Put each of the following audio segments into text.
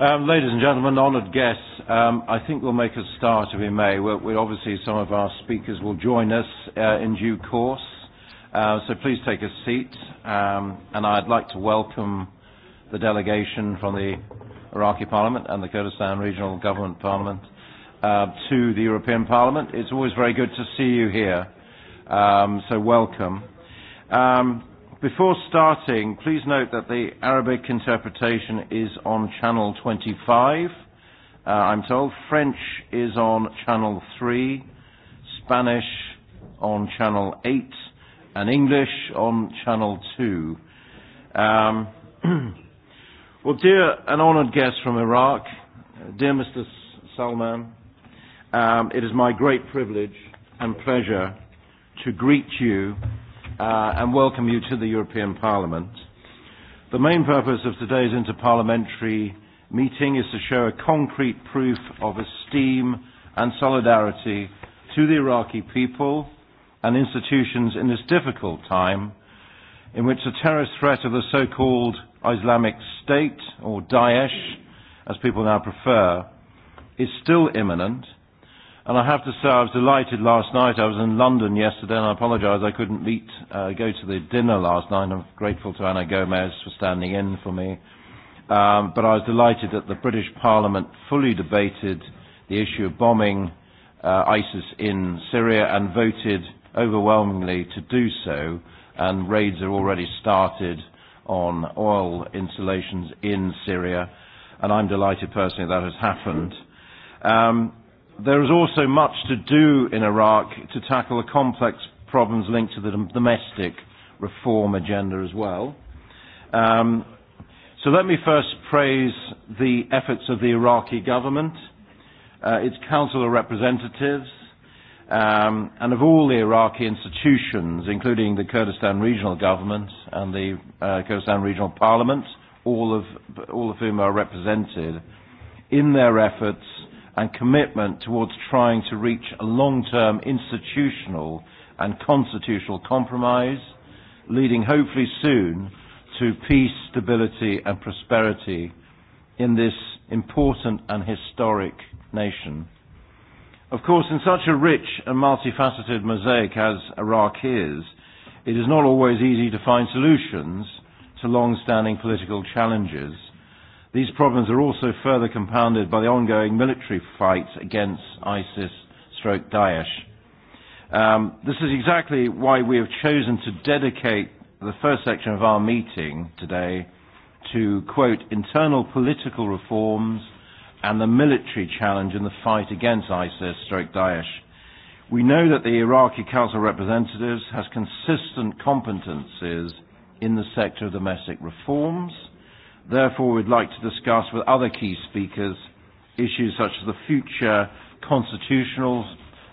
Um, ladies and gentlemen, honoured guests, um, I think we'll make a start if we may. We're, we're obviously, some of our speakers will join us uh, in due course, uh, so please take a seat. Um, and I'd like to welcome the delegation from the Iraqi Parliament and the Kurdistan Regional Government Parliament uh, to the European Parliament. It's always very good to see you here. Um, so welcome. Um, before starting, please note that the Arabic interpretation is on channel 25, uh, I'm told. French is on channel 3, Spanish on channel 8, and English on channel 2. Um, well, dear and honored guests from Iraq, uh, dear Mr. Salman, um, it is my great privilege and pleasure to greet you uh, and welcome you to the European Parliament. The main purpose of today's interparliamentary meeting is to show a concrete proof of esteem and solidarity to the Iraqi people and institutions in this difficult time in which the terrorist threat of the so-called Islamic State, or Daesh, as people now prefer, is still imminent And I have to say, I was delighted last night. I was in London yesterday, and I apologise I couldn't meet, uh, go to the dinner last night. I'm grateful to Ana Gomez for standing in for me. Um, but I was delighted that the British Parliament fully debated the issue of bombing uh, ISIS in Syria and voted overwhelmingly to do so. And raids are already started on oil installations in Syria. And I'm delighted personally that has happened. Um, there is also much to do in Iraq to tackle the complex problems linked to the domestic reform agenda as well. Um, so let me first praise the efforts of the Iraqi government, uh, its Council of Representatives, um, and of all the Iraqi institutions, including the Kurdistan Regional Government and the uh, Kurdistan Regional Parliament, all of, all of whom are represented, in their efforts and commitment towards trying to reach a long-term institutional and constitutional compromise, leading hopefully soon to peace, stability and prosperity in this important and historic nation. Of course, in such a rich and multifaceted mosaic as Iraq is, it is not always easy to find solutions to long-standing political challenges. These problems are also further compounded by the ongoing military fights against ISIS stroke Daesh. Um, this is exactly why we have chosen to dedicate the first section of our meeting today to, quote, internal political reforms and the military challenge in the fight against ISIS stroke Daesh. We know that the Iraqi Council of Representatives has consistent competences in the sector of domestic reforms – Therefore, we'd like to discuss with other key speakers issues such as the future constitutional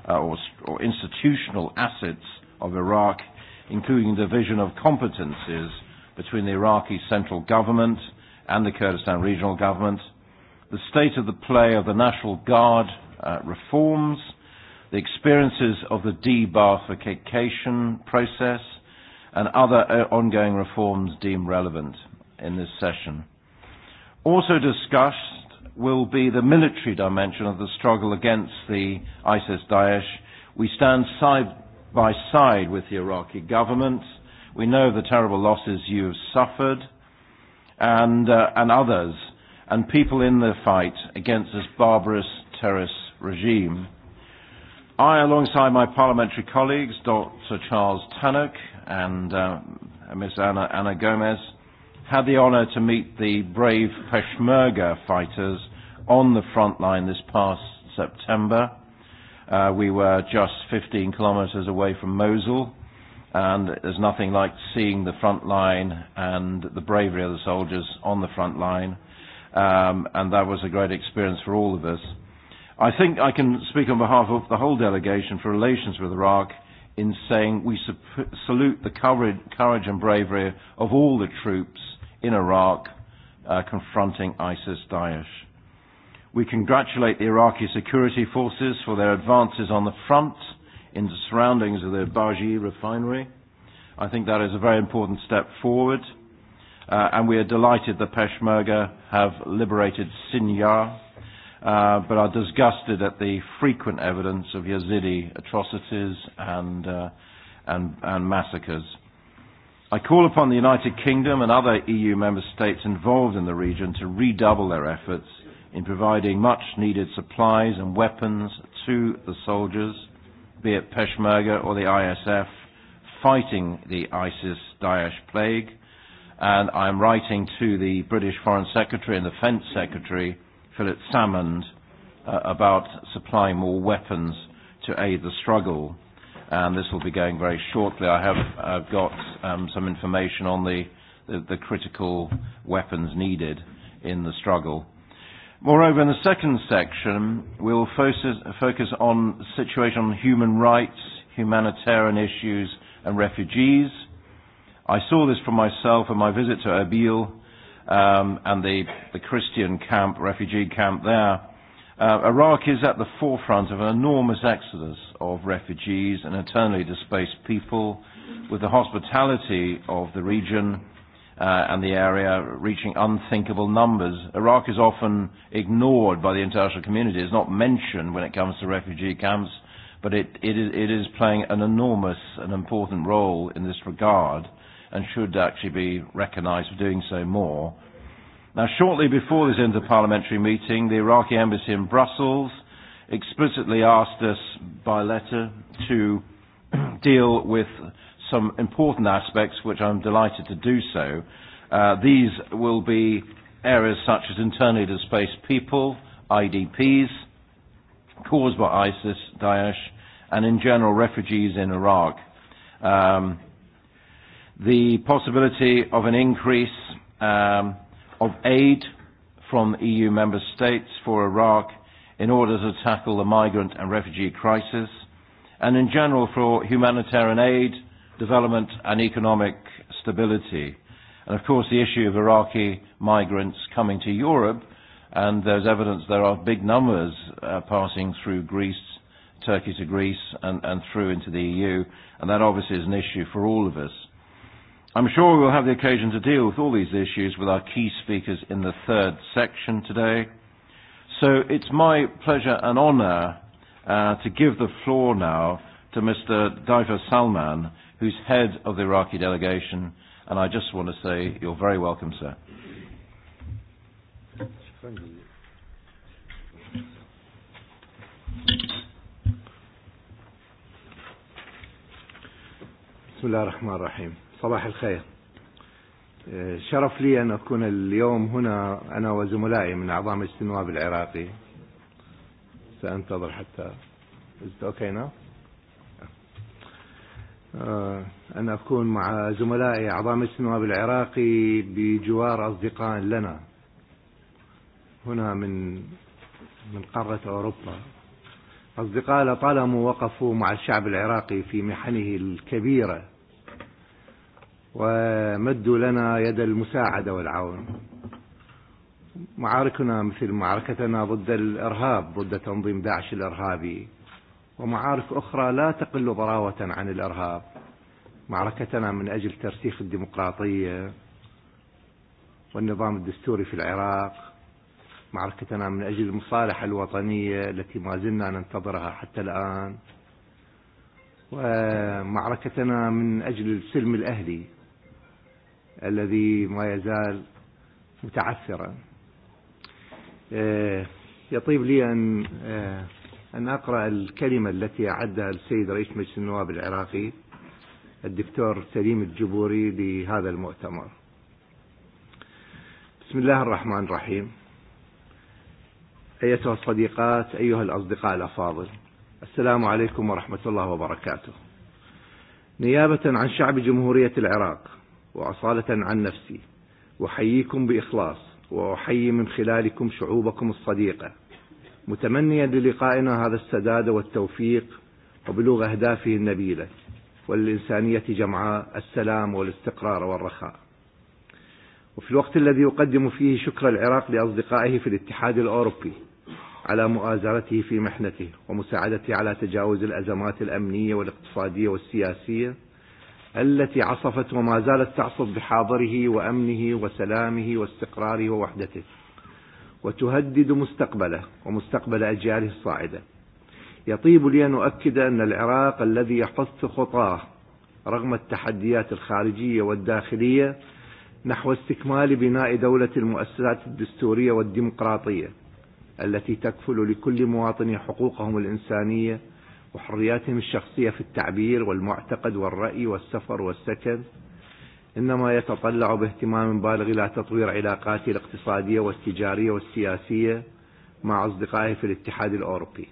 uh, or, or institutional assets of Iraq, including division of competences between the Iraqi central government and the Kurdistan regional government, the state of the play of the National Guard uh, reforms, the experiences of the debarfication process, and other uh, ongoing reforms deemed relevant in this session. Also discussed will be the military dimension of the struggle against the ISIS-Daesh. We stand side by side with the Iraqi government. We know the terrible losses you have suffered and, uh, and others, and people in the fight against this barbarous terrorist regime. I, alongside my parliamentary colleagues, Dr. Charles Tannock and uh, Ms. Anna, Anna Gomez, had the honour to meet the brave Peshmerga fighters on the front line this past September. Uh, we were just 15 kilometres away from Mosul, and there's nothing like seeing the front line and the bravery of the soldiers on the front line, um, and that was a great experience for all of us. I think I can speak on behalf of the whole delegation for relations with Iraq in saying we salute the courage, courage and bravery of all the troops in Iraq uh, confronting ISIS Daesh. We congratulate the Iraqi security forces for their advances on the front in the surroundings of the Baji refinery. I think that is a very important step forward. Uh, and we are delighted the Peshmerga have liberated Sinjar, uh, but are disgusted at the frequent evidence of Yazidi atrocities and, uh, and, and massacres. I call upon the United Kingdom and other EU member states involved in the region to redouble their efforts in providing much needed supplies and weapons to the soldiers, be it Peshmerga or the ISF, fighting the ISIS Daesh plague. And I'm writing to the British Foreign Secretary and Defence Secretary, Philip Salmond, uh, about supplying more weapons to aid the struggle And um, this will be going very shortly. I have I've uh, got um, some information on the, the, the critical weapons needed in the struggle. Moreover, in the second section, will focus, focus on situation on human rights, humanitarian issues, and refugees. I saw this for myself in my visit to Erbil um, and the, the Christian camp, refugee camp there Uh, Iraq is at the forefront of an enormous exodus of refugees and internally displaced people, with the hospitality of the region uh, and the area reaching unthinkable numbers. Iraq is often ignored by the international community. It's not mentioned when it comes to refugee camps, but it, it, is, it is playing an enormous and important role in this regard and should actually be recognized for doing so more. Now, shortly before this interparliamentary meeting, the Iraqi embassy in Brussels explicitly asked us by letter to deal with some important aspects, which I'm delighted to do so. Uh, these will be areas such as internally displaced people, IDPs, caused by ISIS, Daesh, and in general refugees in Iraq. Um, the possibility of an increase um, of aid from EU member states for Iraq in order to tackle the migrant and refugee crisis, and in general for humanitarian aid, development and economic stability. And of course the issue of Iraqi migrants coming to Europe, and there's evidence there are big numbers uh, passing through Greece, Turkey to Greece, and, and through into the EU, and that obviously is an issue for all of us. I'm sure we'll have the occasion to deal with all these issues with our key speakers in the third section today. So it's my pleasure and honour uh, to give the floor now to Mr. Daifa Salman, who's head of the Iraqi delegation. And I just want to say you're very welcome, sir. بسم الله الرحمن الرحيم صباح الخير شرف لي أن أكون اليوم هنا أنا وزملائي من أعضاء مجلس النواب العراقي سأنتظر حتى أوكينا أن أكون مع زملائي أعضاء مجلس النواب العراقي بجوار أصدقاء لنا هنا من من قارة أوروبا أصدقاء لطالما وقفوا مع الشعب العراقي في محنه الكبيرة ومدوا لنا يد المساعدة والعون معاركنا مثل معركتنا ضد الإرهاب ضد تنظيم داعش الإرهابي ومعارك أخرى لا تقل ضراوة عن الإرهاب معركتنا من أجل ترسيخ الديمقراطية والنظام الدستوري في العراق معركتنا من أجل المصالح الوطنية التي ما زلنا ننتظرها حتى الآن ومعركتنا من أجل السلم الأهلي الذي ما يزال متعثرا يطيب لي أن أن أقرأ الكلمة التي أعدها السيد رئيس مجلس النواب العراقي الدكتور سليم الجبوري لهذا المؤتمر بسم الله الرحمن الرحيم أيتها الصديقات أيها الأصدقاء الأفاضل السلام عليكم ورحمة الله وبركاته نيابة عن شعب جمهورية العراق وأصالة عن نفسي وحييكم بإخلاص وأحيي من خلالكم شعوبكم الصديقة متمنيا للقائنا هذا السداد والتوفيق وبلوغ أهدافه النبيلة والإنسانية جمعاء السلام والاستقرار والرخاء وفي الوقت الذي يقدم فيه شكر العراق لأصدقائه في الاتحاد الأوروبي على مؤازرته في محنته ومساعدته على تجاوز الأزمات الأمنية والاقتصادية والسياسية التي عصفت وما زالت تعصف بحاضره وأمنه وسلامه واستقراره ووحدته وتهدد مستقبله ومستقبل أجياله الصاعدة يطيب لي أن أؤكد أن العراق الذي يحث خطاه رغم التحديات الخارجية والداخلية نحو استكمال بناء دولة المؤسسات الدستورية والديمقراطية التي تكفل لكل مواطن حقوقهم الإنسانية وحرياتهم الشخصية في التعبير والمعتقد والرأي والسفر والسكن إنما يتطلع باهتمام بالغ إلى تطوير علاقاته الاقتصادية والتجارية والسياسية مع أصدقائه في الاتحاد الأوروبي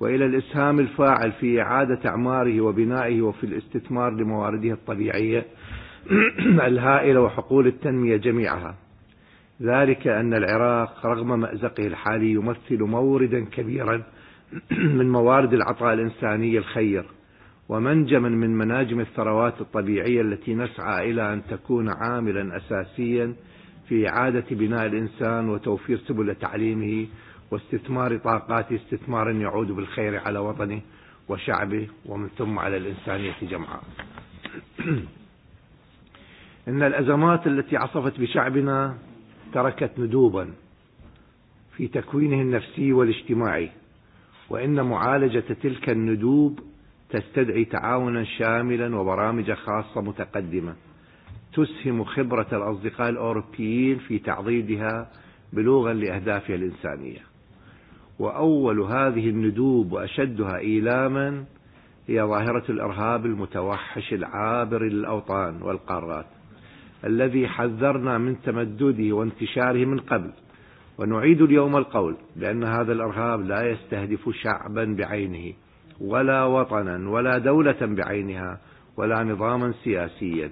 وإلى الإسهام الفاعل في إعادة أعماره وبنائه وفي الاستثمار لموارده الطبيعية الهائلة وحقول التنمية جميعها ذلك أن العراق رغم مأزقه الحالي يمثل موردا كبيرا من موارد العطاء الإنساني الخير ومنجما من مناجم الثروات الطبيعية التي نسعى إلى أن تكون عاملا أساسيا في إعادة بناء الإنسان وتوفير سبل تعليمه واستثمار طاقاته استثمارا يعود بالخير على وطنه وشعبه ومن ثم على الإنسانية جمعاء إن الأزمات التي عصفت بشعبنا تركت ندوبا في تكوينه النفسي والاجتماعي وإن معالجة تلك الندوب تستدعي تعاونا شاملا وبرامج خاصة متقدمة تسهم خبرة الأصدقاء الأوروبيين في تعضيدها بلوغا لأهدافها الإنسانية وأول هذه الندوب وأشدها إيلاما هي ظاهرة الإرهاب المتوحش العابر للأوطان والقارات الذي حذرنا من تمدده وانتشاره من قبل ونعيد اليوم القول بأن هذا الإرهاب لا يستهدف شعبا بعينه ولا وطنا ولا دولة بعينها ولا نظاما سياسيا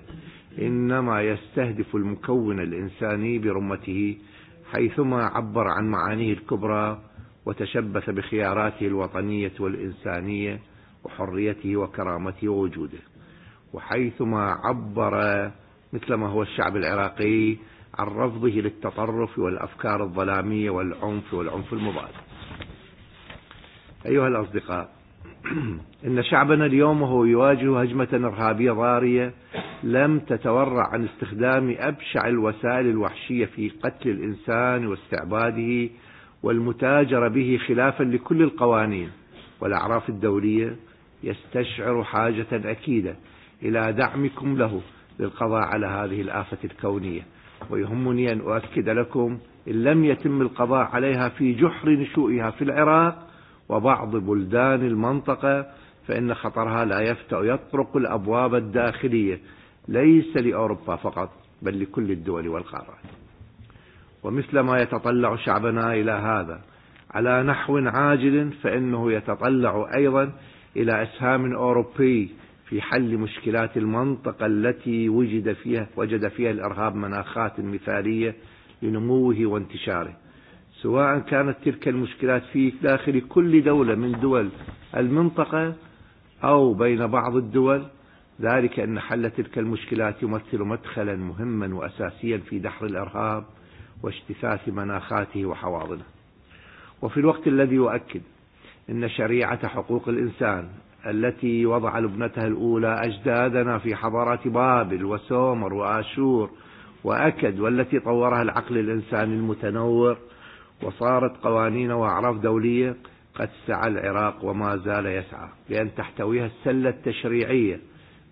إنما يستهدف المكون الإنساني برمته حيثما عبر عن معانيه الكبرى وتشبث بخياراته الوطنية والإنسانية وحريته وكرامته ووجوده وحيثما عبر مثل ما هو الشعب العراقي عن رفضه للتطرف والأفكار الظلامية والعنف والعنف المضاد أيها الأصدقاء إن شعبنا اليوم هو يواجه هجمة إرهابية ضارية لم تتورع عن استخدام أبشع الوسائل الوحشية في قتل الإنسان واستعباده والمتاجرة به خلافا لكل القوانين والأعراف الدولية يستشعر حاجة أكيدة إلى دعمكم له للقضاء على هذه الآفة الكونية ويهمني أن أؤكد لكم إن لم يتم القضاء عليها في جحر نشوئها في العراق وبعض بلدان المنطقة فإن خطرها لا يفتأ يطرق الأبواب الداخلية ليس لأوروبا فقط بل لكل الدول والقارات ومثل ما يتطلع شعبنا إلى هذا على نحو عاجل فإنه يتطلع أيضا إلى أسهام أوروبي في حل مشكلات المنطقة التي وجد فيها وجد فيها الإرهاب مناخات مثالية لنموه وانتشاره سواء كانت تلك المشكلات في داخل كل دولة من دول المنطقة أو بين بعض الدول ذلك أن حل تلك المشكلات يمثل مدخلا مهما وأساسيا في دحر الإرهاب واجتثاث مناخاته وحواضنه وفي الوقت الذي يؤكد أن شريعة حقوق الإنسان التي وضع لبنتها الأولى أجدادنا في حضارات بابل وسومر وآشور وأكد والتي طورها العقل الإنساني المتنور وصارت قوانين وأعراف دولية قد سعى العراق وما زال يسعى لأن تحتويها السلة التشريعية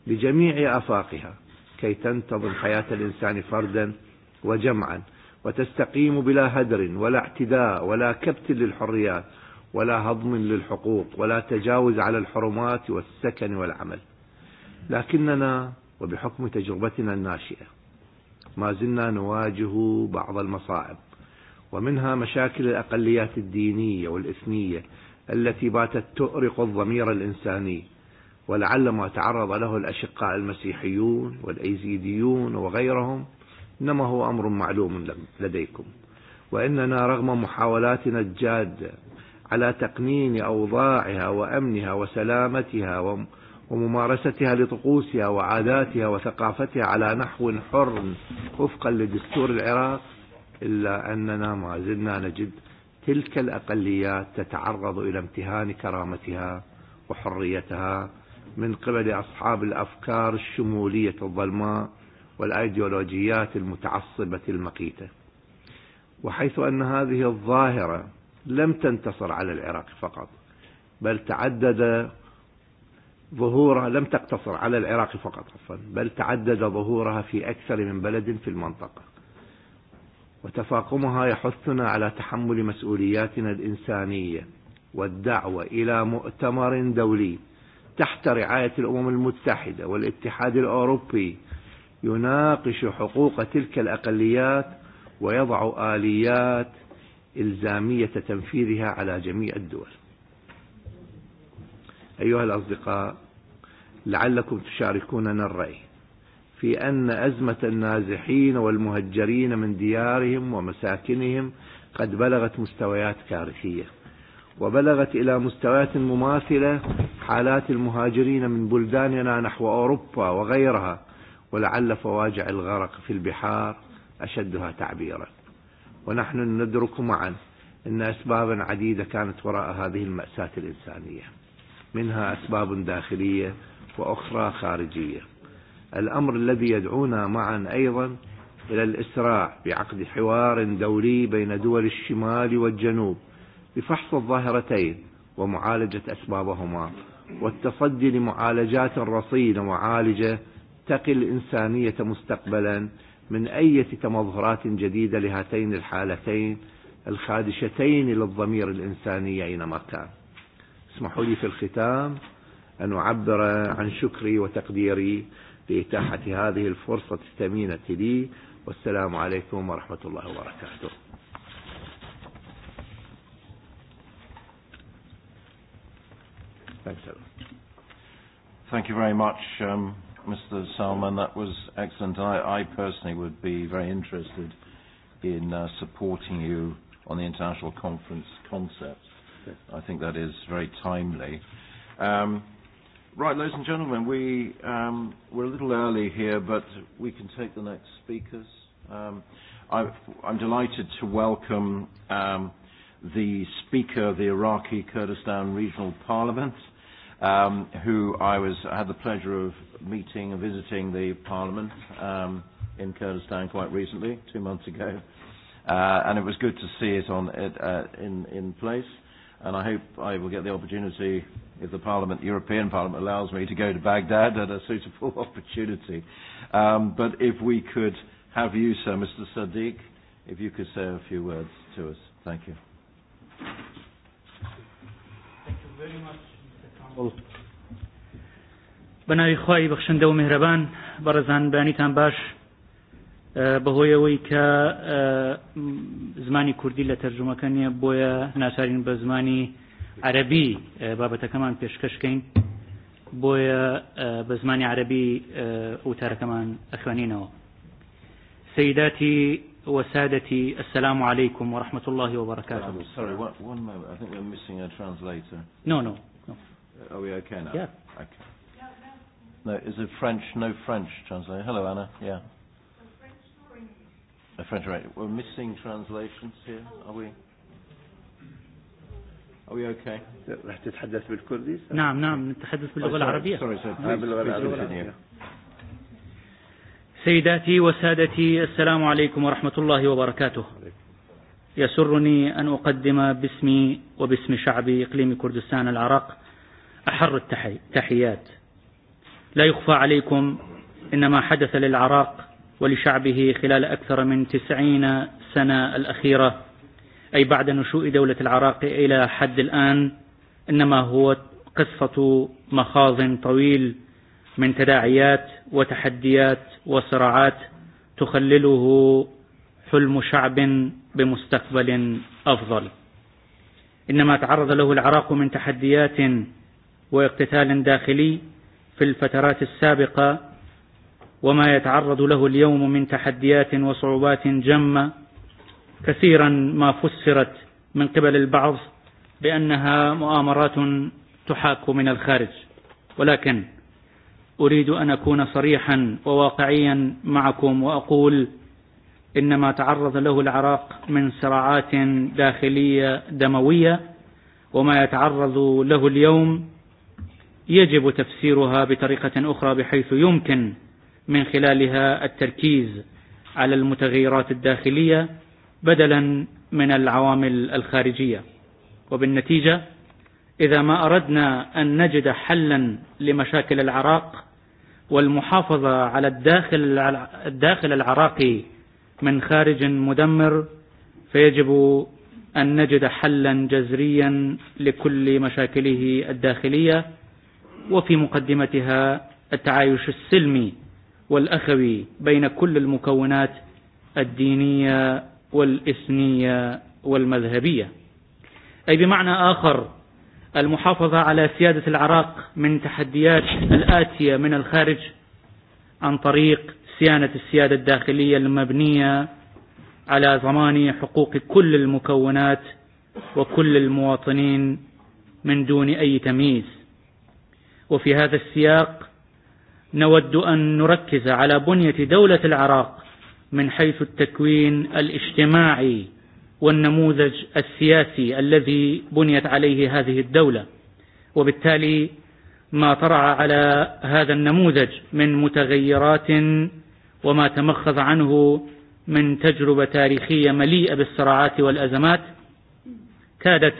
بجميع أفاقها كي تنتظم حياة الإنسان فردا وجمعا وتستقيم بلا هدر ولا اعتداء ولا كبت للحريات ولا هضم للحقوق ولا تجاوز على الحرمات والسكن والعمل لكننا وبحكم تجربتنا الناشئة ما زلنا نواجه بعض المصاعب ومنها مشاكل الأقليات الدينية والإثنية التي باتت تؤرق الضمير الإنساني ولعل ما تعرض له الأشقاء المسيحيون والأيزيديون وغيرهم إنما هو أمر معلوم لديكم وإننا رغم محاولاتنا الجادة على تقنين أوضاعها وأمنها وسلامتها وممارستها لطقوسها وعاداتها وثقافتها على نحو حر وفقا لدستور العراق إلا أننا ما زلنا نجد تلك الأقليات تتعرض إلى امتهان كرامتها وحريتها من قبل أصحاب الأفكار الشمولية الظلماء والأيديولوجيات المتعصبة المقيتة وحيث أن هذه الظاهرة لم تنتصر على العراق فقط بل تعدد ظهورها لم تقتصر على العراق فقط عفوا بل تعدد ظهورها في أكثر من بلد في المنطقة وتفاقمها يحثنا على تحمل مسؤولياتنا الإنسانية والدعوة إلى مؤتمر دولي تحت رعاية الأمم المتحدة والاتحاد الأوروبي يناقش حقوق تلك الأقليات ويضع آليات إلزامية تنفيذها على جميع الدول أيها الأصدقاء لعلكم تشاركوننا الرأي في أن أزمة النازحين والمهجرين من ديارهم ومساكنهم قد بلغت مستويات كارثية وبلغت إلى مستويات مماثلة حالات المهاجرين من بلداننا نحو أوروبا وغيرها ولعل فواجع الغرق في البحار أشدها تعبيراً. ونحن ندرك معا أن أسبابا عديدة كانت وراء هذه المأساة الإنسانية منها أسباب داخلية وأخرى خارجية الأمر الذي يدعونا معا أيضا إلى الإسراع بعقد حوار دولي بين دول الشمال والجنوب بفحص الظاهرتين ومعالجة أسبابهما والتصدي لمعالجات رصينة وعالجة تقي الإنسانية مستقبلا من أي تمظهرات جديدة لهاتين الحالتين الخادشتين للضمير الإنساني أينما كان اسمحوا لي في الختام أن أعبر عن شكري وتقديري لإتاحة هذه الفرصة الثمينة لي والسلام عليكم ورحمة الله وبركاته Thank you very much. Um, Mr. Salman. That was excellent. I, I personally would be very interested in uh, supporting you on the international conference concept. I think that is very timely. Um, right, ladies and gentlemen, we, um, we're a little early here, but we can take the next speakers. Um, I, I'm delighted to welcome um, the Speaker of the Iraqi Kurdistan Regional Parliament, um, who I was I had the pleasure of meeting and visiting the Parliament um, in Kurdistan quite recently, two months ago, uh, and it was good to see it on it, uh, in in place. And I hope I will get the opportunity, if the Parliament, European Parliament, allows me to go to Baghdad at a suitable opportunity. Um, but if we could have you, sir, Mr. Sadiq, if you could say a few words to us. Thank you. Thank you very much. بەڵ خوای بخشنده بەخشندە و میهرەبان بەڕزان بەیانیتان باش بەهۆیەوەی کە زمانی کوردی لە تەرجمەکە نییە بۆیە ناچارین بە زمانی عەربی بابەتەکەمان پێشکەشکەین بۆیە بە زمانی عەربی وتارەکەمان ئەخوێنینەوە سيداتي وسادتي السلام عليكم ورحمة الله وبركاته. Sorry, what, what, I think we're missing a translator. No, no. Are we okay now? Yeah. Okay. No, no. no, is it French? No French translation. Hello, Anna. Yeah. A French or English? A French, right. We're missing translations here. Are we? Are we okay? راح تتحدث بالكردي؟ نعم نعم نتحدث باللغة oh, العربية. Sorry, sir. سيداتي وسادتي السلام عليكم ورحمة الله وبركاته. يسرني أن أقدم باسمي وباسم شعبي إقليم كردستان العراق أحر التحيات لا يخفى عليكم إن ما حدث للعراق ولشعبه خلال أكثر من تسعين سنة الأخيرة أي بعد نشوء دولة العراق إلى حد الآن إنما هو قصة مخاض طويل من تداعيات وتحديات وصراعات تخلله حلم شعب بمستقبل أفضل إنما تعرض له العراق من تحديات واقتتال داخلي في الفترات السابقة وما يتعرض له اليوم من تحديات وصعوبات جمة كثيرا ما فسرت من قبل البعض بأنها مؤامرات تحاك من الخارج ولكن أريد أن أكون صريحا وواقعيا معكم وأقول إن ما تعرض له العراق من صراعات داخلية دموية وما يتعرض له اليوم يجب تفسيرها بطريقة أخرى بحيث يمكن من خلالها التركيز على المتغيرات الداخلية بدلا من العوامل الخارجية وبالنتيجة إذا ما أردنا أن نجد حلا لمشاكل العراق والمحافظة على الداخل الداخل العراقي من خارج مدمر فيجب أن نجد حلا جذريا لكل مشاكله الداخلية وفي مقدمتها التعايش السلمي والأخوي بين كل المكونات الدينية والإثنية والمذهبية أي بمعنى آخر المحافظة على سيادة العراق من تحديات الآتية من الخارج عن طريق صيانة السيادة الداخلية المبنية على ضمان حقوق كل المكونات وكل المواطنين من دون أي تمييز وفي هذا السياق نود أن نركز على بنية دولة العراق من حيث التكوين الاجتماعي والنموذج السياسي الذي بنيت عليه هذه الدولة وبالتالي ما طرع على هذا النموذج من متغيرات وما تمخذ عنه من تجربة تاريخية مليئة بالصراعات والأزمات كادت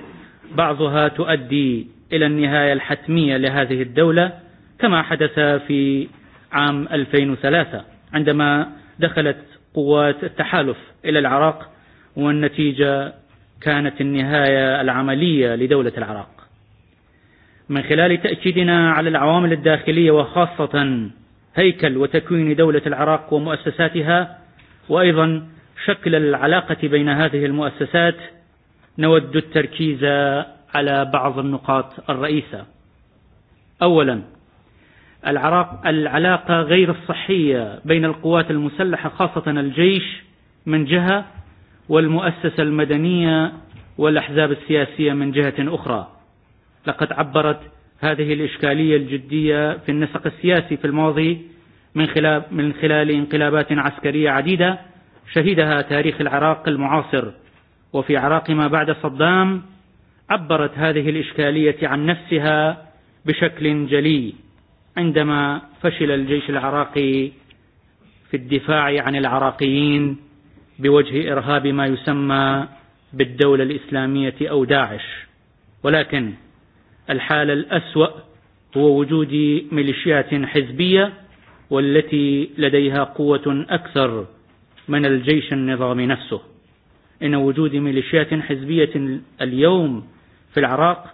بعضها تؤدي إلى النهاية الحتمية لهذه الدولة كما حدث في عام 2003 عندما دخلت قوات التحالف إلى العراق والنتيجة كانت النهاية العملية لدولة العراق. من خلال تأكيدنا على العوامل الداخلية وخاصة هيكل وتكوين دولة العراق ومؤسساتها وأيضا شكل العلاقة بين هذه المؤسسات نود التركيز على بعض النقاط الرئيسة أولا العراق العلاقة غير الصحية بين القوات المسلحة خاصة الجيش من جهة والمؤسسة المدنية والأحزاب السياسية من جهة أخرى لقد عبرت هذه الإشكالية الجدية في النسق السياسي في الماضي من خلال, من خلال انقلابات عسكرية عديدة شهدها تاريخ العراق المعاصر وفي عراق ما بعد صدام عبرت هذه الإشكالية عن نفسها بشكل جلي عندما فشل الجيش العراقي في الدفاع عن العراقيين بوجه إرهاب ما يسمى بالدولة الإسلامية أو داعش ولكن الحال الأسوأ هو وجود ميليشيات حزبية والتي لديها قوة أكثر من الجيش النظامي نفسه إن وجود ميليشيات حزبية اليوم في العراق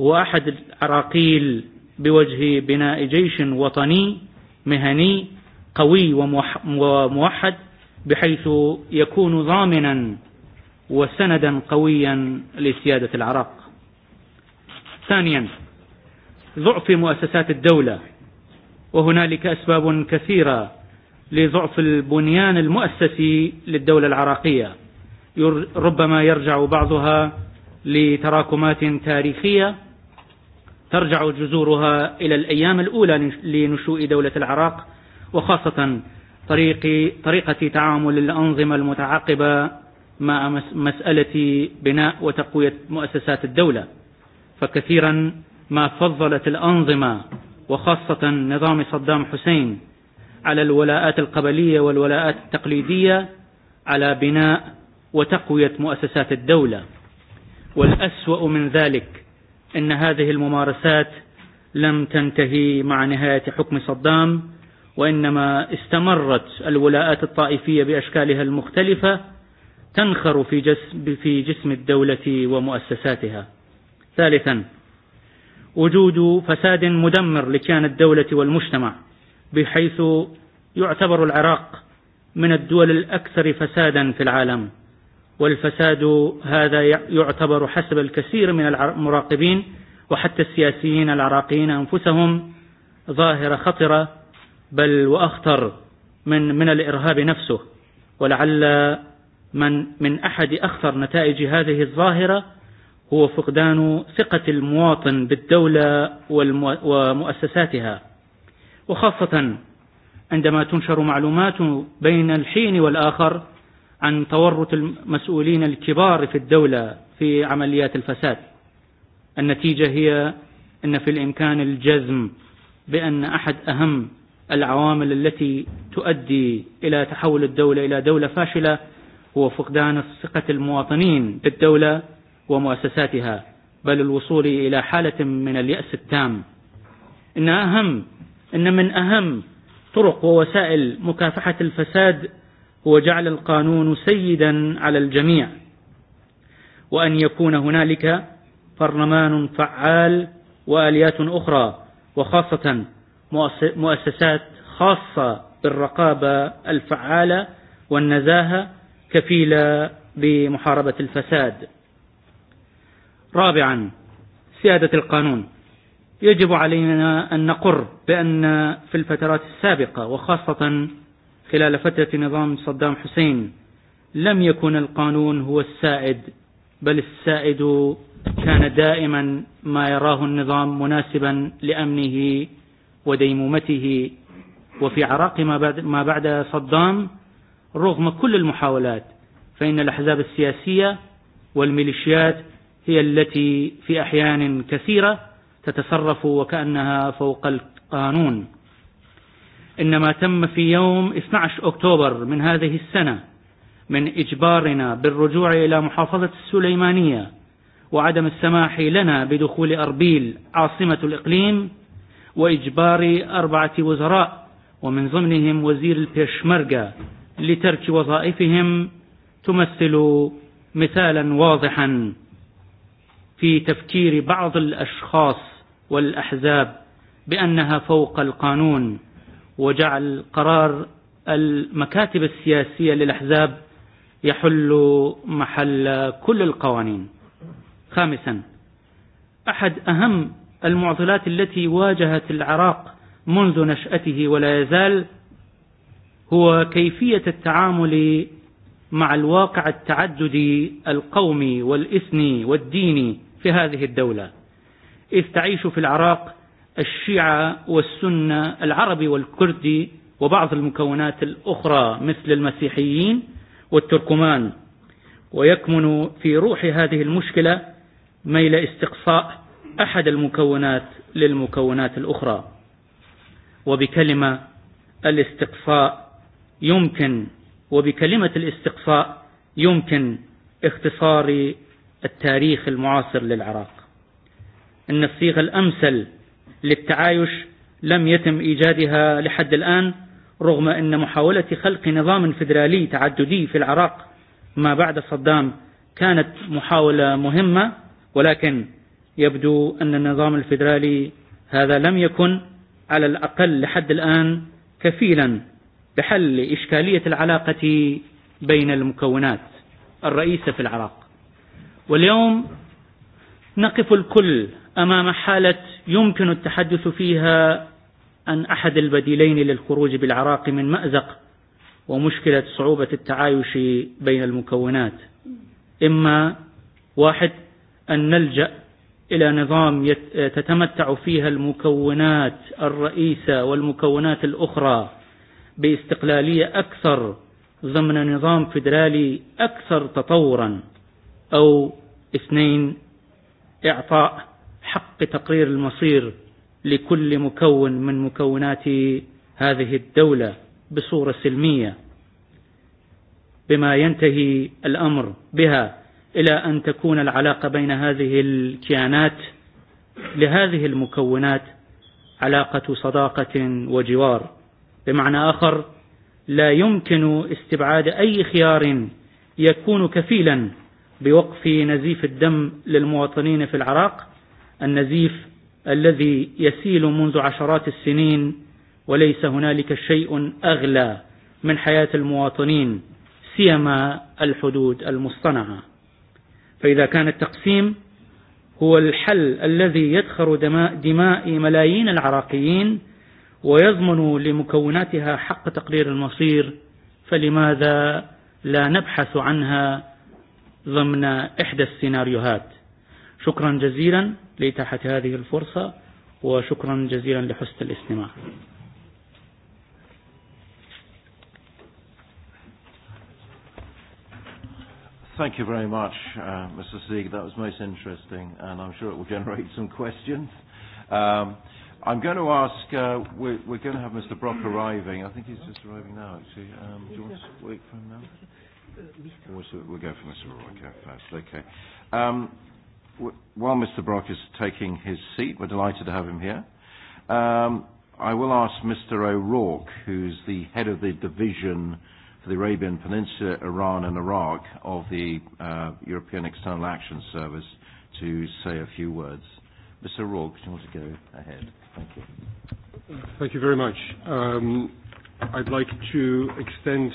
أحد العراقيل بوجه بناء جيش وطني مهني قوي وموحد بحيث يكون ضامنا وسندا قويا لسيادة العراق ثانيا ضعف مؤسسات الدولة وهنالك أسباب كثيرة لضعف البنيان المؤسسي للدولة العراقية ربما يرجع بعضها لتراكمات تاريخية ترجع جذورها إلى الأيام الأولى لنشوء دولة العراق وخاصة طريق طريقة تعامل الأنظمة المتعاقبة مع مسألة بناء وتقوية مؤسسات الدولة فكثيرا ما فضلت الأنظمة وخاصة نظام صدام حسين على الولاءات القبلية والولاءات التقليدية على بناء وتقوية مؤسسات الدولة والأسوأ من ذلك أن هذه الممارسات لم تنتهي مع نهاية حكم صدام وإنما استمرت الولاءات الطائفية بأشكالها المختلفة تنخر في جسم, في جسم الدولة ومؤسساتها ثالثا وجود فساد مدمر لكيان الدولة والمجتمع بحيث يعتبر العراق من الدول الأكثر فسادا في العالم والفساد هذا يعتبر حسب الكثير من المراقبين وحتى السياسيين العراقيين أنفسهم ظاهرة خطرة بل وأخطر من من الإرهاب نفسه ولعل من من أحد أخطر نتائج هذه الظاهرة هو فقدان ثقة المواطن بالدولة ومؤسساتها وخاصة عندما تنشر معلومات بين الحين والآخر عن تورط المسؤولين الكبار في الدولة في عمليات الفساد النتيجة هي أن في الإمكان الجزم بأن أحد أهم العوامل التي تؤدي إلى تحول الدولة إلى دولة فاشلة هو فقدان ثقة المواطنين بالدولة ومؤسساتها بل الوصول إلى حالة من اليأس التام إن أهم إن من أهم طرق ووسائل مكافحة الفساد هو جعل القانون سيدا على الجميع وأن يكون هنالك برلمان فعال وآليات أخرى وخاصة مؤسسات خاصة بالرقابة الفعالة والنزاهة كفيلة بمحاربة الفساد. رابعا سيادة القانون يجب علينا أن نقر بأن في الفترات السابقة وخاصة خلال فترة نظام صدام حسين لم يكن القانون هو السائد بل السائد كان دائما ما يراه النظام مناسبا لأمنه وديمومته وفي عراق ما بعد صدام رغم كل المحاولات فإن الأحزاب السياسية والميليشيات هي التي في أحيان كثيرة تتصرف وكأنها فوق القانون إنما تم في يوم 12 أكتوبر من هذه السنة من إجبارنا بالرجوع إلى محافظة السليمانية وعدم السماح لنا بدخول أربيل عاصمة الإقليم وإجبار أربعة وزراء ومن ضمنهم وزير البيشمركة لترك وظائفهم تمثل مثالا واضحا في تفكير بعض الأشخاص والأحزاب بأنها فوق القانون وجعل قرار المكاتب السياسية للأحزاب يحل محل كل القوانين خامسا أحد أهم المعضلات التي واجهت العراق منذ نشأته ولا يزال هو كيفية التعامل مع الواقع التعددي القومي والإثني والديني في هذه الدولة إذ تعيش في العراق الشيعة والسنة العربي والكردي وبعض المكونات الأخرى مثل المسيحيين والتركمان ويكمن في روح هذه المشكلة ميل استقصاء أحد المكونات للمكونات الأخرى وبكلمة الاستقصاء يمكن وبكلمة الاستقصاء يمكن اختصار التاريخ المعاصر للعراق إن الصيغ الأمثل للتعايش لم يتم إيجادها لحد الآن رغم أن محاولة خلق نظام فدرالي تعددي في العراق ما بعد صدام كانت محاولة مهمة ولكن يبدو أن النظام الفدرالي هذا لم يكن على الأقل لحد الآن كفيلا بحل إشكالية العلاقة بين المكونات الرئيسة في العراق واليوم نقف الكل أمام حالة يمكن التحدث فيها عن أحد البديلين للخروج بالعراق من مأزق ومشكلة صعوبة التعايش بين المكونات إما واحد أن نلجأ إلى نظام تتمتع فيها المكونات الرئيسة والمكونات الأخرى باستقلالية أكثر ضمن نظام فيدرالي أكثر تطورا أو اثنين اعطاء حق تقرير المصير لكل مكون من مكونات هذه الدولة بصورة سلمية بما ينتهي الأمر بها إلى أن تكون العلاقة بين هذه الكيانات لهذه المكونات علاقة صداقة وجوار بمعنى آخر لا يمكن استبعاد أي خيار يكون كفيلا بوقف نزيف الدم للمواطنين في العراق النزيف الذي يسيل منذ عشرات السنين وليس هنالك شيء اغلى من حياه المواطنين سيما الحدود المصطنعه فاذا كان التقسيم هو الحل الذي يدخر دماء, دماء ملايين العراقيين ويضمن لمكوناتها حق تقرير المصير فلماذا لا نبحث عنها ضمن إحدى السيناريوهات شكرا جزيلا لإتاحة هذه الفرصة وشكرا جزيلا لحسن الاستماع Thank you very much, uh, Mr. Sieg. That was most interesting, and I'm sure it will generate some questions. Um, I'm going to ask, uh, we're, we're going to have Mr. Brock arriving. I think he's just arriving now, actually. Um, do you want to wait for him now? Or uh, we'll go for Mr. Roy first. Okay. Um, while Mr. Brock is taking his seat, we're delighted to have him here. Um, I will ask Mr. O'Rourke, who's the head of the division for the Arabian Peninsula, Iran and Iraq of the uh, European External Action Service, to say a few words. Mr. O'Rourke, do you want to go ahead? Thank you. Thank you very much. Um, I'd like to extend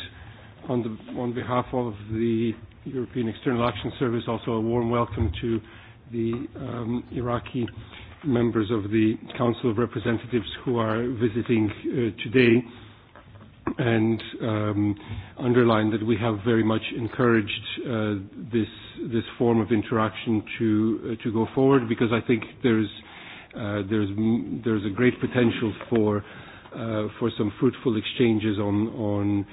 on, the, on behalf of the European External Action Service also a warm welcome to the um, Iraqi members of the Council of Representatives who are visiting uh, today and um, underline that we have very much encouraged uh, this this form of interaction to uh, to go forward because I think there's uh, there's there's a great potential for uh, for some fruitful exchanges on on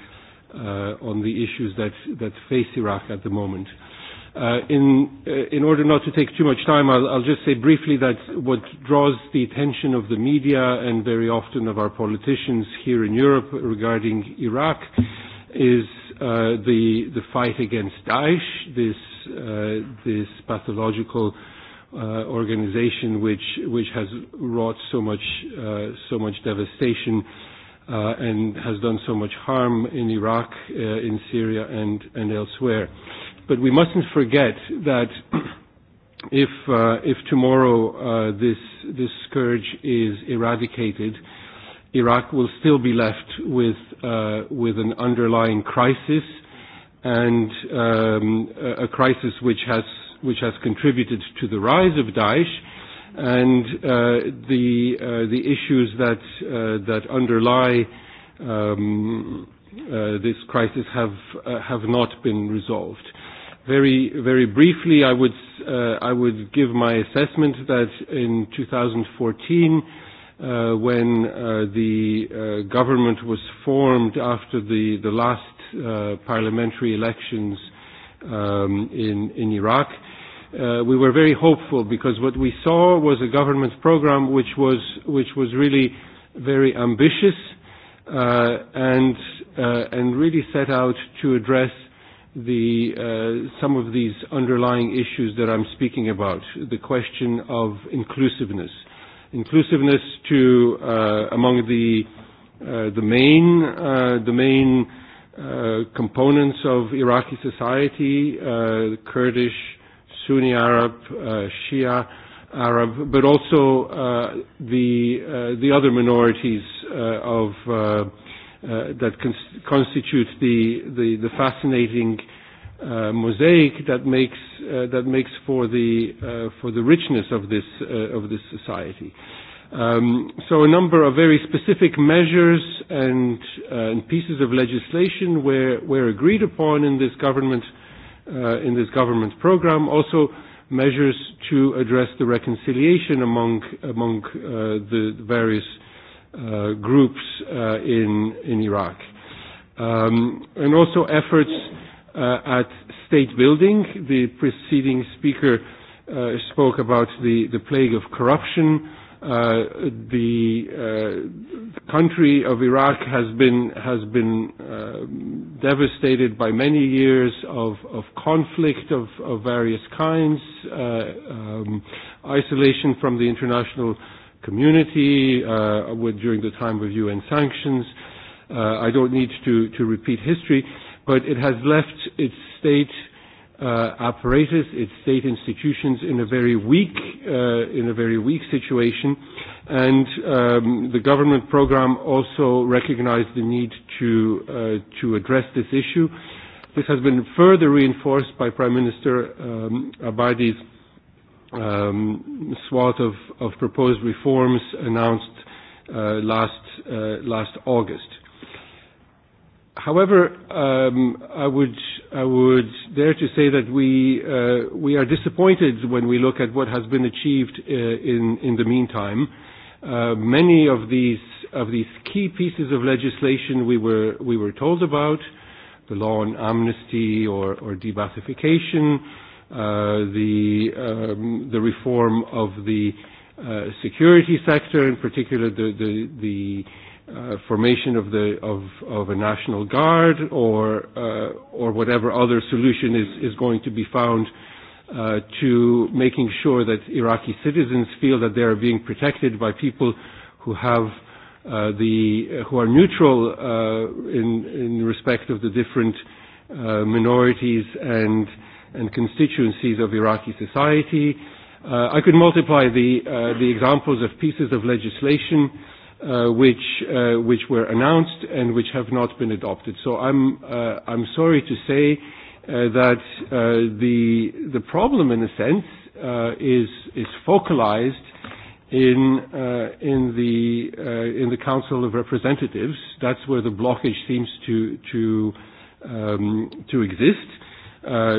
uh, on the issues that that face Iraq at the moment. Uh, Uh, in, uh, in order not to take too much time, I'll, I'll just say briefly that what draws the attention of the media and very often of our politicians here in Europe regarding Iraq is uh, the, the fight against Daesh, this, uh, this pathological uh, organization which, which has wrought so much, uh, so much devastation uh, and has done so much harm in Iraq, uh, in Syria, and, and elsewhere. Uh, But we mustn't forget that if, uh, if tomorrow uh, this, this scourge is eradicated, Iraq will still be left with, uh, with an underlying crisis and um, a, crisis which has, which has contributed to the rise of Daesh and uh, the, uh, the issues that, uh, that underlie um, uh, this crisis have, uh, have not been resolved. Very, very briefly, I would, uh, I would give my assessment that in 2014, uh, when uh, the uh, government was formed after the, the last uh, parliamentary elections um, in, in Iraq, uh, we were very hopeful because what we saw was a government program which was, which was really very ambitious uh, and, uh, and really set out to address the uh, some of these underlying issues that I'm speaking about, the question of inclusiveness, inclusiveness to uh, among the uh, the main uh, the main uh, components of Iraqi society, uh, Kurdish, Sunni Arab, uh, Shia Arab, but also uh, the uh, the other minorities uh, of uh, uh, that cons- constitutes the, the, the fascinating uh, mosaic that makes, uh, that makes for, the, uh, for the richness of this, uh, of this society. Um, so a number of very specific measures and, uh, and pieces of legislation were, were agreed upon in this government uh, in this government program. Also, measures to address the reconciliation among among uh, the various uh, groups uh, in, in Iraq. Um, and also efforts uh, at state building. The preceding speaker uh, spoke about the, the plague of corruption. Uh, the, uh, the country of Iraq has been, has been uh, devastated by many years of, of conflict of, of various kinds, uh, um, isolation from the international uh, community uh, with, during the time of UN sanctions. Uh, I don't need to, to repeat history, but it has left its state uh, apparatus, its state institutions in a very weak, uh, in a very weak situation, and um, the government program also recognized the need to uh, to address this issue. This has been further reinforced by Prime Minister um, Abadi's um, swath of, of proposed reforms announced uh, last, uh, last August. However, um, I would I would dare to say that we uh, we are disappointed when we look at what has been achieved uh, in in the meantime. Uh, many of these of these key pieces of legislation we were we were told about, the law on amnesty or, or debathification, Uh, the, um, the reform of the uh, security sector, in particular the, the, the uh, formation of, the, of, of a national guard or, uh, or whatever other solution is, is going to be found uh, to making sure that Iraqi citizens feel that they are being protected by people who have uh, the, who are neutral uh, in, in respect of the different uh, minorities and and constituencies of Iraqi society. Uh, I could multiply the, uh, the examples of pieces of legislation uh, which, uh, which were announced and which have not been adopted. So I'm, uh, I'm sorry to say uh, that uh, the, the problem, in a sense, uh, is, is focalized in, uh, in, the, uh, in the Council of Representatives. That's where the blockage seems to, to, um, to exist. Uh,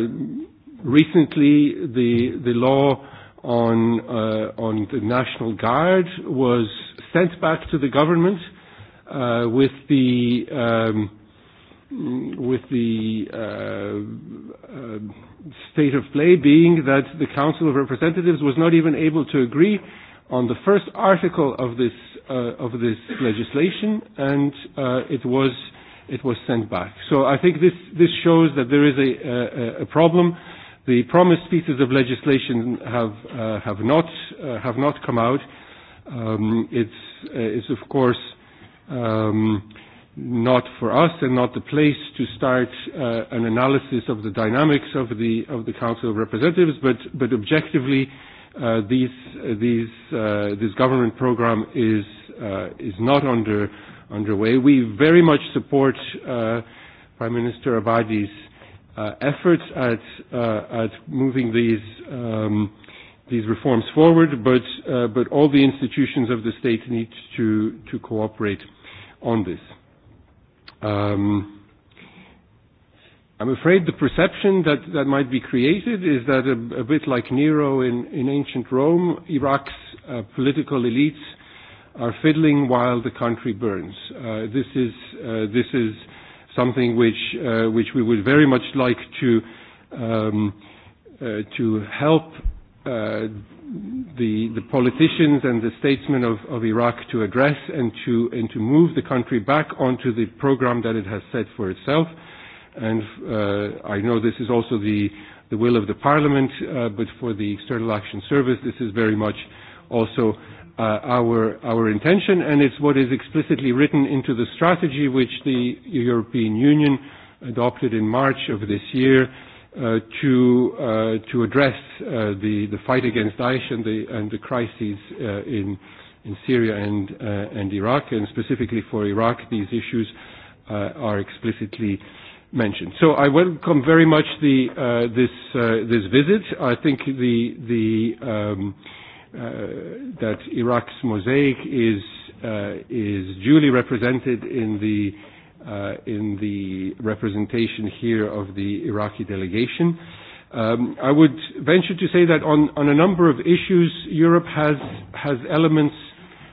recently, the, the law on, uh, on the National Guard was sent back to the government uh, with the um, with the uh, uh, state of play being that the Council of Representatives was not even able to agree on the first article of this uh, of this legislation, and uh, it was it was sent back. So I think this, this shows that there is a, a, a problem. The promised pieces of legislation have, uh, have, not, uh, have not come out. Um, it's, uh, it's, of course, um, not for us and not the place to start uh, an analysis of the dynamics of the, of the Council of Representatives, but, but objectively, uh, these, uh, these, uh, this government program is, uh, is not under underway. We very much support uh, Prime Minister Abadi's uh, efforts at, uh, at moving these, um, these reforms forward, but, uh, but all the institutions of the state need to, to cooperate on this. Um, I'm afraid the perception that, that might be created is that a, a bit like Nero in, in ancient Rome, Iraq's uh, political elites are fiddling while the country burns. Uh, this is uh, this is something which uh, which we would very much like to um, uh, to help uh, the the politicians and the statesmen of, of Iraq to address and to and to move the country back onto the program that it has set for itself. And uh, I know this is also the the will of the parliament, uh, but for the external action service, this is very much also Uh, our, our intention, and it's what is explicitly written into the strategy which the European Union adopted in March of this year uh, to, uh, to address uh, the, the fight against Daesh and the, and the crises uh, in, in Syria and, uh, and Iraq, and specifically for Iraq, these issues uh, are explicitly mentioned. So I welcome very much the, uh, this, uh, this visit. I think the, the um, Uh, that Iraq's mosaic is uh, is duly represented in the uh, in the representation here of the Iraqi delegation. Um, I would venture to say that on, on a number of issues, Europe has has elements,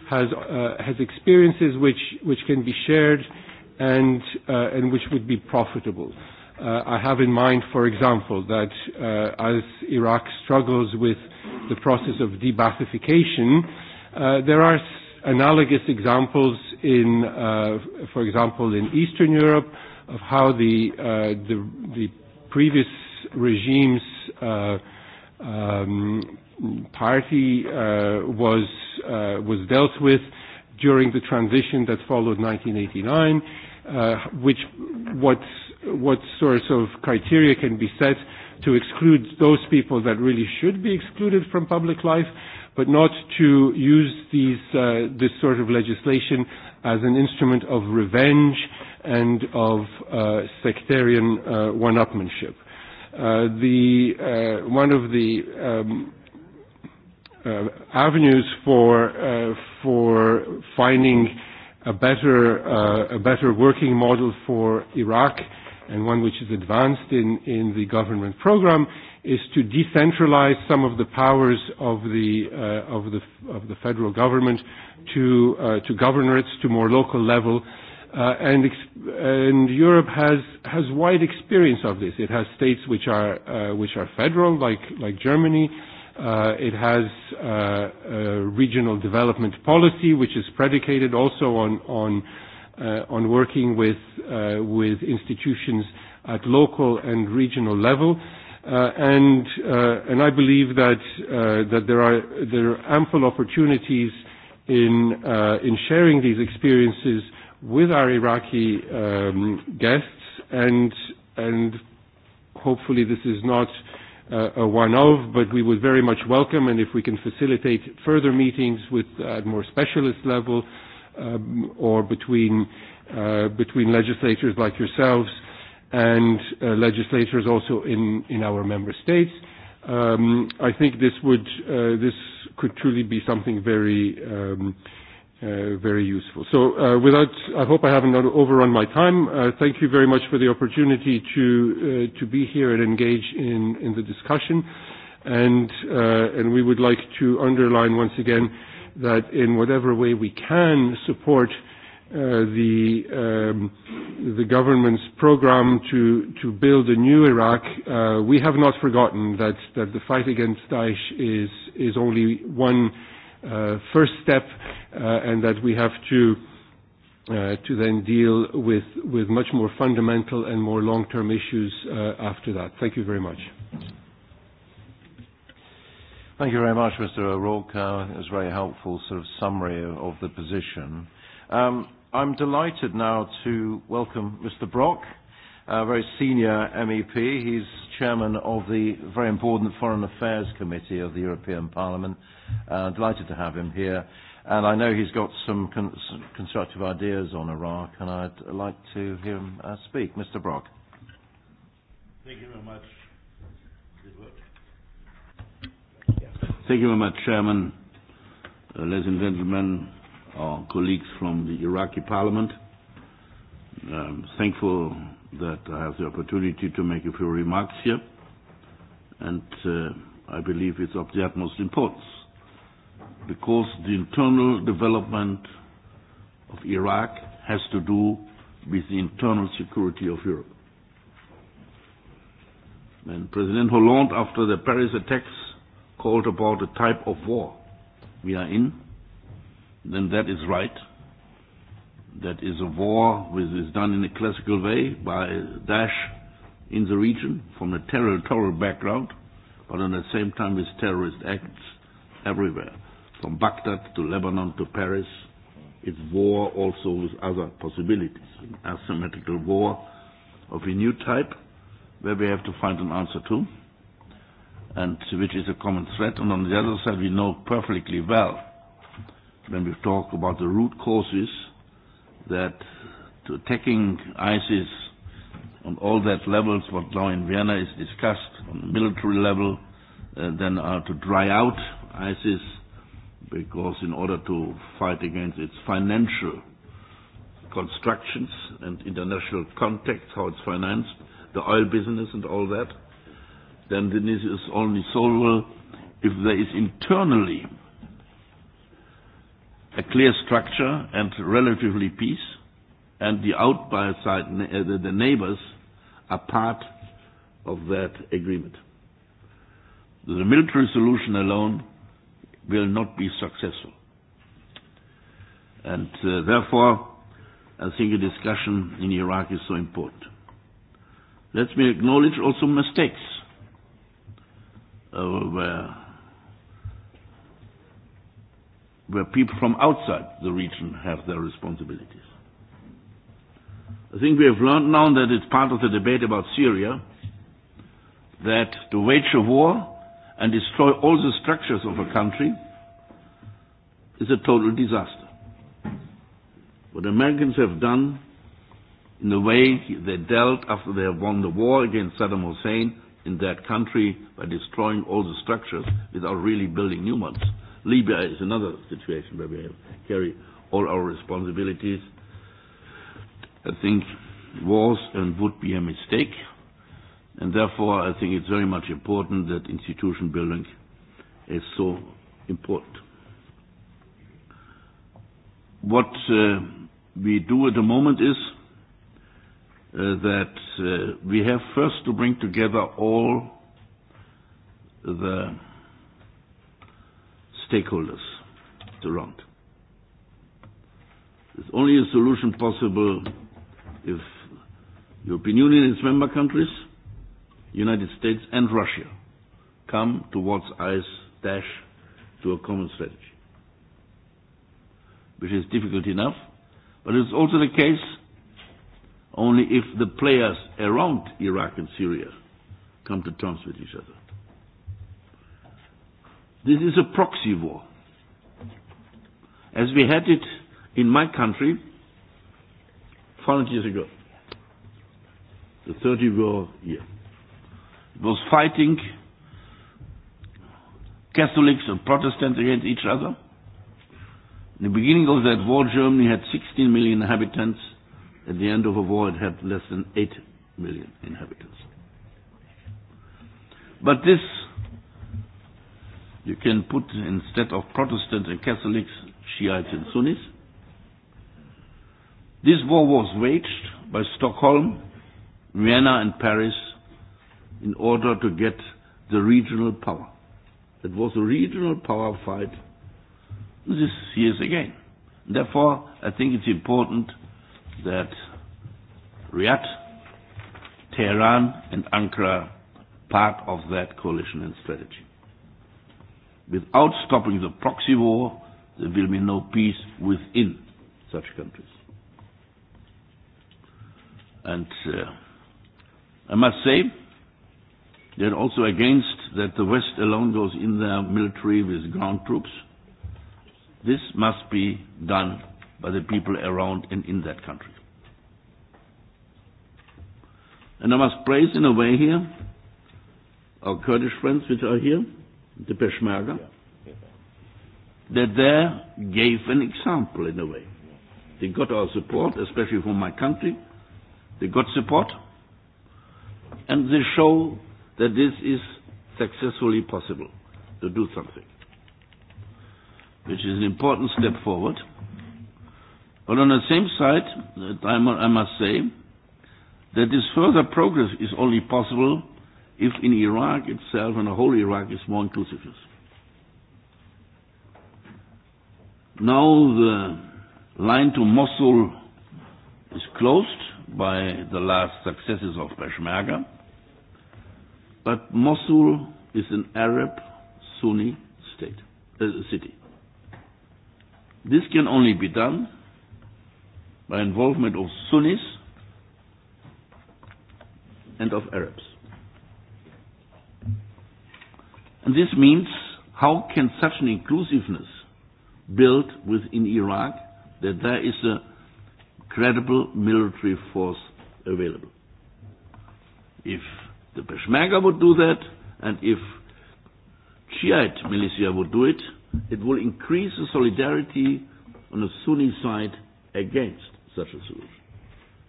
has uh, has experiences which which can be shared, and uh, and which would be profitable. Uh, I have in mind, for example, that uh, as Iraq struggles with the process of debathification. Uh, there are analogous examples in, uh, for example, in Eastern Europe of how the, uh, the, the previous regime's uh, um, party uh, was, uh, was dealt with during the transition that followed 1989, uh, which what, what sorts of criteria can be set to exclude those people that really should be excluded from public life, but not to use these, uh, this sort of legislation as an instrument of revenge and of uh, sectarian uh, one-upmanship. Uh, the, uh, one of the um, uh, avenues for, uh, for finding a better, uh, a better working model for Iraq uh, and one which is advanced in, in the government program, is to decentralize some of the powers of the, uh, of the, of the federal government to, uh, to governorates, to more local level. Uh, and, and Europe has, has wide experience of this. It has states which are, uh, which are federal, like, like Germany. Uh, it has uh, a regional development policy, which is predicated also on, on, uh, on working with uh, with institutions at local and regional level. Uh, and, uh, and I believe that, uh, that there, are, there are ample opportunities in, uh, in sharing these experiences with our Iraqi um, guests and, and hopefully this is not uh, a one-off, but we would very much welcome, and if we can facilitate further meetings with uh, more specialist level um, or between uh, between legislators like yourselves and uh, legislators also in, in our member states. Um, I think this would uh, this could truly be something very um, uh, very useful. So, uh, without I hope I haven't overrun my time. Uh, thank you very much for the opportunity to uh, to be here and engage in in the discussion, and uh, and we would like to underline once again that in whatever way we can support uh, Uh, the um, the government's program to to build a new Iraq, uh, we have not forgotten that that the fight against Daesh is is only one uh, first step, uh, and that we have to. Uh, to then deal with, with much more fundamental and more long-term issues uh, after that. Thank you very much. Thank you very much, Mr. O'Rourke. Uh, it was a very helpful sort of summary of, of the position. Um, I'm delighted now to welcome Mr. Brock, a very senior MEP. He's chairman of the very important Foreign Affairs Committee of the European Parliament. Uh, delighted to have him here. And I know he's got some con- constructive ideas on Iraq, and I'd like to hear him uh, speak. Mr. Brock. Thank you very much. Thank you very much, Chairman. Uh, ladies and gentlemen, our colleagues from the Iraqi parliament. I'm um, thankful that I have the opportunity to make a few remarks here, and uh, I believe it's of the utmost importance because the internal development of Iraq has to do with the internal security of Europe. And President Hollande, after the Paris attacks, called about the type of war we are in, then that is right. That is a war which is done in a classical way by Daesh in the region from a territorial background, but at the same time with terrorist acts everywhere, from Baghdad to Lebanon to Paris. It's war also with other possibilities, an asymmetrical war of a new type where we have to find an answer to, and which is a common threat. And on the other side, we know perfectly well when we talk about the root causes that to attacking ISIS on all that levels, what now in Vienna is discussed on the military level, uh, then are to dry out ISIS because in order to fight against its financial constructions and international context, how it's financed, the oil business and all that, then this is only solvable if there is internally a clear structure and relatively peace, and the outside the neighbors are part of that agreement. The military solution alone will not be successful. And uh, therefore, I think a discussion in Iraq is so important. Let me acknowledge also mistakes uh, where where people from outside the region have their responsibilities. I think we have learned now that it's part of the debate about Syria that to wage a war and destroy all the structures of a country is a total disaster. What Americans have done in the way they dealt after they have won the war against Saddam Hussein in that country by destroying all the structures without really building new ones Libya is another situation where we have carry all our responsibilities. I think was and would be a mistake, and therefore I think it's very much important that institution building is so important. What uh, we do at the moment is uh, that uh, we have first to bring together all the stakeholders around. There's only a solution possible if European Union and its member countries, United States and Russia come towards ICE dash to a common strategy, which is difficult enough, but it's also the case only if the players around Iraq and Syria come to terms with each other. This is a proxy war. As we had it in my country 400 years ago, the 30 war year. It was fighting Catholics and Protestants against each other. In the beginning of that war, Germany had 16 million inhabitants. At the end of the war, it had less than 8 million inhabitants. But this You can put instead of Protestants and Catholics, Shiites and Sunnis. This war was waged by Stockholm, Vienna and Paris in order to get the regional power. It was a regional power fight. This years again. Therefore, I think it's important that Riyadh, Tehran and Ankara part of that coalition and strategy. Without stopping the proxy war, there will be no peace within such countries. And uh, I must say that also against that the West alone goes in their military with ground troops, this must be done by the people around and in that country. And I must praise in a way here our Kurdish friends which are here the Peshmerga, that there gave an example in a way. They got our support, especially from my country. They got support. And they show that this is successfully possible to do something, which is an important step forward. But on the same side, I must say that this further progress is only possible if in Iraq itself and the whole Iraq is more inclusiveness. Now the line to Mosul is closed by the last successes of Peshmerga, but Mosul is an Arab Sunni state, uh, city. This can only be done by involvement of Sunnis and of Arabs. And this means how can such an inclusiveness build within Iraq that there is a credible military force available? If the Peshmerga would do that, and if Shiite militia would do it, it will increase the solidarity on the Sunni side against such a solution,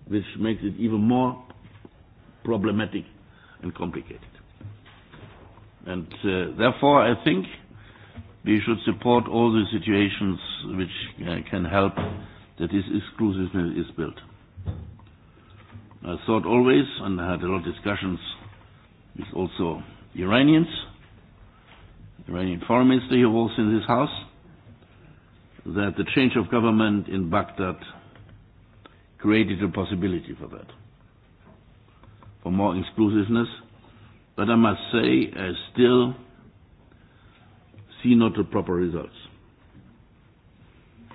which makes it even more problematic and complicated. And uh, therefore, I think we should support all the situations which uh, can help that this exclusiveness is built. I thought always, and I had a lot of discussions with also Iranians, Iranian foreign minister who was in this house, that the change of government in Baghdad created a possibility for that, for more exclusiveness, But I must say, I still see not the proper results.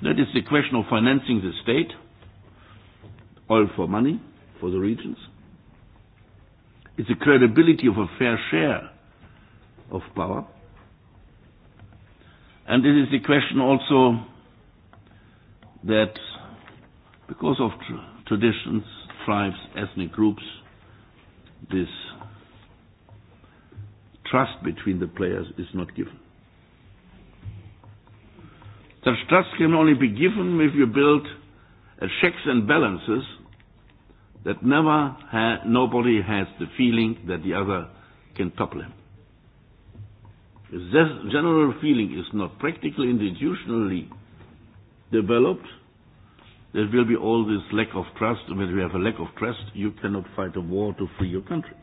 That is the question of financing the state, all for money, for the regions. It's the credibility of a fair share of power. And it is the question also that because of tr traditions, tribes, ethnic groups, this trust between the players is not given. Such trust can only be given if you build a uh, checks and balances that never ha- nobody has the feeling that the other can topple him. If this general feeling is not practically institutionally developed, there will be all this lack of trust. When you have a lack of trust, you cannot fight a war to free your country.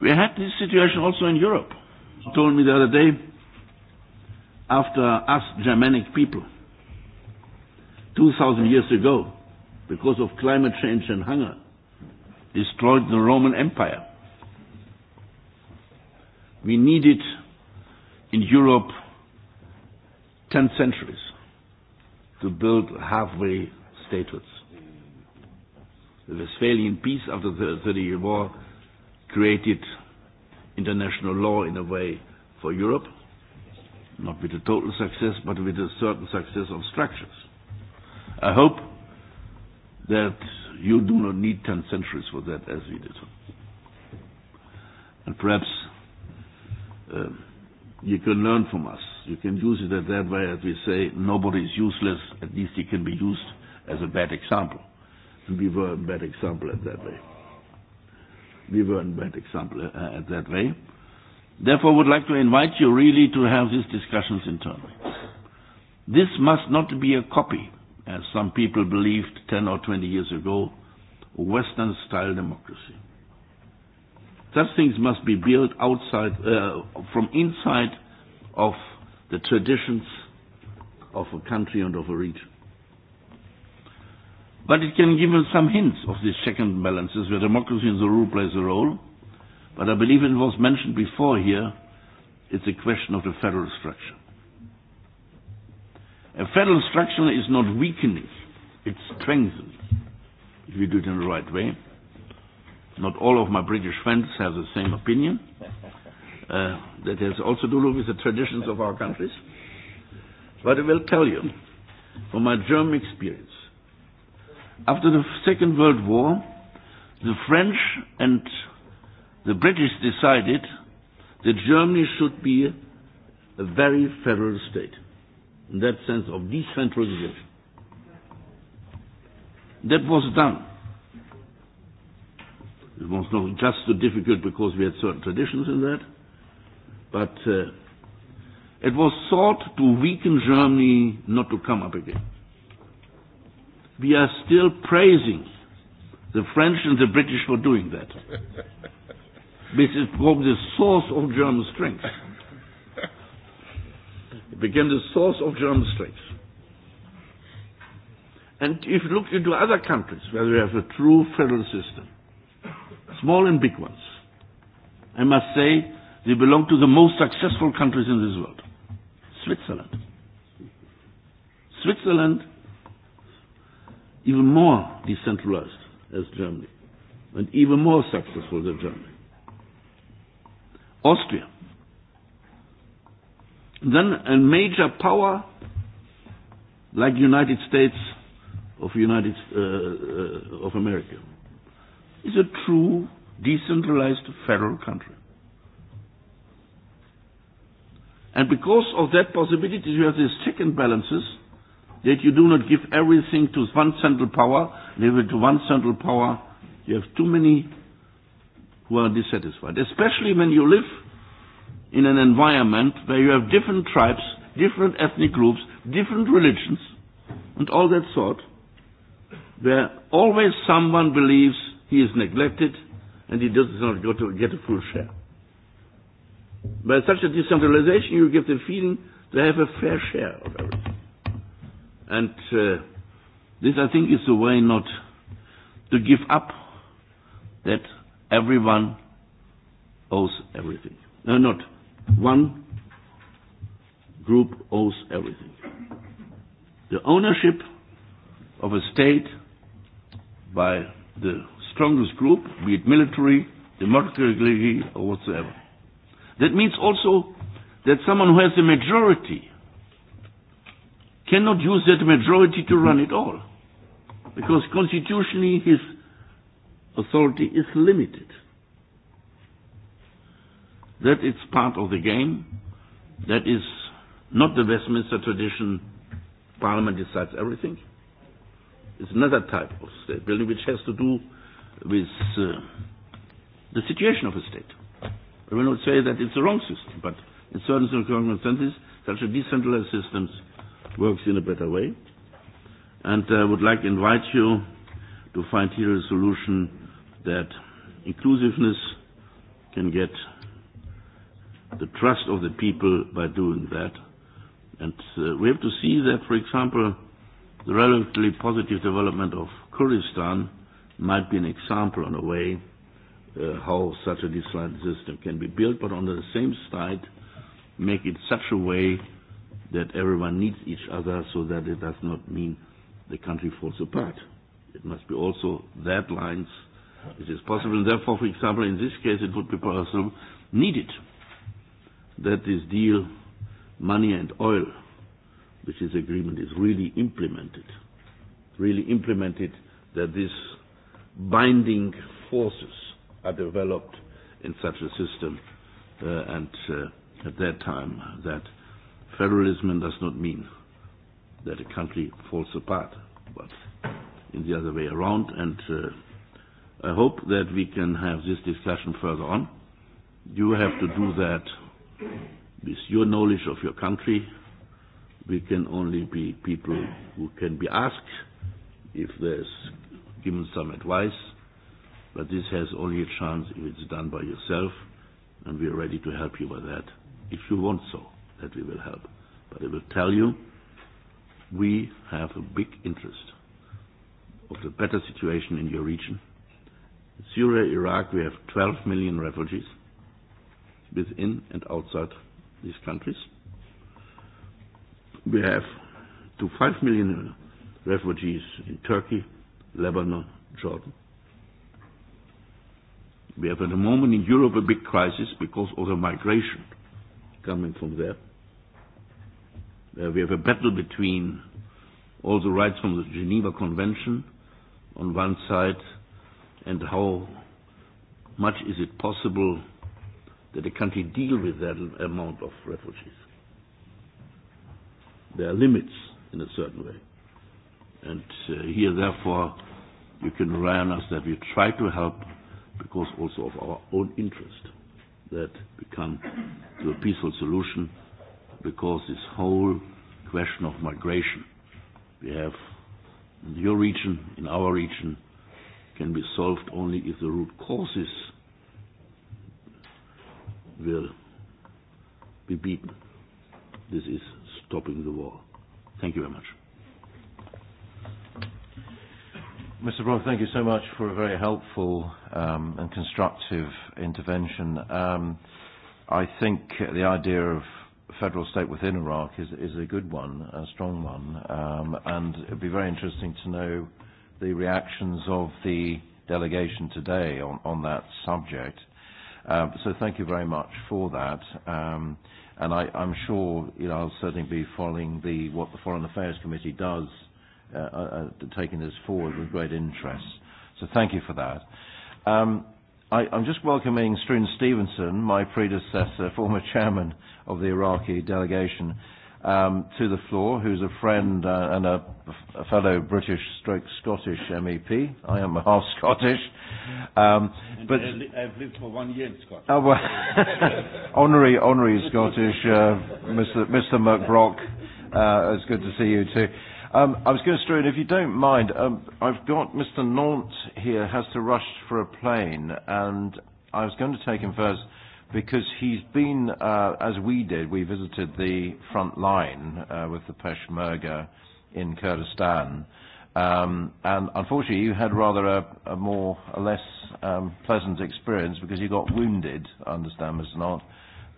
We had this situation also in Europe. He told me the other day, after us Germanic people, 2,000 years ago, because of climate change and hunger, destroyed the Roman Empire. We needed in Europe 10 centuries to build halfway statehoods. The Westphalian peace after the Thirty Year War created international law in a way for Europe, not with a total success, but with a certain success of structures. I hope that you do not need 10 centuries for that as we did. And perhaps uh, you can learn from us. You can use it that, that way, as we say, nobody is useless, at least it can be used as a bad example. And we were a bad example at that way we were in bad example uh, at that way. Therefore, I would like to invite you really to have these discussions internally. This must not be a copy, as some people believed 10 or 20 years ago, Western-style democracy. Such things must be built outside, uh, from inside of the traditions of a country and of a region. But it can give us some hints of these check and balances where democracy and the rule plays a role. But I believe it was mentioned before here, it's a question of the federal structure. A federal structure is not weakening, it's strengthening, if you do it in the right way. Not all of my British friends have the same opinion. Uh, that has also to do with the traditions of our countries. But I will tell you, from my German experience, After the Second World War, the French and the British decided that Germany should be a very federal state, in that sense of decentralization. That was done. It was not just so difficult because we had certain traditions in that, but uh, it was thought to weaken Germany not to come up again we are still praising the French and the British for doing that. this is probably the source of German strength. It became the source of German strength. And if you look into other countries where we have a true federal system, small and big ones, I must say they belong to the most successful countries in this world. Switzerland. Switzerland even more decentralized as Germany and even more successful than Germany. Austria. Then a major power like United States of United uh, uh, of America is a true decentralized federal country. And because of that possibility, you have these check and balances that you do not give everything to one central power, leave it to one central power. You have too many who are dissatisfied, especially when you live in an environment where you have different tribes, different ethnic groups, different religions, and all that sort, where always someone believes he is neglected and he does not go to get a full share. By such a decentralization, you give the feeling to have a fair share of everything. And uh, this, I think, is the way not to give up that everyone owes everything. No, not one group owes everything. The ownership of a state by the strongest group, be it military, democratically, or whatsoever. That means also that someone who has a majority cannot use that majority to run it all. Because constitutionally his authority is limited. That is part of the game. That is not the Westminster tradition. Parliament decides everything. It's another type of state building which has to do with uh, the situation of a state. I will not say that it's a wrong system, but in certain circumstances, such a decentralized systems works in a better way. And I uh, would like to invite you to find here a solution that inclusiveness can get the trust of the people by doing that. And uh, we have to see that, for example, the relatively positive development of Kurdistan might be an example on a way uh, how such a decentralized system can be built, but on the same side, make it such a way that everyone needs each other so that it does not mean the country falls apart. It must be also that lines it is possible. And therefore, for example, in this case, it would be possible, needed, that this deal, money and oil, which is agreement is really implemented, really implemented, that these binding forces are developed in such a system, uh, and uh, at that time that federalism does not mean that a country falls apart, but in the other way around. And uh, I hope that we can have this discussion further on. You have to do that with your knowledge of your country. We can only be people who can be asked if there's given some advice, but this has only a chance if it's done by yourself, and we are ready to help you with that if you want so that we will help. But I will tell you, we have a big interest of the better situation in your region. In Syria, Iraq, we have 12 million refugees within and outside these countries. We have to 5 million refugees in Turkey, Lebanon, Jordan. We have at the moment in Europe a big crisis because of the migration coming from there. Uh, we have a battle between all the rights from the Geneva Convention on one side and how much is it possible that a country deal with that amount of refugees. There are limits in a certain way. And uh, here, therefore, you can rely on us that we try to help because also of our own interest that we come to a peaceful solution because this whole question of migration we have in your region, in our region, can be solved only if the root causes will be beaten. This is stopping the war. Thank you very much. Mr. Brock, thank you so much for a very helpful um, and constructive intervention. Um, I think the idea of federal state within Iraq is, is a good one, a strong one, um, and it would be very interesting to know the reactions of the delegation today on, on that subject. Uh, so thank you very much for that. Um, and I, I'm sure you know, I'll certainly be following the, what the Foreign Affairs Committee does, uh, uh, uh taking this forward with great interest. So thank you for that. Um, I, I'm just welcoming Strun Stevenson, my predecessor, former chairman of the Iraqi delegation, um, to the floor, who's a friend uh, and a, a fellow British stroke Scottish MEP. I am half Scottish. Um, and but I've lived for one year in Scotland. Oh, well, honorary, honorary Scottish, uh, Mr. Mr. McBrock. Uh, it's good to see you too. Um, I was going to throw in, if you don't mind, um, I've got Mr. Nant here has to rush for a plane, and I was going to take him first because he's been, uh, as we did, we visited the front line uh, with the Peshmerga in Kurdistan. Um, and unfortunately, you had rather a, a more, a less um, pleasant experience because you got wounded, I understand, Mr. Nant,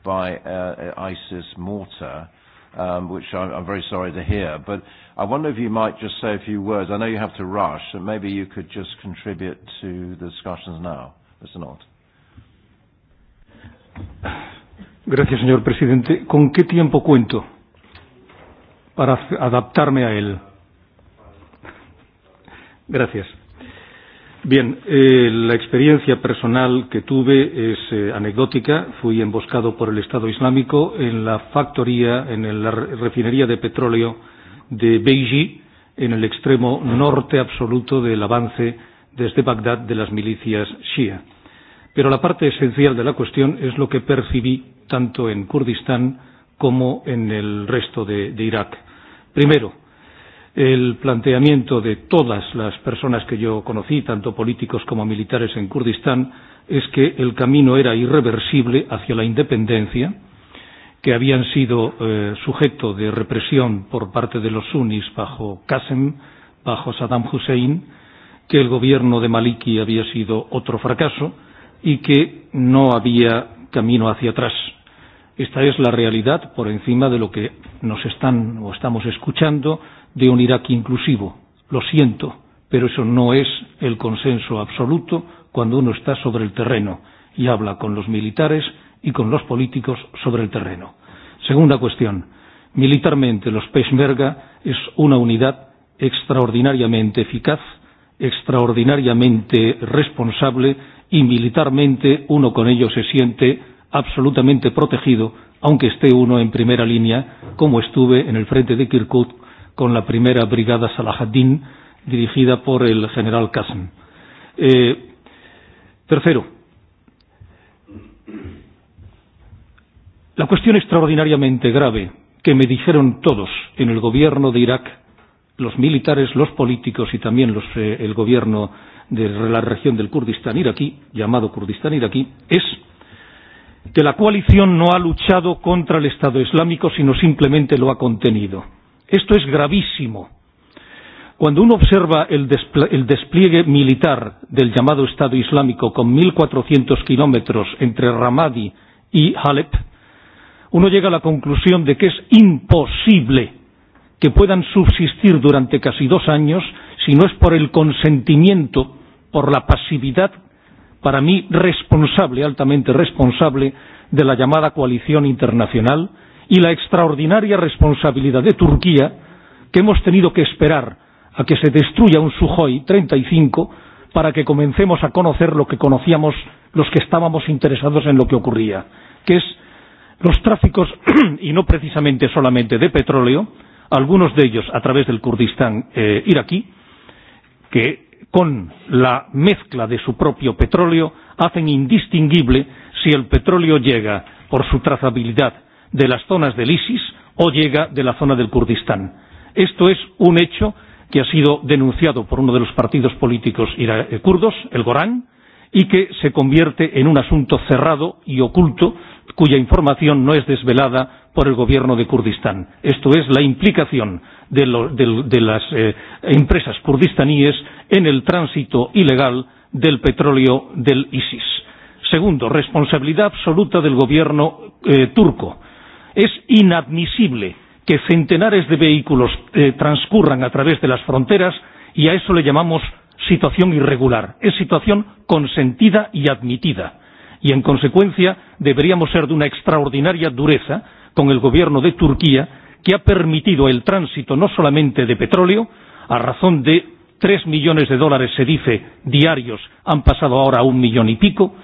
by uh, ISIS mortar um, which I'm, I'm very sorry to hear. But I wonder if you might just say a few words. I know you have to rush, so maybe you could just contribute to the discussions now, Mr. Knott. Gracias, señor presidente. ¿Con qué tiempo cuento para adaptarme a él? Gracias. Bien, eh, la experiencia personal que tuve es eh, anecdótica. Fui emboscado por el Estado Islámico en la factoría, en la refinería de petróleo de Beiji, en el extremo norte absoluto del avance desde Bagdad de las milicias shia. Pero la parte esencial de la cuestión es lo que percibí tanto en Kurdistán como en el resto de, de Irak. Primero, el planteamiento de todas las personas que yo conocí, tanto políticos como militares en Kurdistán, es que el camino era irreversible hacia la independencia, que habían sido eh, sujeto de represión por parte de los sunnis bajo Qasem, bajo Saddam Hussein, que el gobierno de Maliki había sido otro fracaso y que no había camino hacia atrás. Esta es la realidad por encima de lo que nos están o estamos escuchando de un Irak inclusivo. Lo siento, pero eso no es el consenso absoluto cuando uno está sobre el terreno y habla con los militares y con los políticos sobre el terreno. Segunda cuestión. Militarmente, los Peshmerga es una unidad extraordinariamente eficaz, extraordinariamente responsable y militarmente uno con ellos se siente absolutamente protegido, aunque esté uno en primera línea, como estuve en el frente de Kirkuk con la primera brigada Salahaddin dirigida por el general Qasem. Eh, tercero, la cuestión extraordinariamente grave que me dijeron todos en el gobierno de Irak, los militares, los políticos y también los, eh, el gobierno de la región del Kurdistán iraquí, llamado Kurdistán iraquí, es que la coalición no ha luchado contra el Estado Islámico, sino simplemente lo ha contenido Esto es gravísimo. Cuando uno observa el, despl el despliegue militar del llamado Estado Islámico con 1.400 kilómetros entre Ramadi y Halep, uno llega a la conclusión de que es imposible que puedan subsistir durante casi dos años si no es por el consentimiento, por la pasividad, para mí responsable, altamente responsable, de la llamada coalición internacional y la extraordinaria responsabilidad de Turquía, que hemos tenido que esperar a que se destruya un Sujoy 35 para que comencemos a conocer lo que conocíamos los que estábamos interesados en lo que ocurría, que es los tráficos, y no precisamente solamente de petróleo, algunos de ellos a través del Kurdistán eh, iraquí, que con la mezcla de su propio petróleo hacen indistinguible si el petróleo llega por su trazabilidad de las zonas del ISIS o llega de la zona del Kurdistán. Esto es un hecho que ha sido denunciado por uno de los partidos políticos eh, kurdos, el Gorán, y que se convierte en un asunto cerrado y oculto cuya información no es desvelada por el gobierno de Kurdistán. Esto es la implicación de, lo, de, de las eh, empresas kurdistaníes en el tránsito ilegal del petróleo del ISIS. Segundo, responsabilidad absoluta del gobierno eh, turco Es inadmisible que centenares de vehículos eh, transcurran a través de las fronteras y a eso le llamamos situación irregular. Es situación consentida y admitida. Y en consecuencia deberíamos ser de una extraordinaria dureza con el gobierno de Turquía que ha permitido el tránsito no solamente de petróleo, a razón de tres millones de dólares se dice diarios, han pasado ahora a un millón y pico,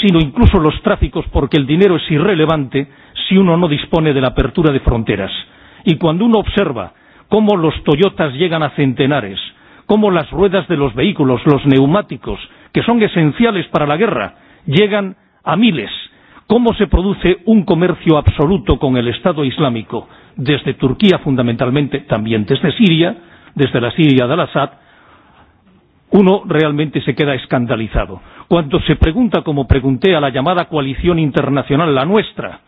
sino incluso los tráficos porque el dinero es irrelevante si uno no dispone de la apertura de fronteras. Y cuando uno observa cómo los Toyotas llegan a centenares, cómo las ruedas de los vehículos, los neumáticos, que son esenciales para la guerra, llegan a miles, cómo se produce un comercio absoluto con el Estado Islámico, desde Turquía fundamentalmente, también desde Siria, desde la Siria de Al-Assad, uno realmente se queda escandalizado. Cuando se pregunta, como pregunté a la llamada coalición internacional, la nuestra,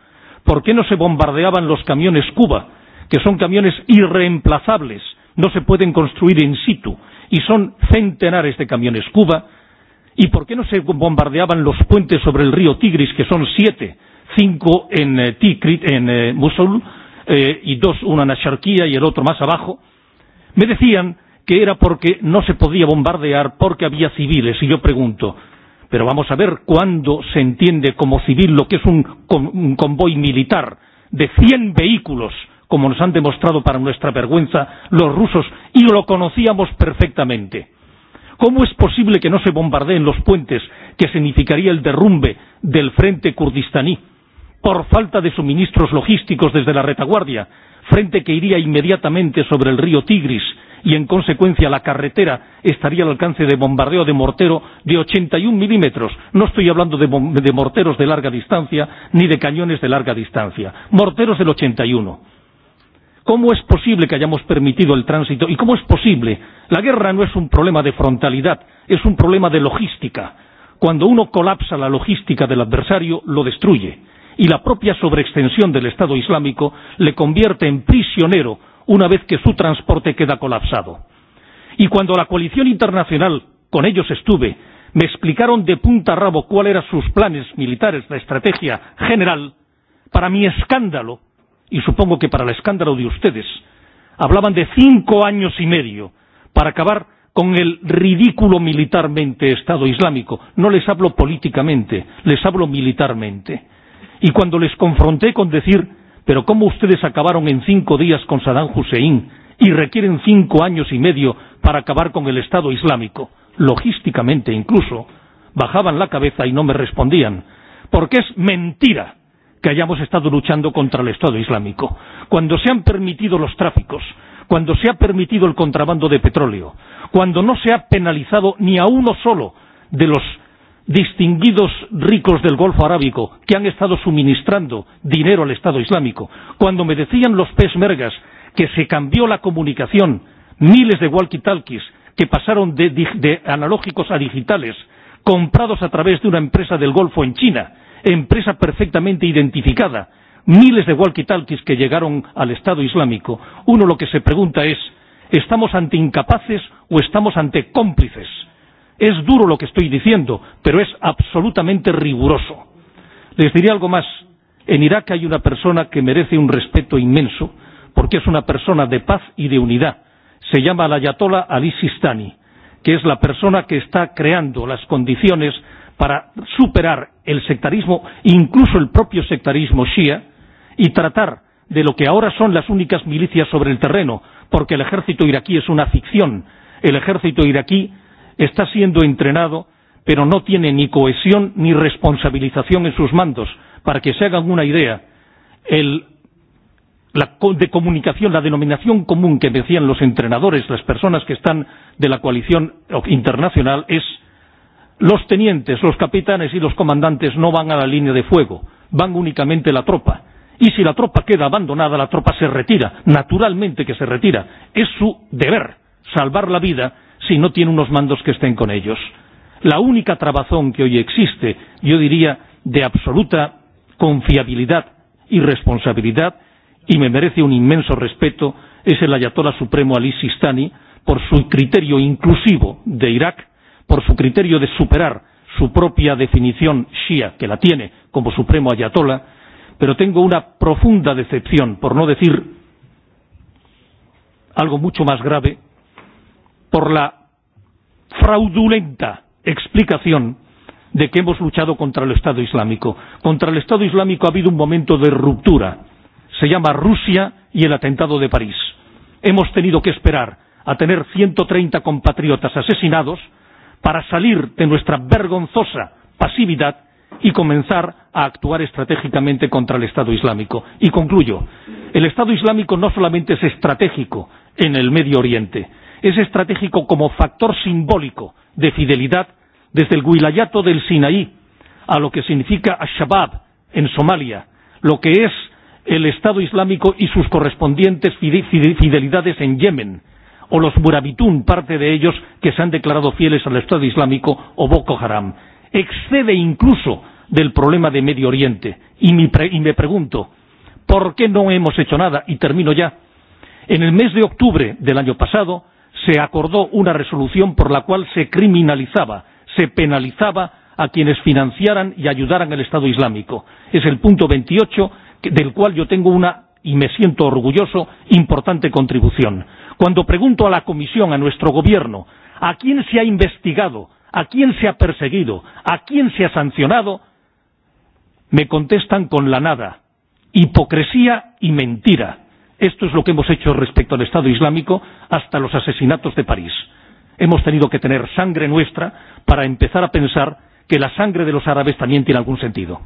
¿Por qué no se bombardeaban los camiones Cuba, que son camiones irreemplazables, no se pueden construir in situ y son centenares de camiones Cuba? ¿Y por qué no se bombardeaban los puentes sobre el río Tigris, que son siete, cinco en, eh, Tikrit, en eh, Mosul eh, y dos, una en Asharquía y el otro más abajo? Me decían que era porque no se podía bombardear porque había civiles. Y yo pregunto, pero vamos a ver cuándo se entiende como civil lo que es un, un convoy militar de 100 vehículos, como nos han demostrado para nuestra vergüenza los rusos, y lo conocíamos perfectamente. ¿Cómo es posible que no se bombardeen los puentes, que significaría el derrumbe del frente kurdistaní, por falta de suministros logísticos desde la retaguardia, frente que iría inmediatamente sobre el río Tigris y en consecuencia la carretera estaría al alcance de bombardeo de mortero de 81 milímetros. No estoy hablando de, de morteros de larga distancia ni de cañones de larga distancia. Morteros del 81. ¿Cómo es posible que hayamos permitido el tránsito? ¿Y cómo es posible? La guerra no es un problema de frontalidad, es un problema de logística. Cuando uno colapsa la logística del adversario, lo destruye. Y la propia sobreextensión del Estado Islámico le convierte en prisionero una vez que su transporte queda colapsado. Y cuando la coalición internacional, con ellos estuve, me explicaron de punta a rabo cuáles eran sus planes militares, la estrategia general, para mi escándalo, y supongo que para el escándalo de ustedes, hablaban de cinco años y medio para acabar con el ridículo militarmente Estado Islámico. No les hablo políticamente, les hablo militarmente. Y cuando les confronté con decir Pero ¿cómo ustedes acabaron en cinco días con Saddam Hussein y requieren cinco años y medio para acabar con el Estado Islámico? Logísticamente incluso, bajaban la cabeza y no me respondían. Porque es mentira que hayamos estado luchando contra el Estado Islámico. Cuando se han permitido los tráficos, cuando se ha permitido el contrabando de petróleo, cuando no se ha penalizado ni a uno solo de los distinguidos ricos del Golfo Arábico que han estado suministrando dinero al Estado Islámico, cuando me decían los pesmergas que se cambió la comunicación, miles de walkie-talkies que pasaron de, de analógicos a digitales, comprados a través de una empresa del Golfo en China, empresa perfectamente identificada, miles de walkie-talkies que llegaron al Estado Islámico, uno lo que se pregunta es, ¿estamos ante incapaces o estamos ante cómplices? Es duro lo que estoy diciendo, pero es absolutamente riguroso. Les diría algo más. En Irak hay una persona que merece un respeto inmenso, porque es una persona de paz y de unidad. Se llama la Ayatollah Ali Sistani, que es la persona que está creando las condiciones para superar el sectarismo, incluso el propio sectarismo shia, y tratar de lo que ahora son las únicas milicias sobre el terreno, porque el ejército iraquí es una ficción. El ejército iraquí está siendo entrenado, pero no tiene ni cohesión ni responsabilización en sus mandos. Para que se hagan una idea, el, la de comunicación, la denominación común que decían los entrenadores, las personas que están de la coalición internacional, es los tenientes, los capitanes y los comandantes no van a la línea de fuego, van únicamente la tropa. Y si la tropa queda abandonada, la tropa se retira, naturalmente que se retira. Es su deber salvar la vida si no tiene unos mandos que estén con ellos. La única trabazón que hoy existe, yo diría, de absoluta confiabilidad y responsabilidad, y me merece un inmenso respeto, es el ayatolá supremo Ali Sistani por su criterio inclusivo de Irak, por su criterio de superar su propia definición shia, que la tiene como supremo ayatolá, pero tengo una profunda decepción, por no decir algo mucho más grave, por la fraudulenta explicación de que hemos luchado contra el Estado Islámico. Contra el Estado Islámico ha habido un momento de ruptura. Se llama Rusia y el atentado de París. Hemos tenido que esperar a tener 130 compatriotas asesinados para salir de nuestra vergonzosa pasividad y comenzar a actuar estratégicamente contra el Estado Islámico. Y concluyo, el Estado Islámico no solamente es estratégico en el Medio Oriente, es estratégico como factor simbólico de fidelidad desde el Wilayato del Sinaí a lo que significa Al-Shabaab en Somalia, lo que es el Estado Islámico y sus correspondientes fidelidades en Yemen, o los Burabitún, parte de ellos que se han declarado fieles al Estado Islámico o Boko Haram. Excede incluso del problema de Medio Oriente. Y, mi pre y me pregunto, ¿por qué no hemos hecho nada? Y termino ya. En el mes de octubre del año pasado, se acordó una resolución por la cual se criminalizaba, se penalizaba a quienes financiaran y ayudaran al Estado Islámico. Es el punto 28 del cual yo tengo una, y me siento orgulloso, importante contribución. Cuando pregunto a la Comisión, a nuestro Gobierno, a quién se ha investigado, a quién se ha perseguido, a quién se ha sancionado, me contestan con la nada, hipocresía y mentira Esto es lo que hemos hecho respecto al Estado Islámico hasta los asesinatos de París. Hemos tenido que tener sangre nuestra para empezar a pensar que la sangre de los árabes también tiene algún sentido.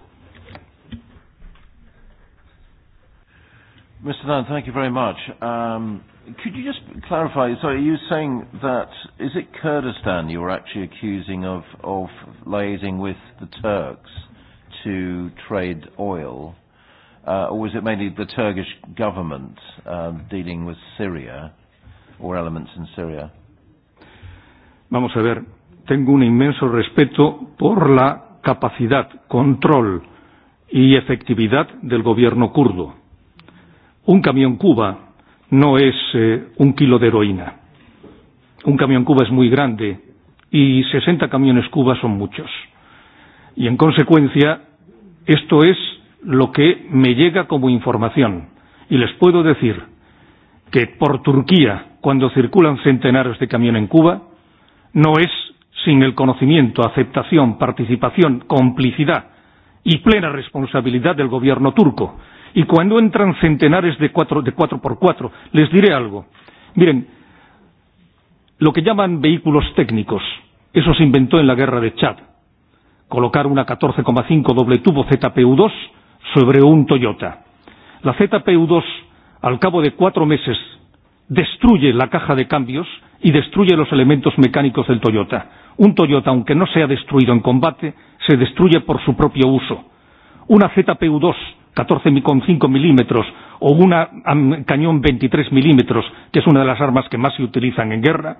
Mr. Dunn, thank you very much. Um, could you just clarify, sorry, are you saying that, is it Kurdistan you were actually accusing of, of liaising with the Turks to trade oil? uh, or was it mainly the Turkish government um, dealing with Syria or elements in Syria? Vamos a ver, tengo un inmenso respeto por la capacidad, control y efectividad del gobierno kurdo. Un camión Cuba no es eh, un kilo de heroína. Un camión Cuba es muy grande y 60 camiones Cuba son muchos. Y en consecuencia, esto es lo que me llega como información. Y les puedo decir que por Turquía, cuando circulan centenares de camiones en Cuba, no es sin el conocimiento, aceptación, participación, complicidad y plena responsabilidad del gobierno turco. Y cuando entran centenares de cuatro, de cuatro por cuatro, les diré algo. Miren, lo que llaman vehículos técnicos, eso se inventó en la guerra de Chad. Colocar una 14,5 doble tubo ZPU2 sobre un Toyota. La ZPU2, al cabo de cuatro meses, destruye la caja de cambios y destruye los elementos mecánicos del Toyota. Un Toyota, aunque no sea destruido en combate, se destruye por su propio uso. Una ZPU2 14,5 milímetros o una um, cañón 23 milímetros, que es una de las armas que más se utilizan en guerra,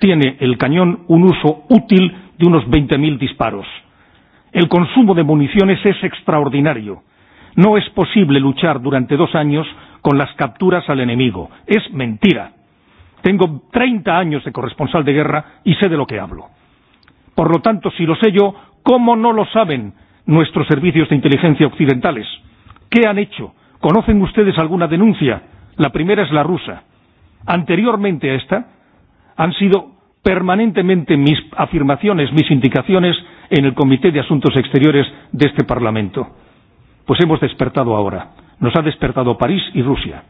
tiene el cañón un uso útil de unos 20.000 disparos. El consumo de municiones es extraordinario. No es posible luchar durante dos años con las capturas al enemigo. Es mentira. Tengo 30 años de corresponsal de guerra y sé de lo que hablo. Por lo tanto, si lo sé yo, ¿cómo no lo saben nuestros servicios de inteligencia occidentales? ¿Qué han hecho? ¿Conocen ustedes alguna denuncia? La primera es la rusa. Anteriormente a esta, han sido permanentemente mis afirmaciones, mis indicaciones en el Comité de Asuntos Exteriores de este Parlamento. Pues hemos despertado ahora. Nos ha despertado París y Rusia.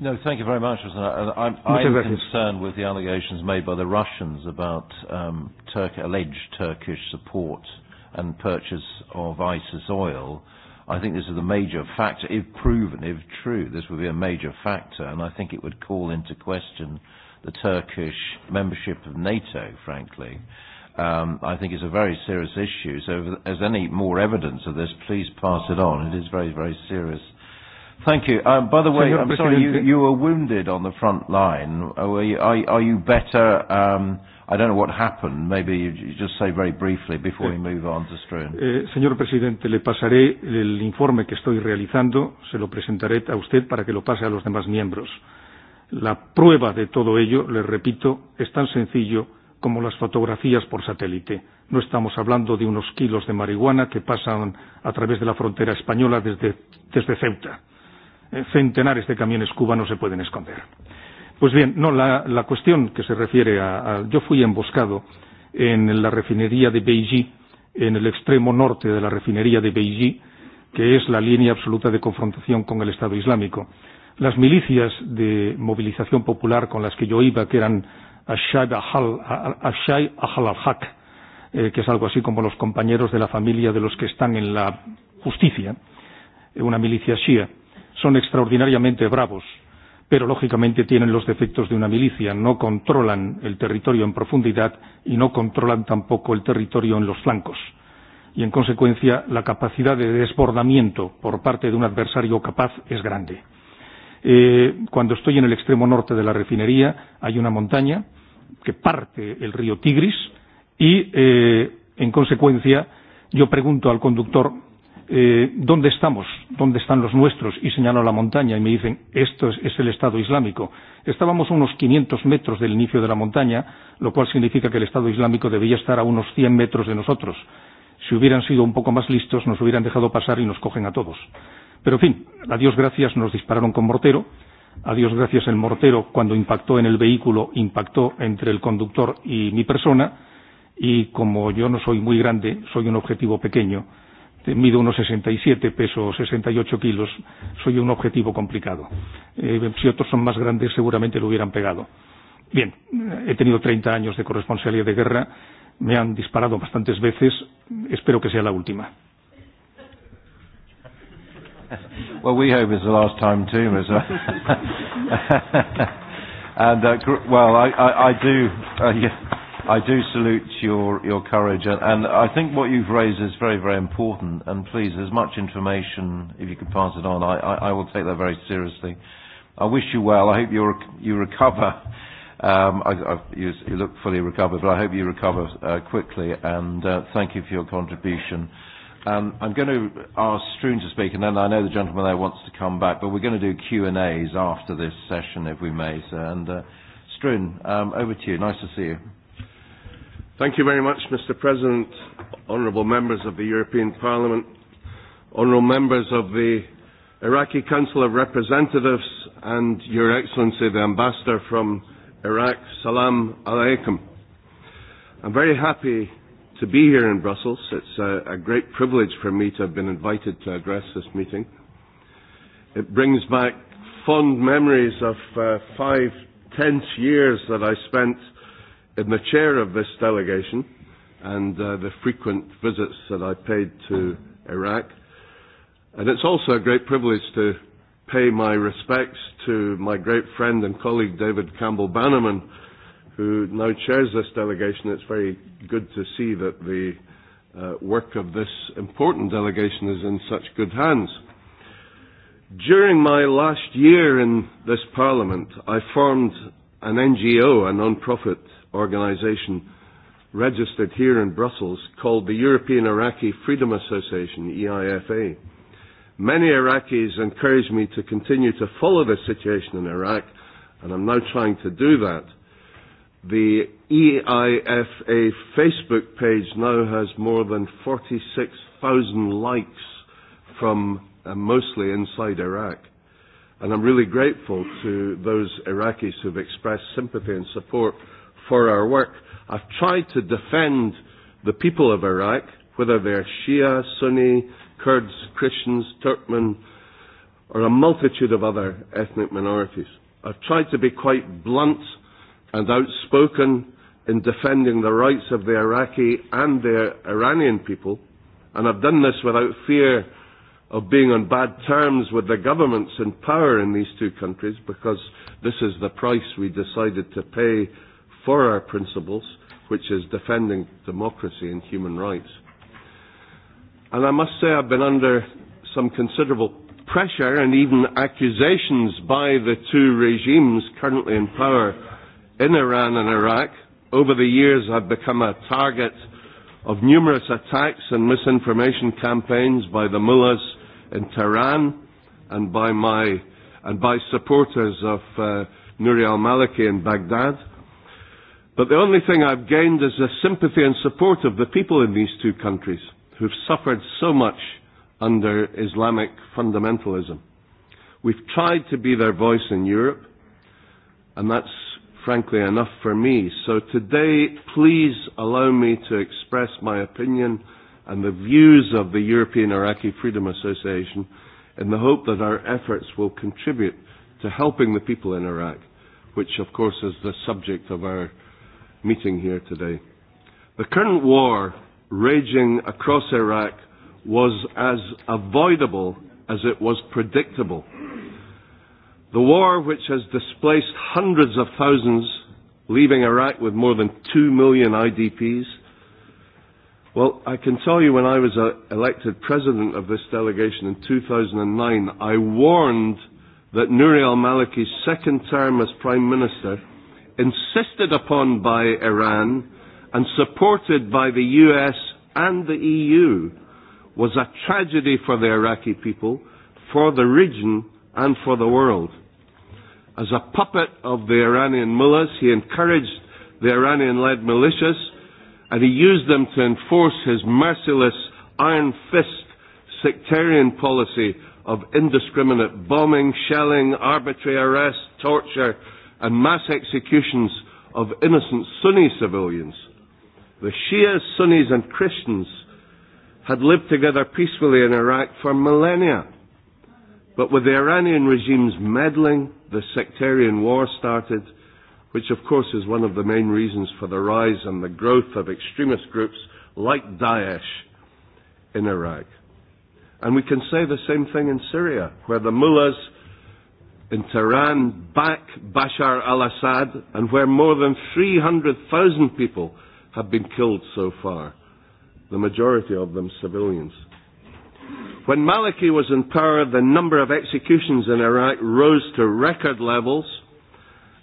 No, thank you very much. I'm, I'm concerned with the allegations made by the Russians about um, Turk, alleged Turkish support and purchase of ISIS oil. I think this is a major factor, if proven, if true, this would be a major factor, and I think it would call into question the Turkish membership of NATO, frankly um, I think is a very serious issue. So if there's any more evidence of this, please pass it on. It is very, very serious. Thank you. Um, by the way, Senor I'm sorry, you, you were wounded on the front line. Are you, are, are you better? Um, I don't know what happened. Maybe you just say very briefly before we eh, move on to Struan. Eh, señor presidente, le pasaré el informe que estoy realizando, se lo presentaré a usted para que lo pase a los demás miembros. La prueba de todo ello, le repito, es tan sencillo como las fotografías por satélite. No estamos hablando de unos kilos de marihuana que pasan a través de la frontera española desde, desde Ceuta. Eh, centenares de camiones cubanos se pueden esconder. Pues bien, no, la, la cuestión que se refiere a, a. Yo fui emboscado en la refinería de Beijing, en el extremo norte de la refinería de Beijing, que es la línea absoluta de confrontación con el Estado Islámico. Las milicias de movilización popular con las que yo iba, que eran Ashab Ahal al-Haq, eh, que es algo así como los compañeros de la familia de los que están en la justicia, eh, una milicia shia. Son extraordinariamente bravos, pero lógicamente tienen los defectos de una milicia, no controlan el territorio en profundidad y no controlan tampoco el territorio en los flancos. Y en consecuencia, la capacidad de desbordamiento por parte de un adversario capaz es grande Eh, cuando estoy en el extremo norte de la refinería hay una montaña que parte el río Tigris y, eh, en consecuencia, yo pregunto al conductor eh, ¿dónde estamos? ¿Dónde están los nuestros? Y señalo la montaña y me dicen, esto es, es el Estado Islámico. Estábamos a unos 500 metros del inicio de la montaña, lo cual significa que el Estado Islámico debía estar a unos 100 metros de nosotros. Si hubieran sido un poco más listos, nos hubieran dejado pasar y nos cogen a todos. Pero, en fin, a Dios gracias nos dispararon con mortero. A Dios gracias el mortero, cuando impactó en el vehículo, impactó entre el conductor y mi persona. Y como yo no soy muy grande, soy un objetivo pequeño, mido unos 67, pesos, 68 kilos, soy un objetivo complicado. Eh, si otros son más grandes, seguramente lo hubieran pegado. Bien, he tenido 30 años de corresponsalía de guerra, me han disparado bastantes veces, espero que sea la última. well, we hope it's the last time too, well. Uh, and uh, gr- well, I, I, I do, uh, yeah, I do salute your your courage, and, and I think what you've raised is very very important. And please, as much information if you could pass it on, I, I, I will take that very seriously. I wish you well. I hope you you recover. Um, I, I, you, you look fully recovered, but I hope you recover uh, quickly. And uh, thank you for your contribution. Um, I'm going to ask Stroon to speak, and then I know the gentleman there wants to come back, but we're going to do Q&As after this session, if we may, sir. And uh, Stroon, um, over to you. Nice to see you. Thank you very much, Mr. President, honourable members of the European Parliament, honourable members of the Iraqi Council of Representatives, and Your Excellency, the Ambassador from Iraq, Salam Alaikum. I'm very happy to be here in Brussels. It's a, a great privilege for me to have been invited to address this meeting. It brings back fond memories of uh, five tense years that I spent in the chair of this delegation and uh, the frequent visits that I paid to Iraq. And it's also a great privilege to pay my respects to my great friend and colleague David Campbell Bannerman who uh, now chairs this delegation. It's very good to see that the uh, work of this important delegation is in such good hands. During my last year in this parliament, I formed an NGO, a non-profit organisation registered here in Brussels called the European Iraqi Freedom Association, EIFA. Many Iraqis encouraged me to continue to follow the situation in Iraq, and I'm now trying to do that. The EIFA Facebook page now has more than 46,000 likes from uh, mostly inside Iraq. And I'm really grateful to those Iraqis who've expressed sympathy and support for our work. I've tried to defend the people of Iraq, whether they're Shia, Sunni, Kurds, Christians, Turkmen, or a multitude of other ethnic minorities. I've tried to be quite blunt and outspoken in defending the rights of the Iraqi and the Iranian people, and have done this without fear of being on bad terms with the governments in power in these two countries, because this is the price we decided to pay for our principles, which is defending democracy and human rights. And I must say I've been under some considerable pressure and even accusations by the two regimes currently in power in Iran and Iraq over the years have become a target of numerous attacks and misinformation campaigns by the mullahs in Tehran and by my and by supporters of uh, Nouri al-Maliki in Baghdad. But the only thing I've gained is the sympathy and support of the people in these two countries who've suffered so much under Islamic fundamentalism. We've tried to be their voice in Europe, and that's frankly enough for me. So today, please allow me to express my opinion and the views of the European Iraqi Freedom Association in the hope that our efforts will contribute to helping the people in Iraq, which of course is the subject of our meeting here today. The current war raging across Iraq was as avoidable as it was predictable. The war, which has displaced hundreds of thousands, leaving Iraq with more than two million IDPs. Well, I can tell you when I was uh, elected president of this delegation in 2009, I warned that Nouri al-Maliki's second term as prime minister, insisted upon by Iran and supported by the US and the EU, was a tragedy for the Iraqi people, for the region, and for the world. As a puppet of the Iranian mullahs, he encouraged the Iranian led militias and he used them to enforce his merciless iron fist sectarian policy of indiscriminate bombing, shelling, arbitrary arrest, torture, and mass executions of innocent Sunni civilians. The Shias, Sunnis, and Christians had lived together peacefully in Iraq for millennia. But with the Iranian regime's meddling, the sectarian war started, which of course is one of the main reasons for the rise and the growth of extremist groups like Daesh in Iraq. And we can say the same thing in Syria, where the mullahs in Tehran back Bashar al-Assad and where more than 300,000 people have been killed so far, the majority of them civilians. When Maliki was in power, the number of executions in Iraq rose to record levels,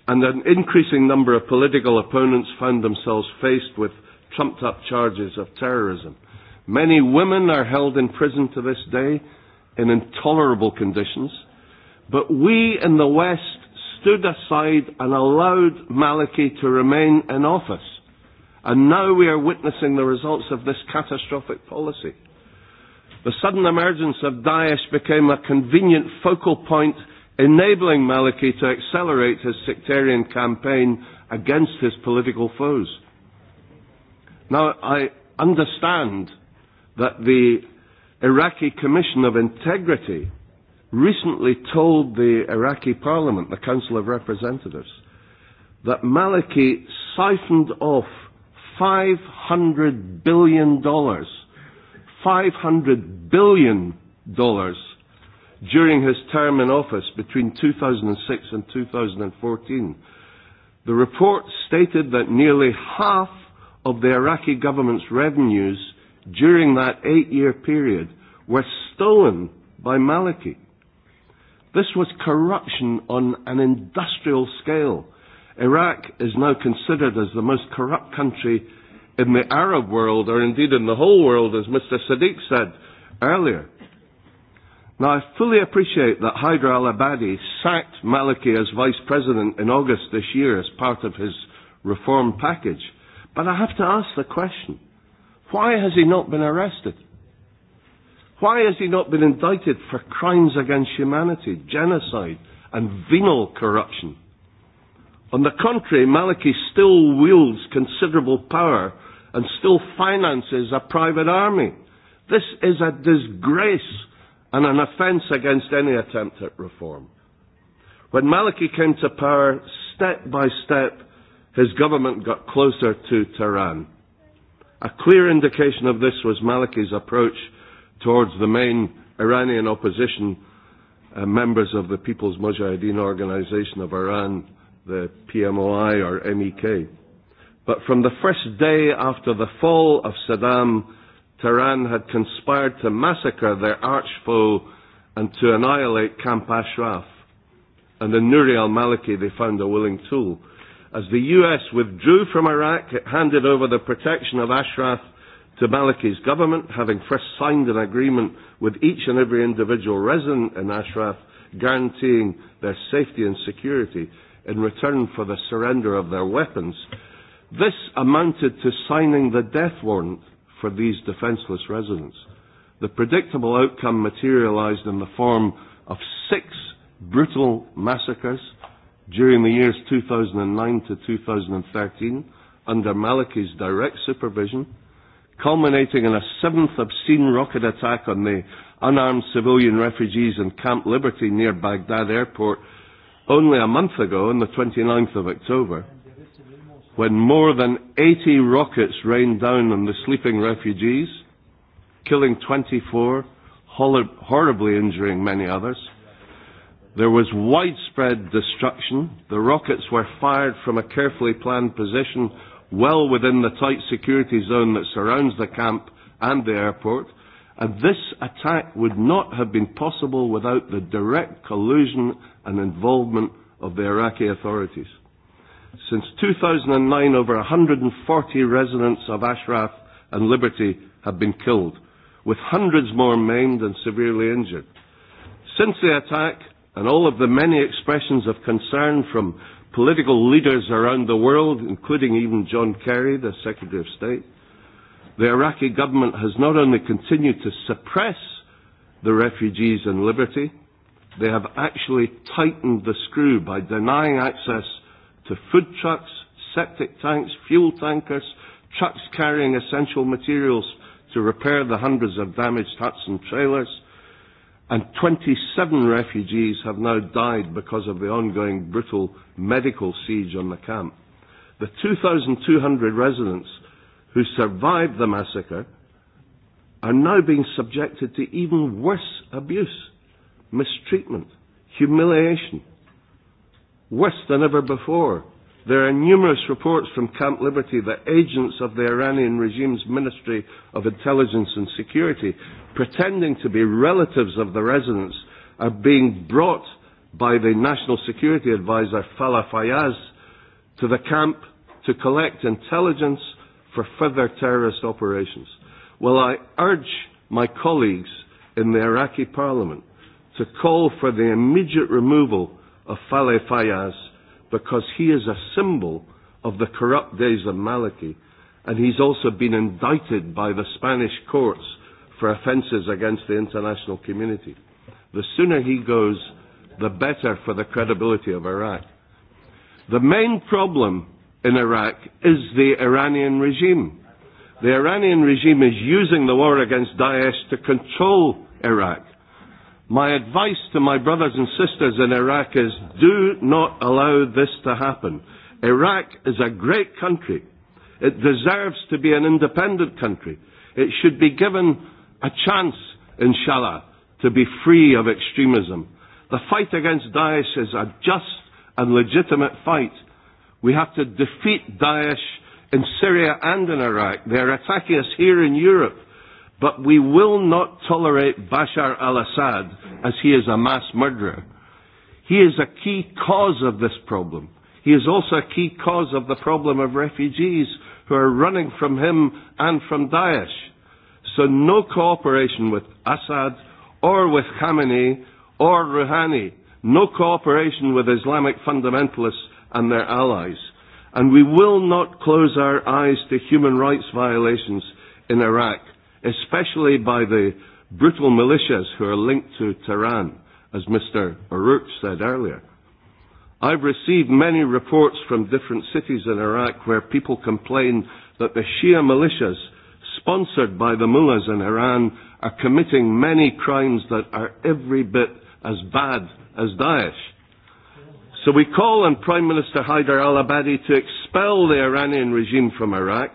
and an increasing number of political opponents found themselves faced with trumped up charges of terrorism. Many women are held in prison to this day in intolerable conditions, but we in the West stood aside and allowed Maliki to remain in office. And now we are witnessing the results of this catastrophic policy. The sudden emergence of Daesh became a convenient focal point, enabling Maliki to accelerate his sectarian campaign against his political foes. Now, I understand that the Iraqi Commission of Integrity recently told the Iraqi Parliament, the Council of Representatives, that Maliki siphoned off $500 billion dollars $500 billion during his term in office between 2006 and 2014. The report stated that nearly half of the Iraqi government's revenues during that eight-year period were stolen by Maliki. This was corruption on an industrial scale. Iraq is now considered as the most corrupt country in the Arab world, or indeed in the whole world, as Mr. Sadiq said earlier. Now, I fully appreciate that Hyder al Abadi sacked Maliki as vice president in August this year as part of his reform package, but I have to ask the question why has he not been arrested? Why has he not been indicted for crimes against humanity, genocide, and venal corruption? On the contrary, Maliki still wields considerable power and still finances a private army. This is a disgrace and an offence against any attempt at reform. When Maliki came to power, step by step, his government got closer to Tehran. A clear indication of this was Maliki's approach towards the main Iranian opposition uh, members of the People's Mujahideen Organization of Iran, the PMOI or MEK. But from the first day after the fall of Saddam, Tehran had conspired to massacre their arch foe and to annihilate Camp Ashraf. And in Nouri al-Maliki they found a willing tool. As the US withdrew from Iraq, it handed over the protection of Ashraf to Maliki's government, having first signed an agreement with each and every individual resident in Ashraf, guaranteeing their safety and security in return for the surrender of their weapons This amounted to signing the death warrant for these defenceless residents. The predictable outcome materialized in the form of six brutal massacres during the years 2009 to 2013 under Maliki's direct supervision, culminating in a seventh obscene rocket attack on the unarmed civilian refugees in Camp Liberty near Baghdad airport only a month ago on the 29th of October when more than 80 rockets rained down on the sleeping refugees, killing 24, horribly injuring many others. There was widespread destruction. The rockets were fired from a carefully planned position well within the tight security zone that surrounds the camp and the airport. And this attack would not have been possible without the direct collusion and involvement of the Iraqi authorities. Since 2009, over 140 residents of Ashraf and Liberty have been killed, with hundreds more maimed and severely injured. Since the attack, and all of the many expressions of concern from political leaders around the world, including even John Kerry, the Secretary of State, the Iraqi government has not only continued to suppress the refugees and liberty, they have actually tightened the screw by denying access to food trucks, septic tanks, fuel tankers, trucks carrying essential materials to repair the hundreds of damaged huts and trailers. And 27 refugees have now died because of the ongoing brutal medical siege on the camp. The 2,200 residents who survived the massacre are now being subjected to even worse abuse, mistreatment, humiliation, worse than ever before. There are numerous reports from Camp Liberty that agents of the Iranian regime's Ministry of Intelligence and Security, pretending to be relatives of the residents, are being brought by the National Security Advisor Falah Fayaz to the camp to collect intelligence for further terrorist operations. Well, I urge my colleagues in the Iraqi parliament to call for the immediate removal of Faleh because he is a symbol of the corrupt days of Maliki and he's also been indicted by the Spanish courts for offences against the international community. The sooner he goes, the better for the credibility of Iraq. The main problem in Iraq is the Iranian regime. The Iranian regime is using the war against Daesh to control Iraq. My advice to my brothers and sisters in Iraq is do not allow this to happen. Iraq is a great country. It deserves to be an independent country. It should be given a chance, inshallah, to be free of extremism. The fight against Daesh is a just and legitimate fight. We have to defeat Daesh in Syria and in Iraq. They are attacking us here in Europe. But we will not tolerate Bashar al-Assad as he is a mass murderer. He is a key cause of this problem. He is also a key cause of the problem of refugees who are running from him and from Daesh. So no cooperation with Assad or with Khamenei or Rouhani. No cooperation with Islamic fundamentalists and their allies. And we will not close our eyes to human rights violations in Iraq especially by the brutal militias who are linked to Tehran, as Mr. Baruch said earlier. I've received many reports from different cities in Iraq where people complain that the Shia militias, sponsored by the mullahs in Iran, are committing many crimes that are every bit as bad as Daesh. So we call on Prime Minister Haider al-Abadi to expel the Iranian regime from Iraq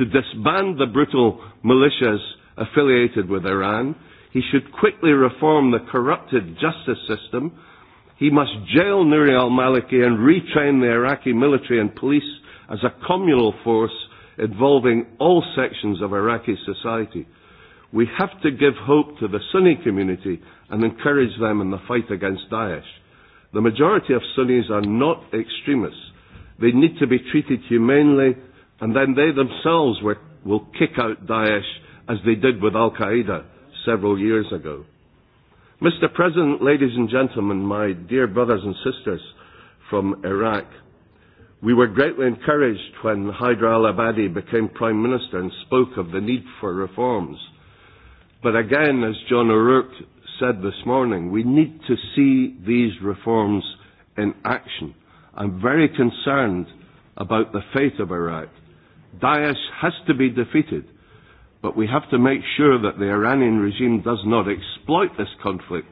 to disband the brutal militias affiliated with Iran. He should quickly reform the corrupted justice system. He must jail Nouri al-Maliki and retrain the Iraqi military and police as a communal force involving all sections of Iraqi society. We have to give hope to the Sunni community and encourage them in the fight against Daesh. The majority of Sunnis are not extremists. They need to be treated humanely And then they themselves were, will kick out Daesh as they did with Al Qaeda several years ago. Mr. President, ladies and gentlemen, my dear brothers and sisters from Iraq, we were greatly encouraged when Hyder al Abadi became Prime Minister and spoke of the need for reforms. But again, as John O'Rourke said this morning, we need to see these reforms in action. I'm very concerned about the fate of Iraq. Daesh has to be defeated, but we have to make sure that the Iranian regime does not exploit this conflict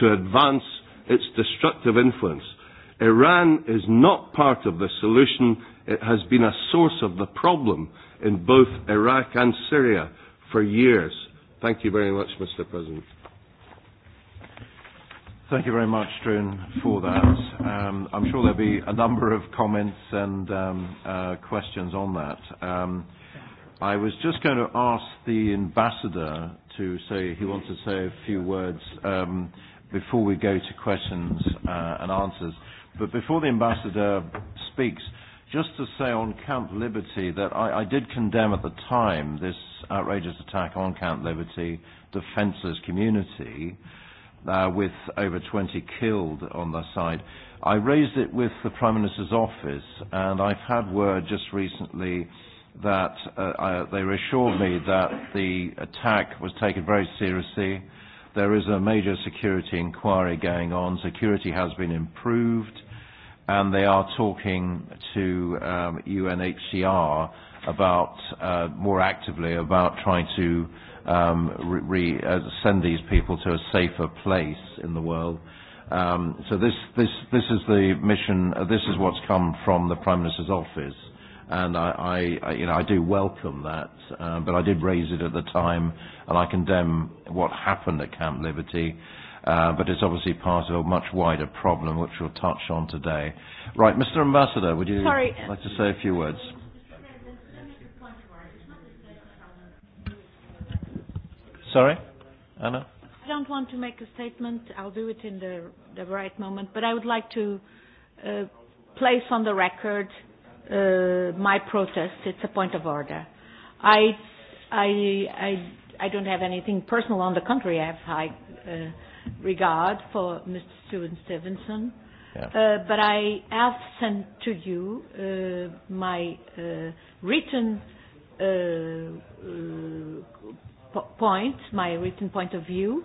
to advance its destructive influence. Iran is not part of the solution. It has been a source of the problem in both Iraq and Syria for years. Thank you very much, Mr. President. Thank you very much, Trun, for that. Um, I'm sure there'll be a number of comments and um, uh, questions on that. Um, I was just going to ask the ambassador to say he wants to say a few words um, before we go to questions uh, and answers. But before the ambassador speaks, just to say on Camp Liberty that I, I did condemn at the time this outrageous attack on Camp Liberty, defenseless community uh, with over 20 killed on the side. I raised it with the Prime Minister's office, and I've had word just recently that uh, I, uh, they assured me that the attack was taken very seriously. There is a major security inquiry going on. Security has been improved, and they are talking to um, UNHCR about uh, more actively about trying to uh, um, re, re, uh, send these people to a safer place in the world. Um, so this, this, this is the mission, uh, this is what's come from the Prime Minister's office. And I, I, I you know, I do welcome that, uh, but I did raise it at the time, and I condemn what happened at Camp Liberty. Uh, but it's obviously part of a much wider problem, which we'll touch on today. Right, Mr. Ambassador, would you Sorry. like to say a few words? Sorry, Anna? I don't want to make a statement. I'll do it in the, the right moment. But I would like to uh, place on the record uh, my protest. It's a point of order. I, I, I, I don't have anything personal. On the contrary, I have high uh, regard for Mr. Stuart Stevenson. Yeah. Uh, but I have sent to you uh, my uh, written uh, uh, point, my written point of view,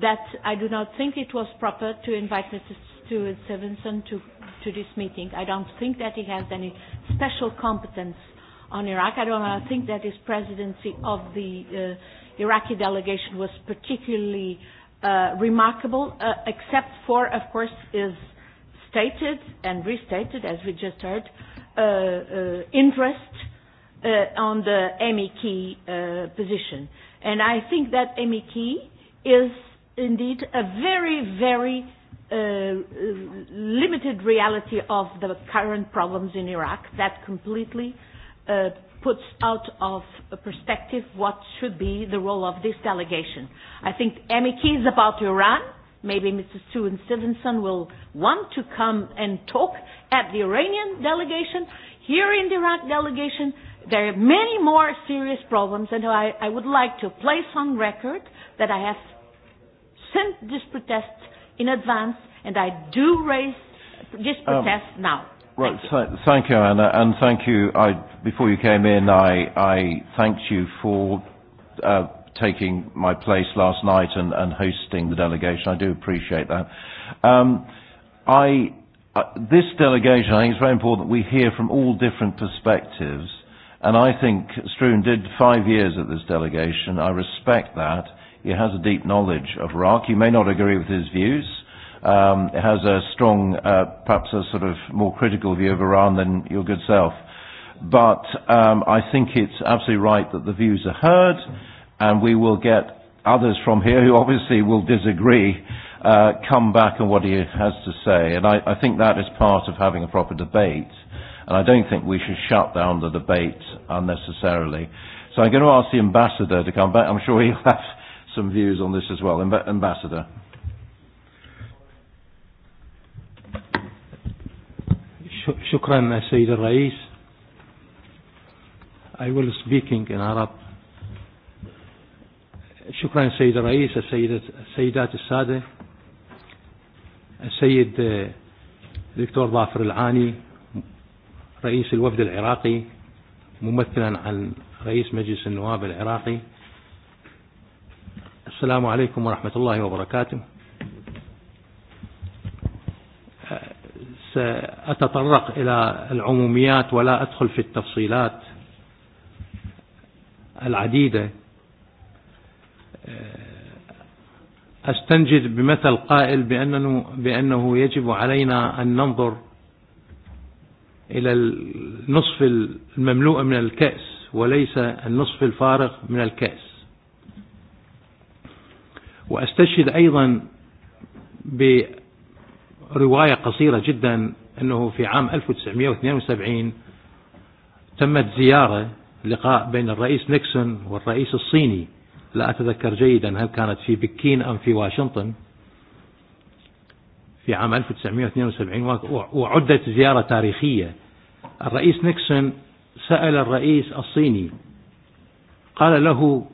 that I do not think it was proper to invite Mr. Stuart Stevenson to, to this meeting. I don't think that he has any special competence on Iraq. I don't think that his presidency of the uh, Iraqi delegation was particularly uh, remarkable, uh, except for, of course, his stated and restated, as we just heard, uh, uh, interest uh, on the MEK uh, position. And I think that MEK is indeed a very, very uh, uh, limited reality of the current problems in Iraq that completely uh, puts out of a perspective what should be the role of this delegation. I think MEK is about Iran. Maybe Mr. Stuart Stevenson will want to come and talk at the Iranian delegation, here in the Iraq delegation, There are many more serious problems, and I, I would like to place on record that I have sent this protest in advance, and I do raise this protest um, now. Right. Thank you. Th- thank you, Anna, and thank you. I, before you came in, I, I thanked you for uh, taking my place last night and, and hosting the delegation. I do appreciate that. Um, I, uh, this delegation, I think it's very important that we hear from all different perspectives And I think Struan did five years at this delegation. I respect that. He has a deep knowledge of Iraq. You may not agree with his views. Um, it has a strong, uh, perhaps a sort of more critical view of Iran than your good self. But um, I think it's absolutely right that the views are heard, and we will get others from here who obviously will disagree uh, come back on what he has to say. And I, I think that is part of having a proper debate. And I don't think we should shut down the debate unnecessarily. So I'm going to ask the ambassador to come back. I'm sure he'll have some views on this as well. Amb- ambassador. Sayyid al-Rais. I will speaking in Arab. al-Rais, الرئيس al-Sadeh, Sayyid eh, Dr. Bafr al-Ani. رئيس الوفد العراقي ممثلا عن رئيس مجلس النواب العراقي السلام عليكم ورحمة الله وبركاته سأتطرق إلى العموميات ولا أدخل في التفصيلات العديدة أستنجد بمثل قائل بأنه, بأنه يجب علينا أن ننظر إلى النصف المملوء من الكأس وليس النصف الفارغ من الكأس وأستشهد أيضا برواية قصيرة جدا أنه في عام 1972 تمت زيارة لقاء بين الرئيس نيكسون والرئيس الصيني لا أتذكر جيدا هل كانت في بكين أم في واشنطن في عام 1972 وعدت زيارة تاريخية الرئيس نيكسون سأل الرئيس الصيني قال له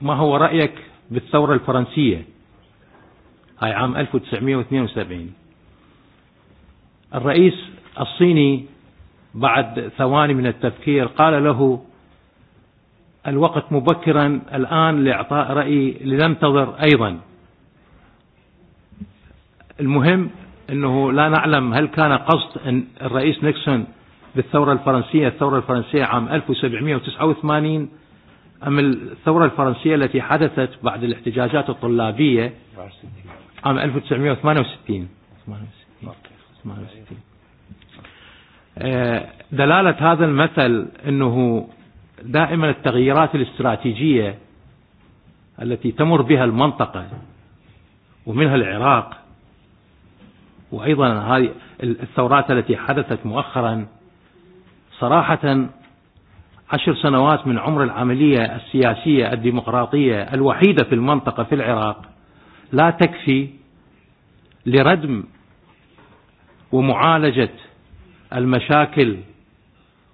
ما هو رأيك بالثورة الفرنسية هاي عام 1972 الرئيس الصيني بعد ثواني من التفكير قال له الوقت مبكرا الآن لإعطاء رأي لننتظر أيضا المهم أنه لا نعلم هل كان قصد أن الرئيس نيكسون بالثورة الفرنسية الثورة الفرنسية عام 1789 أم الثورة الفرنسية التي حدثت بعد الاحتجاجات الطلابية عام 1968 دلالة هذا المثل أنه دائما التغييرات الاستراتيجية التي تمر بها المنطقة ومنها العراق وأيضا هذه الثورات التي حدثت مؤخرا صراحة عشر سنوات من عمر العملية السياسية الديمقراطية الوحيدة في المنطقة في العراق لا تكفي لردم ومعالجة المشاكل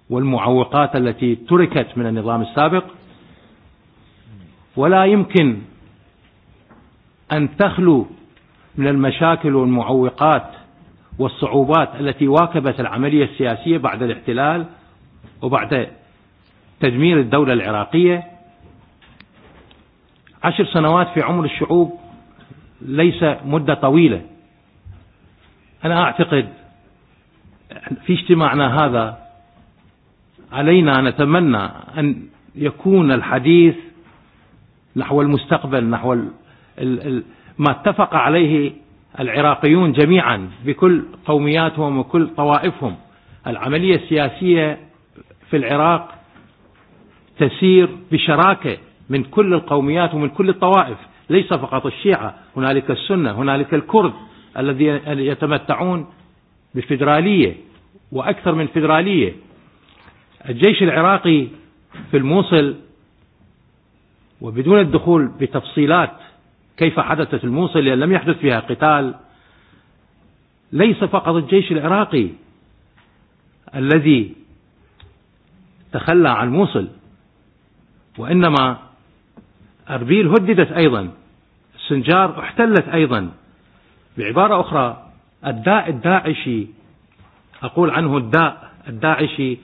والمعوقات التي تركت من النظام السابق ولا يمكن أن تخلو من المشاكل والمعوقات والصعوبات التي واكبت العملية السياسية بعد الاحتلال وبعد تدمير الدولة العراقية عشر سنوات في عمر الشعوب ليس مدة طويلة أنا أعتقد في اجتماعنا هذا علينا نتمنى أن يكون الحديث نحو المستقبل نحو ما اتفق عليه العراقيون جميعا بكل قومياتهم وكل طوائفهم العملية السياسية في العراق تسير بشراكة من كل القوميات ومن كل الطوائف ليس فقط الشيعة هنالك السنة هنالك الكرد الذين يتمتعون بالفدرالية وأكثر من فدرالية الجيش العراقي في الموصل وبدون الدخول بتفصيلات كيف حدثت الموصل لم يحدث فيها قتال ليس فقط الجيش العراقي الذي تخلى عن موصل وإنما أربيل هددت أيضا السنجار احتلت أيضا بعبارة أخرى الداء الداعشي أقول عنه الداء الداعشي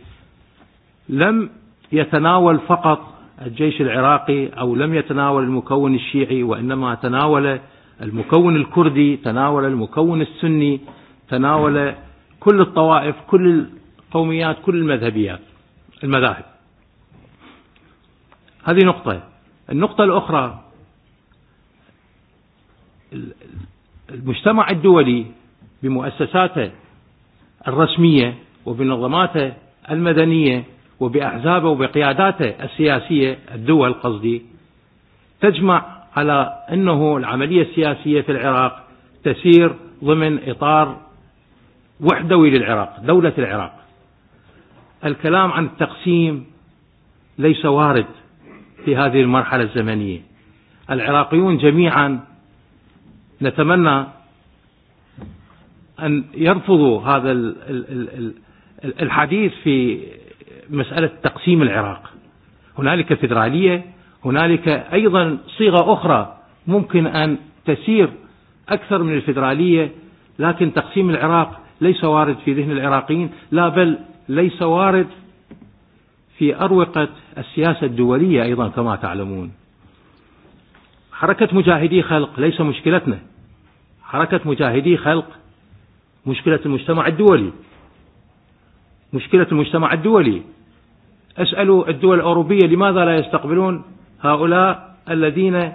لم يتناول فقط الجيش العراقي أو لم يتناول المكون الشيعي وإنما تناول المكون الكردي تناول المكون السني تناول كل الطوائف كل القوميات كل المذهبيات المذاهب هذه نقطة النقطة الأخرى المجتمع الدولي بمؤسساته الرسمية وبنظماته المدنية وبأحزابه وبقياداته السياسية الدول قصدي تجمع على أنه العملية السياسية في العراق تسير ضمن إطار وحدوي للعراق دولة العراق الكلام عن التقسيم ليس وارد في هذه المرحلة الزمنية العراقيون جميعا نتمنى أن يرفضوا هذا الحديث في مسألة تقسيم العراق هنالك فدرالية, هنالك أيضا صيغة أخرى ممكن أن تسير أكثر من الفدرالية, لكن تقسيم العراق ليس وارد في ذهن العراقيين لا بل ليس وارد في أروقة السياسة الدولية أيضا كما تعلمون حركة مجاهدي خلق ليس مشكلتنا حركة مجاهدي خلق مشكلة المجتمع الدولي مشكلة المجتمع الدولي أسأل الدول الأوروبية لماذا لا يستقبلون هؤلاء الذين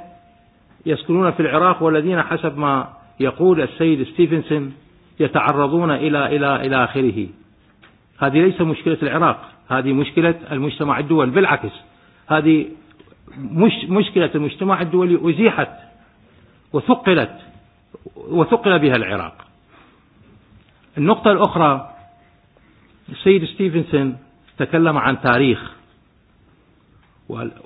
يسكنون في العراق والذين حسب ما يقول السيد ستيفنسون يتعرضون إلى إلى إلى آخره هذه ليس مشكلة العراق هذه مشكلة المجتمع الدولي بالعكس هذه مش مشكلة المجتمع الدولي أزيحت وثقلت وثقل بها العراق النقطة الأخرى السيد ستيفنسون تكلم عن تاريخ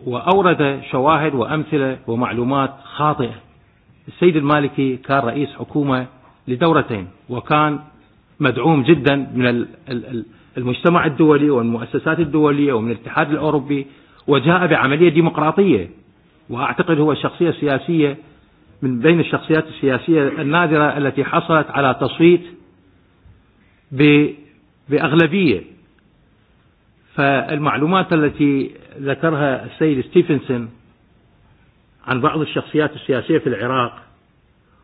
وأورد شواهد وأمثلة ومعلومات خاطئة السيد المالكي كان رئيس حكومة لدورتين وكان مدعوم جدا من المجتمع الدولي والمؤسسات الدولية ومن الاتحاد الأوروبي وجاء بعملية ديمقراطية وأعتقد هو شخصية سياسية من بين الشخصيات السياسية النادرة التي حصلت على تصويت بأغلبية فالمعلومات التي ذكرها السيد ستيفنسون عن بعض الشخصيات السياسية في العراق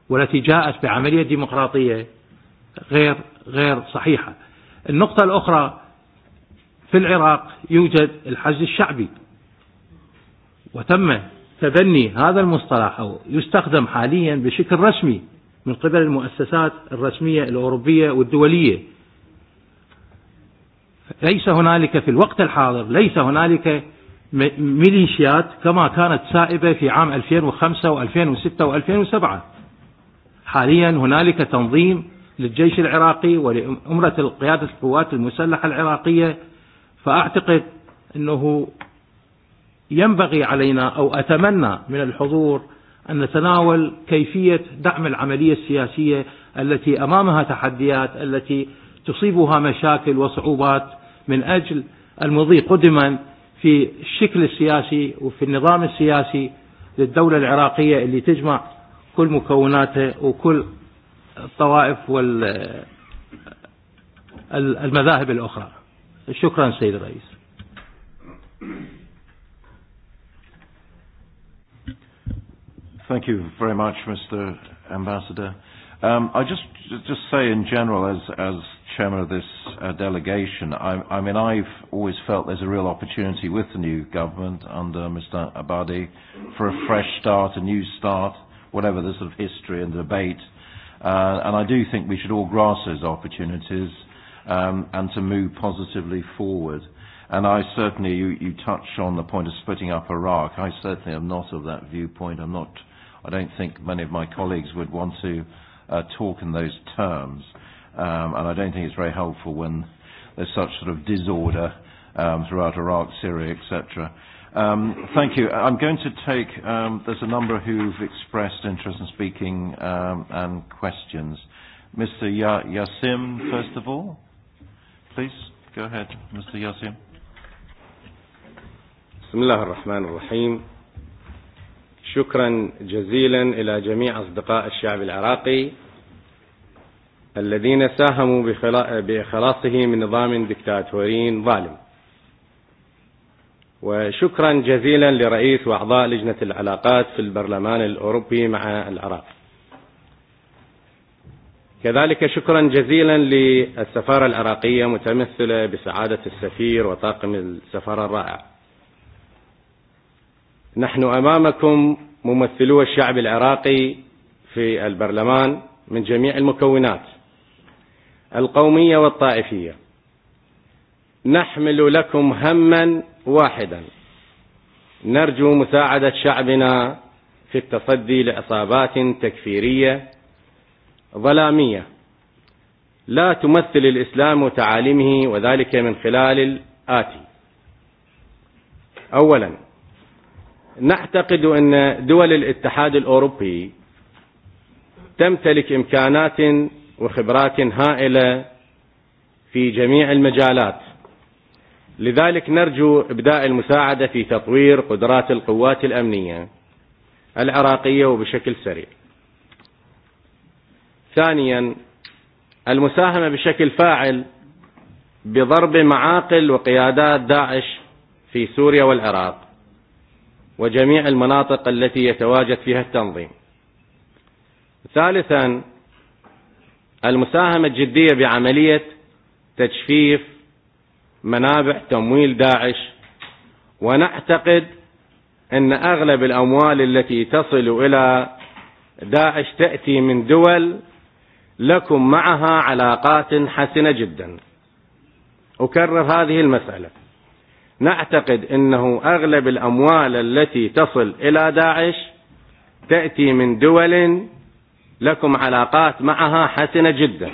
والتي جاءت بعملية ديمقراطية غير غير صحيحة النقطة الأخرى في العراق يوجد الحشد الشعبي وتم تبني هذا المصطلح أو يستخدم حاليا بشكل رسمي من قبل المؤسسات الرسمية الأوروبية والدولية ليس هنالك في الوقت الحاضر ليس هنالك ميليشيات كما كانت سائبة في عام 2005 و2006 و2007 حاليا هنالك تنظيم للجيش العراقي ولأمرة قيادة القوات المسلحة العراقية فأعتقد أنه ينبغي علينا أو أتمنى من الحضور أن نتناول كيفية دعم العملية السياسية التي أمامها تحديات التي تصيبها مشاكل وصعوبات من أجل المضي قدما في الشكل السياسي وفي النظام السياسي للدولة العراقية اللي تجمع كل مكوناته وكل الطوائف وال الأخرى شكرا سيد الرئيس Thank you very much, Mr. Ambassador. Um, I just just say in general, as as chairman of this uh, delegation. I, I mean, I've always felt there's a real opportunity with the new government under Mr. Abadi for a fresh start, a new start, whatever the sort of history and debate. Uh, and I do think we should all grasp those opportunities um, and to move positively forward. And I certainly, you, you touch on the point of splitting up Iraq. I certainly am not of that viewpoint. I'm not, I don't think many of my colleagues would want to uh, talk in those terms. Um, and I don't think it's very helpful when there's such sort of disorder um, throughout Iraq, Syria, etc. Um, thank you. I'm going to take, um, there's a number who've expressed interest in speaking um, and questions. Mr. Ya- Yassim, first of all, please go ahead, Mr. Yassim. بسم الله الرحمن الرحيم شكرا جزيلا إلى جميع أصدقاء الشعب العراقي الذين ساهموا بإخلاصه من نظام دكتاتوري ظالم وشكرا جزيلا لرئيس وأعضاء لجنة العلاقات في البرلمان الأوروبي مع العراق كذلك شكرا جزيلا للسفارة العراقية متمثلة بسعادة السفير وطاقم السفارة الرائع نحن أمامكم ممثلو الشعب العراقي في البرلمان من جميع المكونات القومية والطائفية نحمل لكم هما واحدا نرجو مساعدة شعبنا في التصدي لإصابات تكفيرية ظلامية لا تمثل الإسلام وتعاليمه وذلك من خلال الآتي أولا نعتقد أن دول الاتحاد الأوروبي تمتلك إمكانات وخبرات هائلة في جميع المجالات لذلك نرجو إبداء المساعدة في تطوير قدرات القوات الأمنية العراقية وبشكل سريع ثانيا المساهمة بشكل فاعل بضرب معاقل وقيادات داعش في سوريا والعراق وجميع المناطق التي يتواجد فيها التنظيم ثالثا المساهمة الجدية بعملية تجفيف منابع تمويل داعش ونعتقد أن أغلب الأموال التي تصل إلى داعش تأتي من دول لكم معها علاقات حسنة جدا أكرر هذه المسألة نعتقد أنه أغلب الأموال التي تصل إلى داعش تأتي من دول لكم علاقات معها حسنة جدا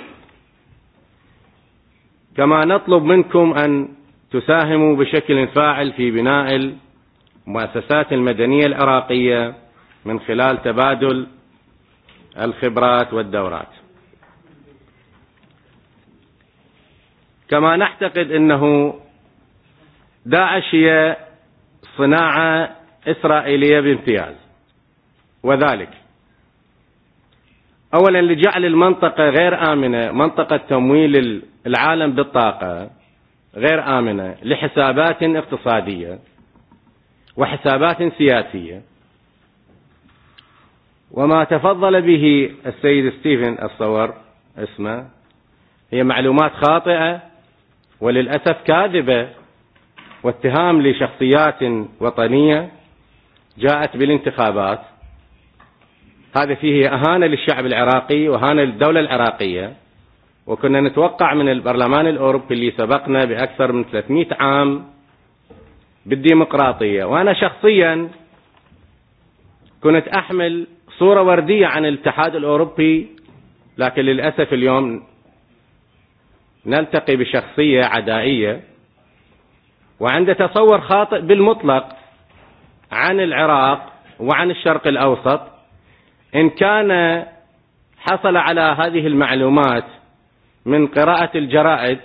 كما نطلب منكم أن تساهموا بشكل فاعل في بناء المؤسسات المدنية العراقية من خلال تبادل الخبرات والدورات كما نعتقد انه داعش هي صناعة إسرائيلية بامتياز وذلك أولا لجعل المنطقة غير آمنة منطقة تمويل العالم بالطاقة غير آمنة لحسابات اقتصادية وحسابات سياسية وما تفضل به السيد ستيفن الصور اسمه هي معلومات خاطئة وللأسف كاذبة واتهام لشخصيات وطنية جاءت بالانتخابات هذا فيه أهانة للشعب العراقي وأهانة للدولة العراقية وكنا نتوقع من البرلمان الأوروبي اللي سبقنا بأكثر من 300 عام بالديمقراطية وأنا شخصيا كنت أحمل صورة وردية عن الاتحاد الأوروبي لكن للأسف اليوم نلتقي بشخصية عدائية وعند تصور خاطئ بالمطلق عن العراق وعن الشرق الأوسط إن كان حصل على هذه المعلومات من قراءة الجرائد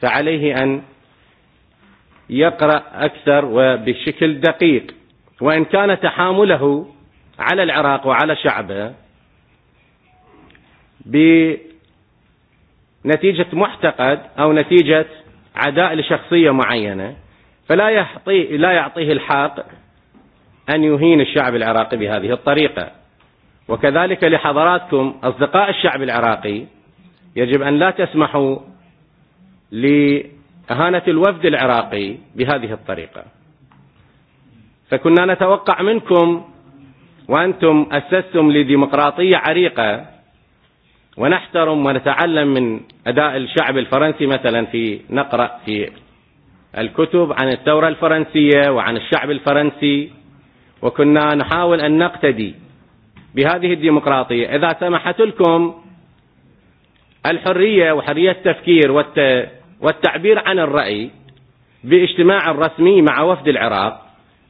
فعليه أن يقرأ أكثر وبشكل دقيق وإن كان تحامله على العراق وعلى شعبه بنتيجة محتقد أو نتيجة عداء لشخصية معينة فلا يعطيه لا يعطيه الحق أن يهين الشعب العراقي بهذه الطريقة وكذلك لحضراتكم أصدقاء الشعب العراقي يجب أن لا تسمحوا لإهانة الوفد العراقي بهذه الطريقة فكنا نتوقع منكم وأنتم أسستم لديمقراطية عريقة ونحترم ونتعلم من أداء الشعب الفرنسي مثلا في نقرأ في الكتب عن الثورة الفرنسية وعن الشعب الفرنسي وكنا نحاول أن نقتدي بهذه الديمقراطية إذا سمحت لكم الحرية وحرية التفكير والتعبير عن الرأي باجتماع رسمي مع وفد العراق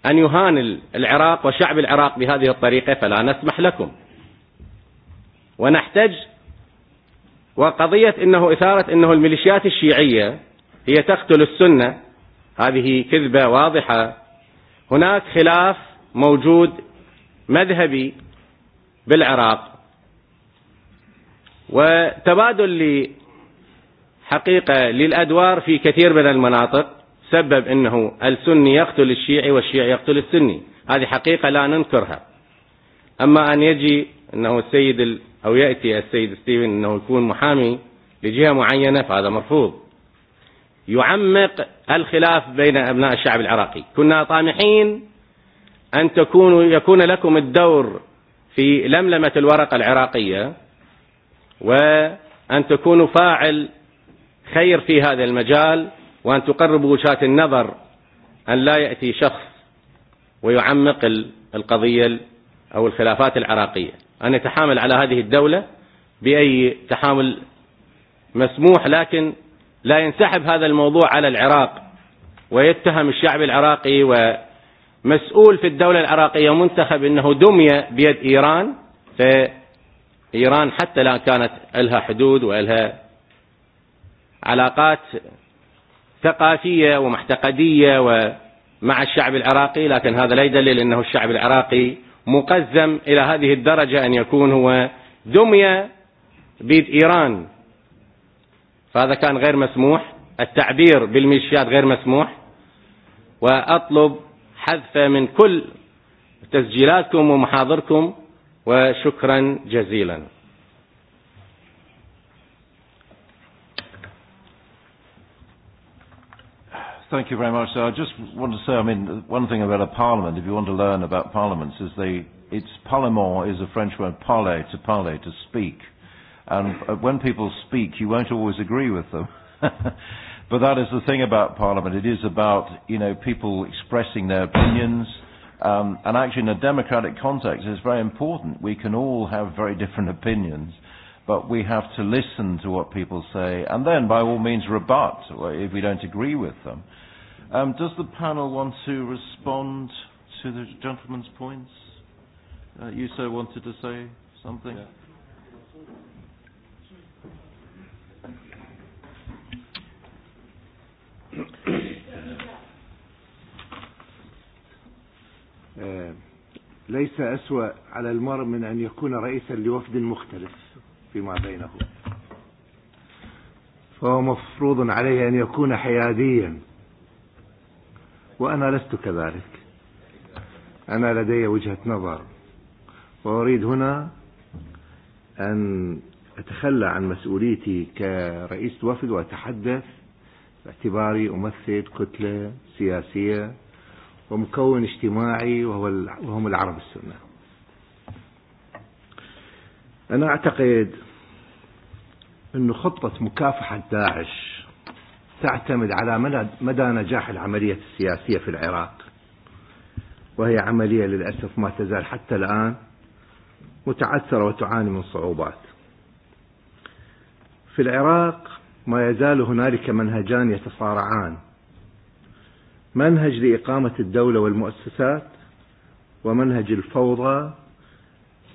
أن يهان العراق وشعب العراق بهذه الطريقة فلا نسمح لكم ونحتج وقضية أنه إثارة أنه الميليشيات الشيعية هي تقتل السنة هذه كذبة واضحة هناك خلاف موجود مذهبي بالعراق وتبادل حقيقة للأدوار في كثير من المناطق سبب أنه السني يقتل الشيعي والشيعي يقتل السني هذه حقيقة لا ننكرها أما أن يجي أنه السيد ال... أو يأتي السيد ستيفن أنه يكون محامي لجهة معينة فهذا مرفوض يعمق الخلاف بين أبناء الشعب العراقي كنا طامحين أن تكون يكون لكم الدور في لملمة الورقة العراقية وأن تكونوا فاعل خير في هذا المجال وأن تقربوا وجهات النظر أن لا يأتي شخص ويعمق القضية أو الخلافات العراقية أن يتحامل على هذه الدولة بأي تحامل مسموح لكن لا ينسحب هذا الموضوع على العراق ويتهم الشعب العراقي و مسؤول في الدولة العراقية منتخب أنه دمي بيد إيران فإيران حتى لا كانت لها حدود ولها علاقات ثقافية ومحتقدية ومع الشعب العراقي لكن هذا لا يدلل أنه الشعب العراقي مقزم إلى هذه الدرجة أن يكون هو دمية بيد إيران فهذا كان غير مسموح التعبير بالميليشيات غير مسموح وأطلب حذف من كل تسجيلاتكم ومحاضركم وشكرا جزيلا Thank you very much. So I just want to say, I mean, one thing about a parliament, if you want to learn about parliaments, is they, it's parlement is a French word, parler, to parler, to speak. And uh, when people speak, you won't always agree with them. But that is the thing about Parliament. It is about, you know, people expressing their opinions. Um, and actually, in a democratic context, it's very important. We can all have very different opinions, but we have to listen to what people say and then, by all means, rebut if we don't agree with them. Um, does the panel want to respond to the gentleman's points? Uh, you, sir, wanted to say something? Yeah. ليس أسوأ على المرء من أن يكون رئيسا لوفد مختلف فيما بينه فهو مفروض عليه أن يكون حياديا وأنا لست كذلك أنا لدي وجهة نظر وأريد هنا أن أتخلى عن مسؤوليتي كرئيس وفد وأتحدث باعتباري أمثل كتلة سياسية ومكون اجتماعي وهو وهم العرب السنة أنا أعتقد أن خطة مكافحة داعش تعتمد على مدى نجاح العملية السياسية في العراق وهي عملية للأسف ما تزال حتى الآن متعثرة وتعاني من صعوبات في العراق ما يزال هنالك منهجان يتصارعان منهج لإقامة الدولة والمؤسسات ومنهج الفوضى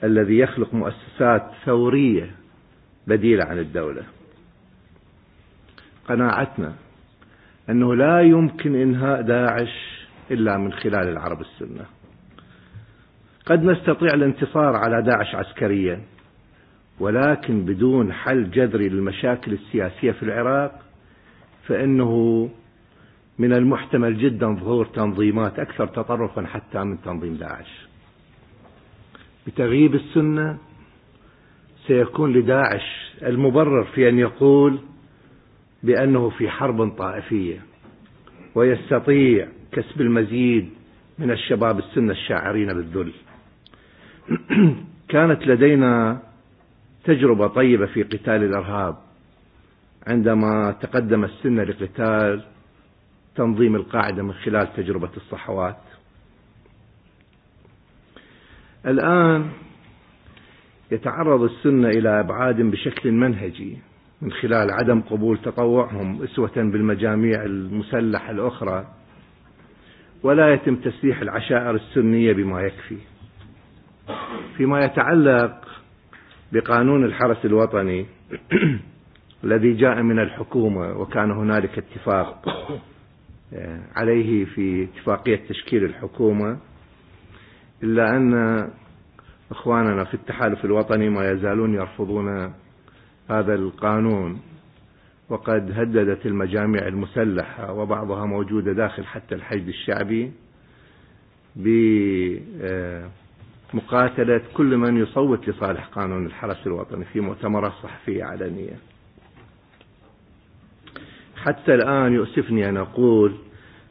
الذي يخلق مؤسسات ثورية بديلة عن الدولة قناعتنا أنه لا يمكن إنهاء داعش إلا من خلال العرب السنة قد نستطيع الانتصار على داعش عسكريا ولكن بدون حل جذري للمشاكل السياسية في العراق فإنه من المحتمل جدا ظهور تنظيمات أكثر تطرفا حتى من تنظيم داعش بتغييب السنة سيكون لداعش المبرر في أن يقول بأنه في حرب طائفية ويستطيع كسب المزيد من الشباب السنة الشاعرين بالذل كانت لدينا تجربة طيبة في قتال الإرهاب عندما تقدم السن لقتال تنظيم القاعدة من خلال تجربة الصحوات الآن يتعرض السنة إلى أبعاد بشكل منهجي من خلال عدم قبول تطوعهم أسوة بالمجاميع المسلحة الأخرى ولا يتم تسليح العشائر السنية بما يكفي فيما يتعلق بقانون الحرس الوطني الذي جاء من الحكومة وكان هنالك اتفاق عليه في اتفاقية تشكيل الحكومة إلا أن إخواننا في التحالف الوطني ما يزالون يرفضون هذا القانون وقد هددت المجاميع المسلحة وبعضها موجودة داخل حتى الحشد الشعبي ب مقاتلة كل من يصوت لصالح قانون الحرس الوطني في مؤتمرات صحفية علنية حتى الآن يؤسفني أن أقول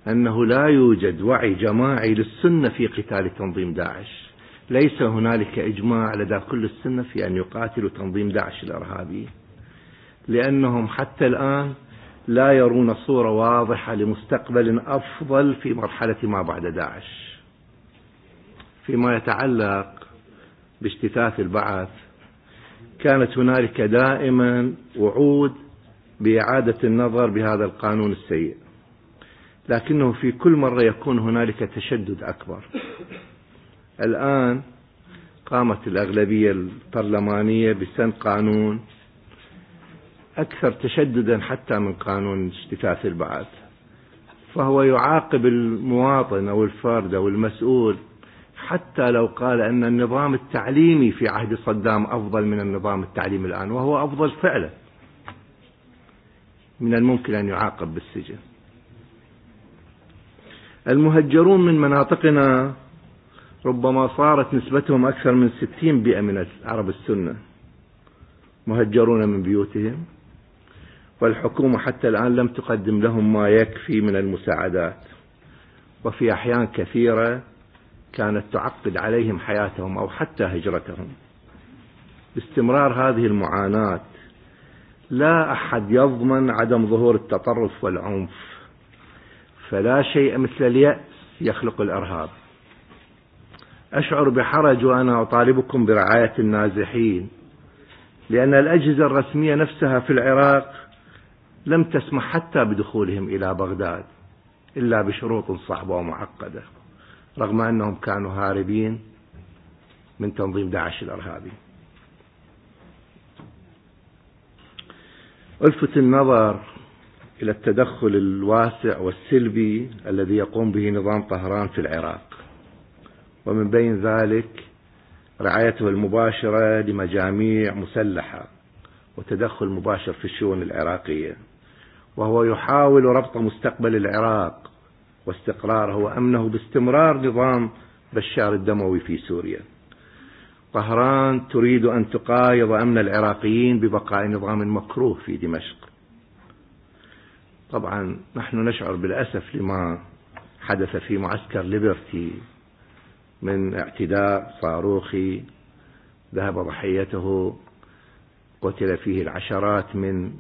أنه لا يوجد وعي جماعي للسنة في قتال تنظيم داعش ليس هنالك إجماع لدى كل السنة في أن يقاتلوا تنظيم داعش الإرهابي لأنهم حتى الآن لا يرون صورة واضحة لمستقبل أفضل في مرحلة ما بعد داعش فيما يتعلق باجتثاث البعث كانت هنالك دائما وعود بإعادة النظر بهذا القانون السيء لكنه في كل مرة يكون هنالك تشدد أكبر الآن قامت الأغلبية البرلمانية بسن قانون أكثر تشددا حتى من قانون اجتثاث البعث فهو يعاقب المواطن أو الفرد أو المسؤول حتى لو قال أن النظام التعليمي في عهد صدام أفضل من النظام التعليمي الآن وهو أفضل فعلا من الممكن أن يعاقب بالسجن المهجرون من مناطقنا ربما صارت نسبتهم أكثر من 60% من العرب السنة مهجرون من بيوتهم والحكومة حتى الآن لم تقدم لهم ما يكفي من المساعدات وفي أحيان كثيرة كانت تعقد عليهم حياتهم أو حتى هجرتهم استمرار هذه المعاناة لا أحد يضمن عدم ظهور التطرف والعنف فلا شيء مثل اليأس يخلق الإرهاب أشعر بحرج وأنا أطالبكم برعاية النازحين لأن الأجهزة الرسمية نفسها في العراق لم تسمح حتى بدخولهم إلى بغداد إلا بشروط صعبة ومعقدة رغم أنهم كانوا هاربين من تنظيم داعش الأرهابي ألفت النظر إلى التدخل الواسع والسلبي الذي يقوم به نظام طهران في العراق ومن بين ذلك رعايته المباشرة لمجاميع مسلحة وتدخل مباشر في الشؤون العراقية وهو يحاول ربط مستقبل العراق واستقراره وأمنه باستمرار نظام بشار الدموي في سوريا طهران تريد أن تقايض أمن العراقيين ببقاء نظام مكروه في دمشق طبعا نحن نشعر بالأسف لما حدث في معسكر ليبرتي من اعتداء صاروخي ذهب ضحيته قتل فيه العشرات من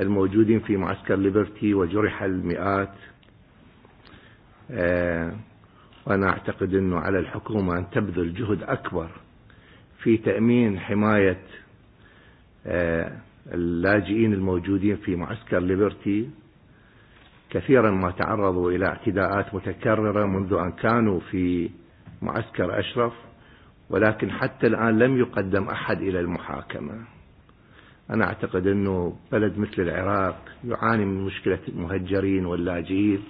الموجودين في معسكر ليبرتي وجرح المئات وأنا أعتقد أنه على الحكومة أن تبذل جهد أكبر في تأمين حماية اللاجئين الموجودين في معسكر ليبرتي كثيرا ما تعرضوا إلى اعتداءات متكررة منذ أن كانوا في معسكر أشرف ولكن حتى الآن لم يقدم أحد إلى المحاكمة أنا أعتقد أنه بلد مثل العراق يعاني من مشكلة المهجرين واللاجئين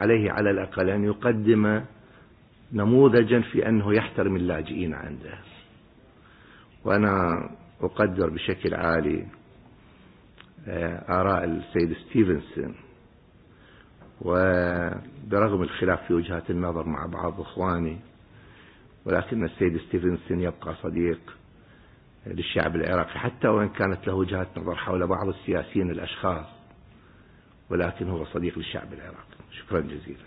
عليه على الأقل أن يقدم نموذجا في أنه يحترم اللاجئين عنده وأنا أقدر بشكل عالي آراء السيد ستيفنسون وبرغم الخلاف في وجهات النظر مع بعض إخواني ولكن السيد ستيفنسون يبقى صديق للشعب العراقي حتى وإن كانت له وجهات نظر حول بعض السياسيين الأشخاص ولكن هو صديق للشعب العراقي شكرا جزيلا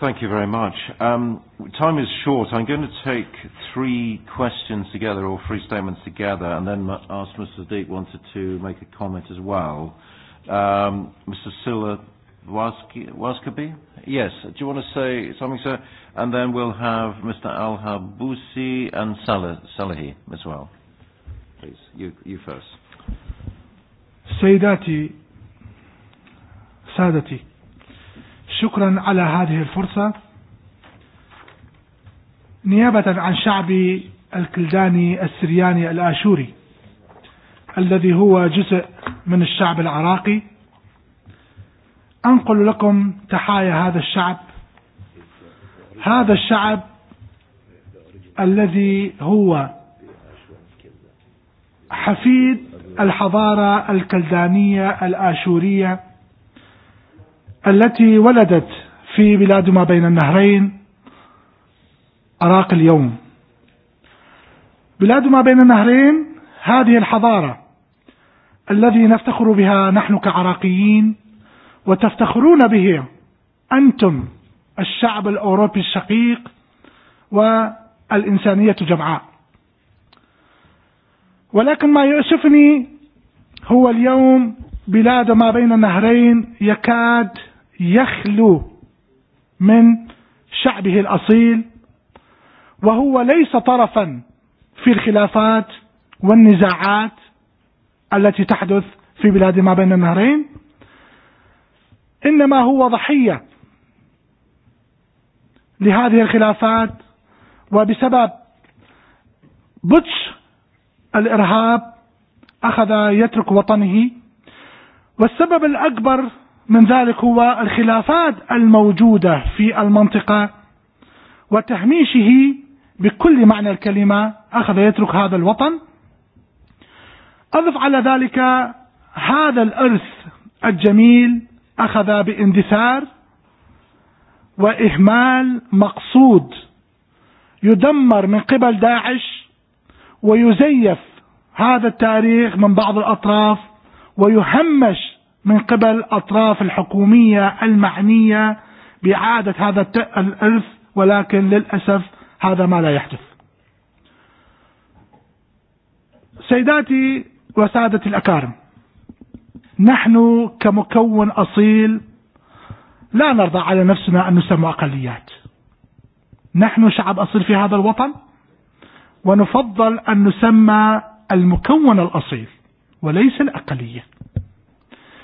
Thank you very much. Um, time is short. I'm going to take three questions together or three statements together and then ask Mr. Sadiq wanted to make a comment as well. Um, Mr. Silla Waskaby? Yes. Do you want to say something, sir? And then we'll have Mr. Al-Habousi and Salah, Salahi as well. Please, you, you first. سيداتي سادتي شكرا على هذه الفرصة نيابة عن شعبي الكلداني السرياني الآشوري الذي هو جزء من الشعب العراقي أنقل لكم تحايا هذا الشعب هذا الشعب الذي هو حفيد الحضارة الكلدانية الآشورية التي ولدت في بلاد ما بين النهرين عراق اليوم بلاد ما بين النهرين هذه الحضارة الذي نفتخر بها نحن كعراقيين وتفتخرون به أنتم الشعب الأوروبي الشقيق والإنسانية جمعاء ولكن ما يؤسفني هو اليوم بلاد ما بين النهرين يكاد يخلو من شعبه الأصيل وهو ليس طرفا في الخلافات والنزاعات التي تحدث في بلاد ما بين النهرين إنما هو ضحية لهذه الخلافات وبسبب بطش الإرهاب أخذ يترك وطنه والسبب الأكبر من ذلك هو الخلافات الموجودة في المنطقة وتهميشه بكل معنى الكلمة أخذ يترك هذا الوطن أضف على ذلك هذا الإرث الجميل أخذ باندثار وإهمال مقصود يدمر من قبل داعش ويزيف هذا التاريخ من بعض الأطراف ويهمش من قبل أطراف الحكومية المعنية بإعادة هذا الإرث ولكن للأسف هذا ما لا يحدث سيداتي وسادتي الأكارم نحن كمكون أصيل لا نرضى على نفسنا أن نسمى أقليات نحن شعب أصيل في هذا الوطن ونفضل أن نسمى المكون الأصيل وليس الأقلية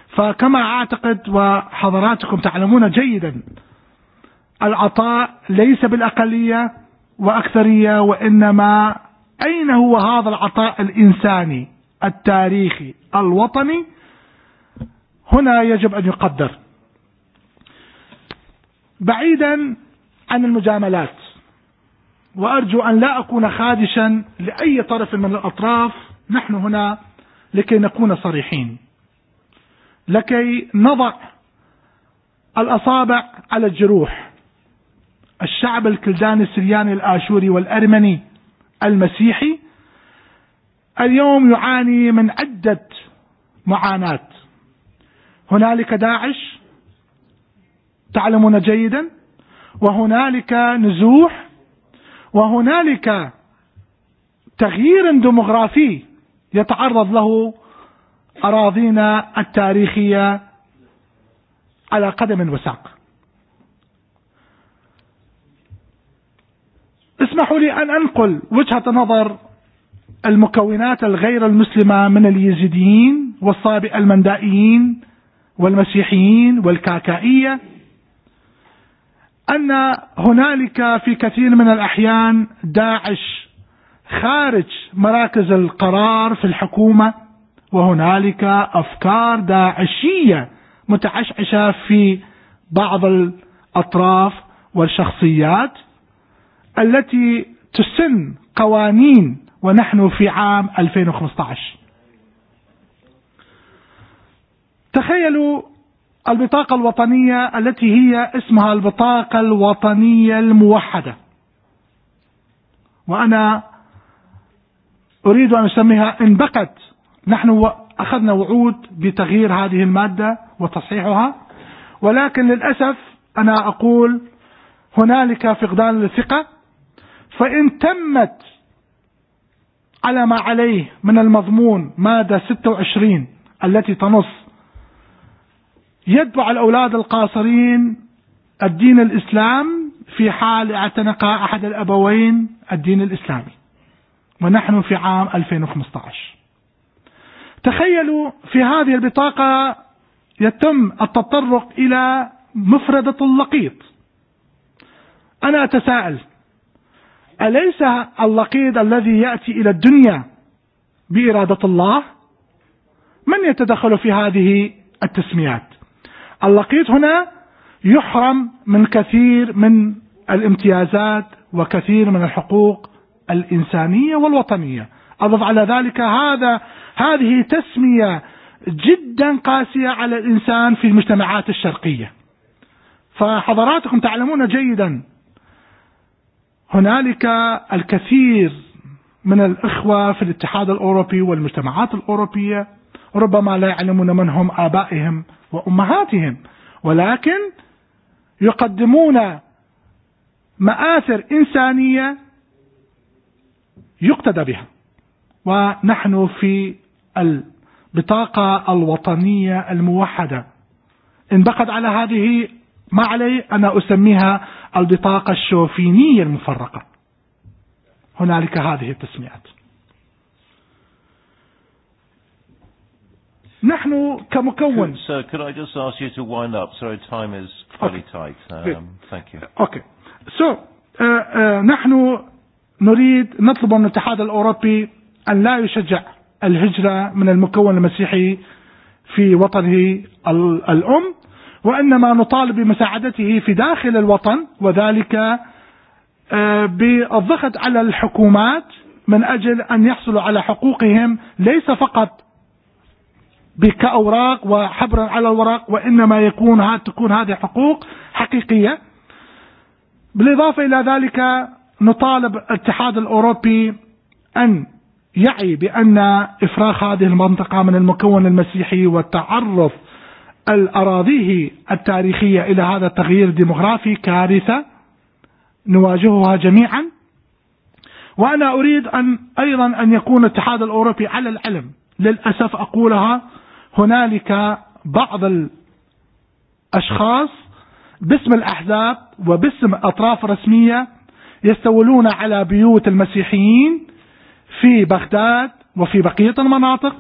فكما أعتقد وحضراتكم تعلمون جيدا العطاء ليس بالأقلية وأكثرية وإنما أين هو هذا العطاء الإنساني التاريخي الوطني هنا يجب أن يقدر بعيدا عن المجاملات وأرجو أن لا أكون خادشا لأي طرف من الأطراف نحن هنا لكي نكون صريحين لكي نضع الأصابع على الجروح الشعب الكلداني السرياني الآشوري والأرمني المسيحي اليوم يعاني من عدة معاناة هنالك داعش تعلمون جيدا وهنالك نزوح وهنالك تغيير ديموغرافي يتعرض له أراضينا التاريخية على قدم وساق اسمحوا لي أن أنقل وجهة نظر المكونات الغير المسلمة من اليزيديين والصابئ المندائيين والمسيحيين والكاكائية أن هنالك في كثير من الأحيان داعش خارج مراكز القرار في الحكومة وهنالك أفكار داعشية متعشعشة في بعض الأطراف والشخصيات التي تسن قوانين ونحن في عام 2015 تخيلوا البطاقة الوطنية التي هي اسمها البطاقة الوطنية الموحدة وأنا أريد أن أسميها إن بقت نحن أخذنا وعود بتغيير هذه المادة وتصحيحها ولكن للأسف أنا أقول هنالك فقدان الثقة فإن تمت على ما عليه من المضمون مادة 26 التي تنص يتبع الأولاد القاصرين الدين الإسلام في حال اعتنق أحد الأبوين الدين الإسلامي ونحن في عام 2015 تخيلوا في هذه البطاقة يتم التطرق إلى مفردة اللقيط أنا أتساءل أليس اللقيط الذي يأتي إلى الدنيا بإرادة الله من يتدخل في هذه التسميات اللقيط هنا يحرم من كثير من الامتيازات وكثير من الحقوق الإنسانية والوطنية أضف على ذلك هذا هذه تسمية جدا قاسية على الإنسان في المجتمعات الشرقية فحضراتكم تعلمون جيدا هنالك الكثير من الإخوة في الاتحاد الأوروبي والمجتمعات الأوروبية ربما لا يعلمون من هم آبائهم وأمهاتهم ولكن يقدمون مآثر إنسانية يقتدى بها ونحن في البطاقة الوطنية الموحدة انبقت على هذه ما علي أنا أسميها البطاقة الشوفينية المفرقة هنالك هذه التسميات نحن كمكون Sir, could I just ask you to wind up? So, time is fairly okay. tight. Um, thank you. Okay. So, uh, uh, نحن نريد نطلب من الاتحاد الأوروبي أن لا يشجع الهجرة من المكون المسيحي في وطنه الأم وإنما نطالب بمساعدته في داخل الوطن وذلك بالضغط على الحكومات من أجل أن يحصلوا على حقوقهم ليس فقط كأوراق وحبرا على الورق وإنما يكون تكون هذه حقوق حقيقية بالإضافة إلى ذلك نطالب الاتحاد الأوروبي أن يعي بأن إفراخ هذه المنطقة من المكون المسيحي والتعرف الأراضيه التاريخية إلى هذا التغيير الديمغرافي كارثة نواجهها جميعا وأنا أريد أن أيضا أن يكون الاتحاد الأوروبي على العلم للأسف أقولها هنالك بعض الأشخاص باسم الأحزاب وباسم أطراف رسمية يستولون على بيوت المسيحيين في بغداد وفي بقية المناطق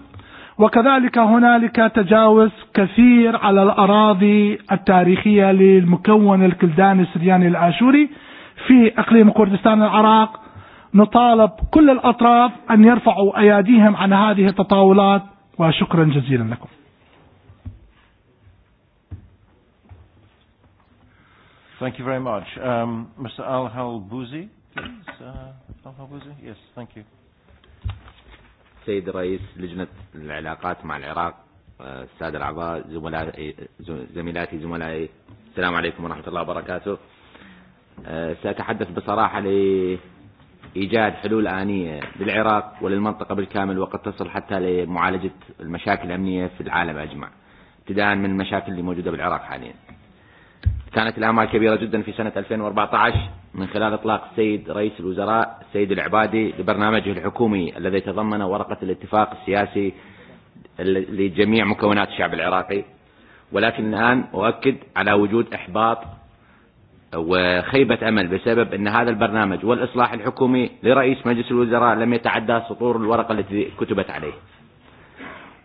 وكذلك هنالك تجاوز كثير على الأراضي التاريخية للمكون الكلداني السرياني الآشوري في إقليم كردستان العراق نطالب كل الأطراف أن يرفعوا أياديهم عن هذه التطاولات وشكرا جزيلا لكم Thank you very much. Um, Mr. Al-Halbouzi, please. Uh, Al-Halbouzi, yes, thank you. السيد رئيس لجنة العلاقات مع العراق السادة الأعضاء زملائي زميلاتي زملائي السلام عليكم ورحمة الله وبركاته سأتحدث بصراحة إيجاد حلول آنية للعراق وللمنطقة بالكامل وقد تصل حتى لمعالجة المشاكل الأمنية في العالم أجمع ابتداء من المشاكل اللي موجودة بالعراق حاليا كانت الآمال كبيرة جدا في سنة 2014 من خلال إطلاق السيد رئيس الوزراء السيد العبادي لبرنامجه الحكومي الذي تضمن ورقة الاتفاق السياسي لجميع مكونات الشعب العراقي ولكن الآن أؤكد على وجود إحباط وخيبة أمل بسبب أن هذا البرنامج والإصلاح الحكومي لرئيس مجلس الوزراء لم يتعدى سطور الورقة التي كتبت عليه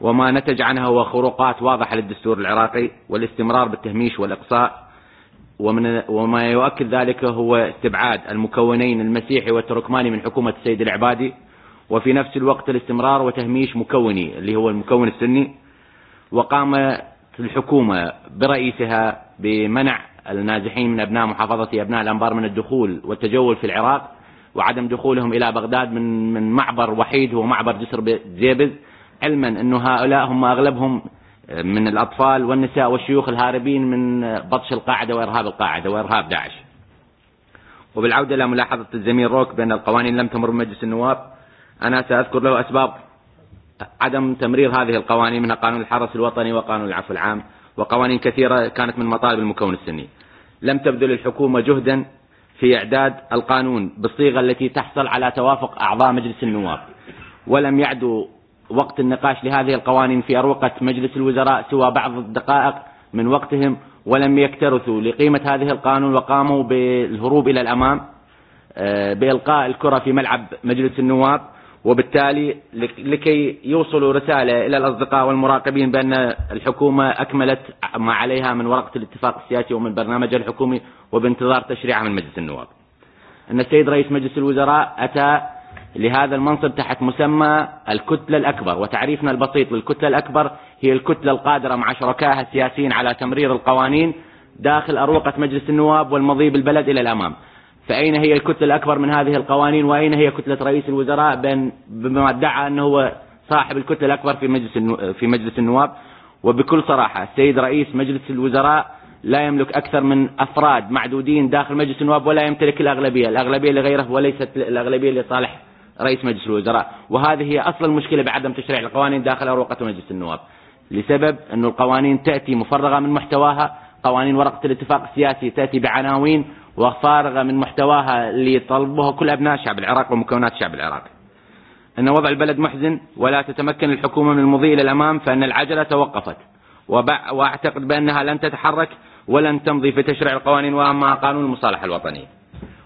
وما نتج عنها هو خروقات واضحة للدستور العراقي والاستمرار بالتهميش والإقصاء ومن وما يؤكد ذلك هو استبعاد المكونين المسيحي والتركماني من حكومة السيد العبادي وفي نفس الوقت الاستمرار وتهميش مكوني اللي هو المكون السني وقام الحكومة برئيسها بمنع النازحين من أبناء محافظة أبناء الأنبار من الدخول والتجول في العراق وعدم دخولهم إلى بغداد من من معبر وحيد هو معبر جسر زيبز علما أن هؤلاء هم أغلبهم من الأطفال والنساء والشيوخ الهاربين من بطش القاعدة وإرهاب القاعدة وإرهاب داعش وبالعودة إلى ملاحظة الزميل روك بأن القوانين لم تمر مجلس النواب أنا سأذكر له أسباب عدم تمرير هذه القوانين من قانون الحرس الوطني وقانون العفو العام وقوانين كثيرة كانت من مطالب المكون السني لم تبذل الحكومة جهدا في إعداد القانون بالصيغة التي تحصل على توافق أعضاء مجلس النواب ولم يعدوا وقت النقاش لهذه القوانين في أروقة مجلس الوزراء سوى بعض الدقائق من وقتهم ولم يكترثوا لقيمة هذه القانون وقاموا بالهروب إلى الأمام بإلقاء الكرة في ملعب مجلس النواب وبالتالي لكي يوصلوا رسالة إلى الأصدقاء والمراقبين بأن الحكومة أكملت ما عليها من ورقة الاتفاق السياسي ومن برنامج الحكومي وبانتظار تشريعها من مجلس النواب أن السيد رئيس مجلس الوزراء أتى لهذا المنصب تحت مسمى الكتلة الأكبر وتعريفنا البسيط للكتلة الأكبر هي الكتلة القادرة مع شركائها السياسيين على تمرير القوانين داخل أروقة مجلس النواب والمضي بالبلد إلى الأمام فأين هي الكتلة الأكبر من هذه القوانين وأين هي كتلة رئيس الوزراء بما ادعى أنه هو صاحب الكتلة الأكبر في مجلس في مجلس النواب وبكل صراحة السيد رئيس مجلس الوزراء لا يملك أكثر من أفراد معدودين داخل مجلس النواب ولا يمتلك الأغلبية الأغلبية لغيره وليست الأغلبية لصالح رئيس مجلس الوزراء وهذه هي أصل المشكلة بعدم تشريع القوانين داخل أروقة مجلس النواب لسبب أن القوانين تأتي مفرغة من محتواها قوانين ورقة الاتفاق السياسي تأتي بعناوين وفارغة من محتواها اللي طلبوها كل أبناء شعب العراق ومكونات شعب العراق أن وضع البلد محزن ولا تتمكن الحكومة من المضي الى الأمام فأن العجلة توقفت وأعتقد بأنها لن تتحرك ولن تمضي في تشريع القوانين وأما قانون المصالح الوطني.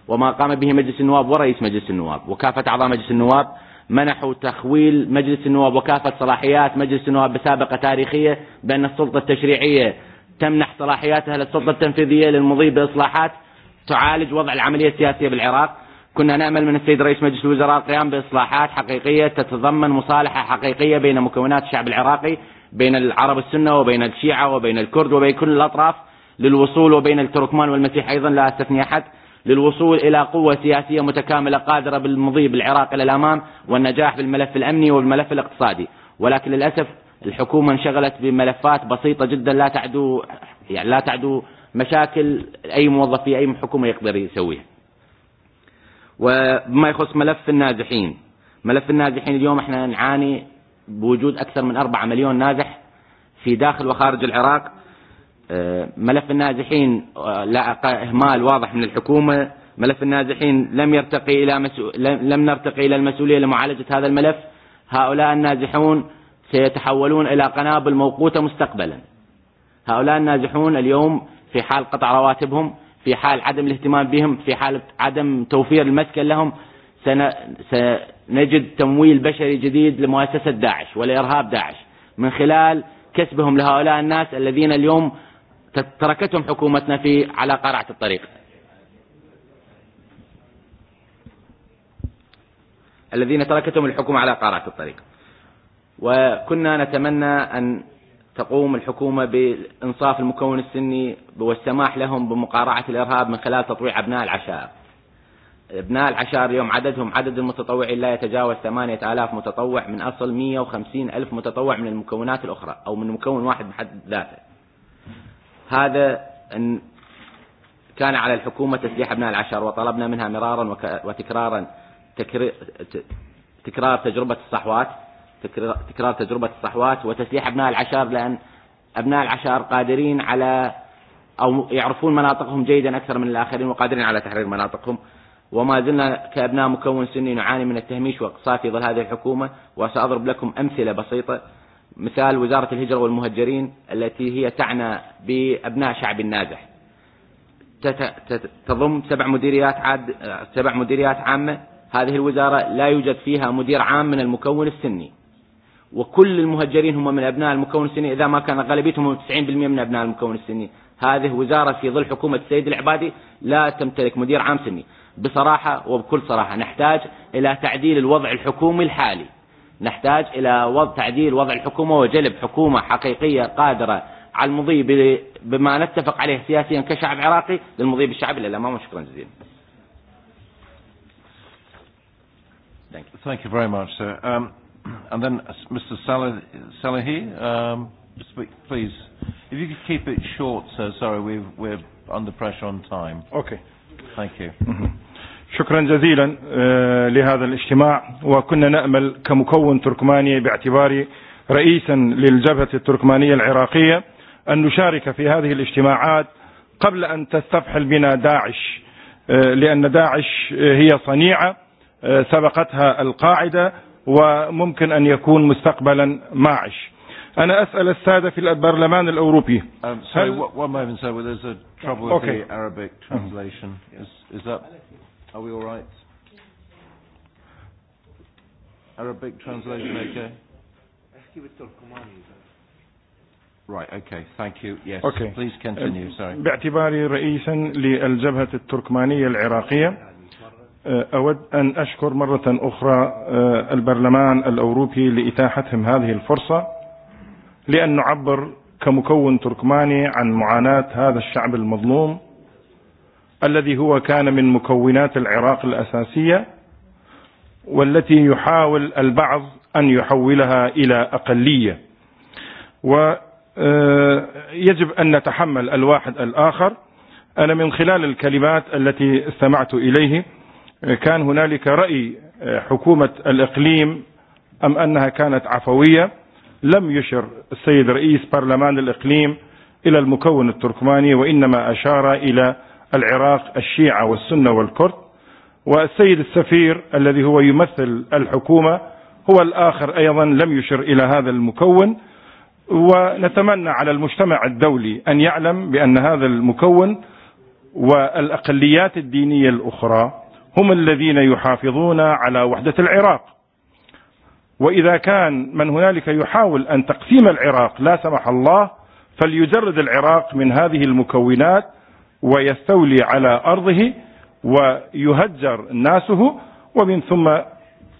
وما قام به مجلس النواب ورئيس مجلس النواب وكافة أعضاء مجلس النواب منحوا تخويل مجلس النواب وكافة صلاحيات مجلس النواب بسابقة تاريخية بأن السلطة التشريعية تمنح صلاحياتها للسلطة التنفيذية للمضي بإصلاحات تعالج وضع العملية السياسية بالعراق كنا نأمل من السيد رئيس مجلس الوزراء القيام بإصلاحات حقيقية تتضمن مصالحة حقيقية بين مكونات الشعب العراقي بين العرب السنة وبين الشيعة وبين الكرد وبين كل الأطراف للوصول وبين التركمان والمسيح أيضا لا أستثني أحد للوصول إلى قوة سياسية متكاملة قادرة بالمضي بالعراق إلى الأمام والنجاح بالملف الأمني والملف الاقتصادي ولكن للأسف الحكومة انشغلت بملفات بسيطة جدا لا تعدو يعني لا تعدو مشاكل أي موظف في أي حكومة يقدر يسويها وما يخص ملف النازحين ملف النازحين اليوم احنا نعاني بوجود أكثر من أربعة مليون نازح في داخل وخارج العراق ملف النازحين لا إهمال واضح من الحكومة ملف النازحين لم يرتقي إلى مسؤول... لم نرتقي إلى المسؤولية لمعالجة هذا الملف هؤلاء النازحون سيتحولون إلى قنابل موقوتة مستقبلا هؤلاء النازحون اليوم في حال قطع رواتبهم في حال عدم الاهتمام بهم في حال عدم توفير المسكن لهم سنجد تمويل بشري جديد لمؤسسة داعش ولإرهاب داعش من خلال كسبهم لهؤلاء الناس الذين اليوم تركتهم حكومتنا في على قرعة الطريق الذين تركتهم الحكومة على قارعة الطريق وكنا نتمنى أن تقوم الحكومة بإنصاف المكون السني والسماح لهم بمقارعة الإرهاب من خلال تطويع أبناء العشائر أبناء العشائر اليوم عددهم عدد المتطوعين لا يتجاوز 8000 متطوع من أصل 150 ألف متطوع من المكونات الأخرى أو من مكون واحد بحد ذاته هذا أن كان على الحكومة تسليح أبناء العشائر وطلبنا منها مرارا وتكرارا تكرار تجربة الصحوات تكرار تجربة الصحوات وتسليح أبناء العشار لأن أبناء العشار قادرين على أو يعرفون مناطقهم جيدا أكثر من الآخرين وقادرين على تحرير مناطقهم وما زلنا كأبناء مكون سني نعاني من التهميش واقتصاد في ظل هذه الحكومة وسأضرب لكم أمثلة بسيطة مثال وزارة الهجرة والمهجرين التي هي تعنى بأبناء شعب النازح تضم سبع مديريات عاد سبع مديريات عامة هذه الوزارة لا يوجد فيها مدير عام من المكون السني وكل المهجرين هم من أبناء المكون السني إذا ما كان غالبيتهم 90% من أبناء المكون السني هذه وزارة في ظل حكومة السيد العبادي لا تمتلك مدير عام سني بصراحة وبكل صراحة نحتاج إلى تعديل الوضع الحكومي الحالي نحتاج إلى وضع تعديل وضع الحكومة وجلب حكومة حقيقية قادرة على المضي بما نتفق عليه سياسيا كشعب عراقي للمضي بالشعب إلى الأمام وشكرا جزيلا Thank you. Thank you very much, sir. Um, and then Mr. Salah, Salahi, um, speak, please. If you could keep it short, sir. Sorry, we've, we're under pressure on time. Okay. Thank you. Mm-hmm. شكرا جزيلا لهذا الاجتماع وكنا نأمل كمكون تركماني باعتباري رئيسا للجبهة التركمانية العراقية أن نشارك في هذه الاجتماعات قبل أن تستفحل بنا داعش لأن داعش هي صنيعة سبقتها القاعدة وممكن أن يكون مستقبلا معش أنا أسأل السادة في البرلمان الأوروبي um, sorry, one moment, sir. There's a trouble with okay. the Arabic mm. translation. Is, is that, are we all right? Arabic translation okay? Right, okay, thank you. Yes, okay. please continue, um, sorry. باعتباري رئيسا للجبهة التركمانية العراقية أود أن أشكر مرة أخرى البرلمان الأوروبي لإتاحتهم هذه الفرصة لأن نعبر كمكون تركماني عن معاناة هذا الشعب المظلوم الذي هو كان من مكونات العراق الأساسية والتي يحاول البعض أن يحولها إلى أقلية ويجب أن نتحمل الواحد الآخر أنا من خلال الكلمات التي استمعت إليه كان هنالك رأي حكومة الإقليم أم أنها كانت عفوية لم يشر السيد رئيس برلمان الإقليم إلى المكون التركماني وإنما أشار إلى العراق الشيعة والسنة والكرد والسيد السفير الذي هو يمثل الحكومة هو الآخر أيضا لم يشر إلى هذا المكون ونتمنى على المجتمع الدولي أن يعلم بأن هذا المكون والأقليات الدينية الأخرى هم الذين يحافظون على وحدة العراق وإذا كان من هنالك يحاول أن تقسيم العراق لا سمح الله فليجرد العراق من هذه المكونات ويستولي على أرضه ويهجر ناسه ومن ثم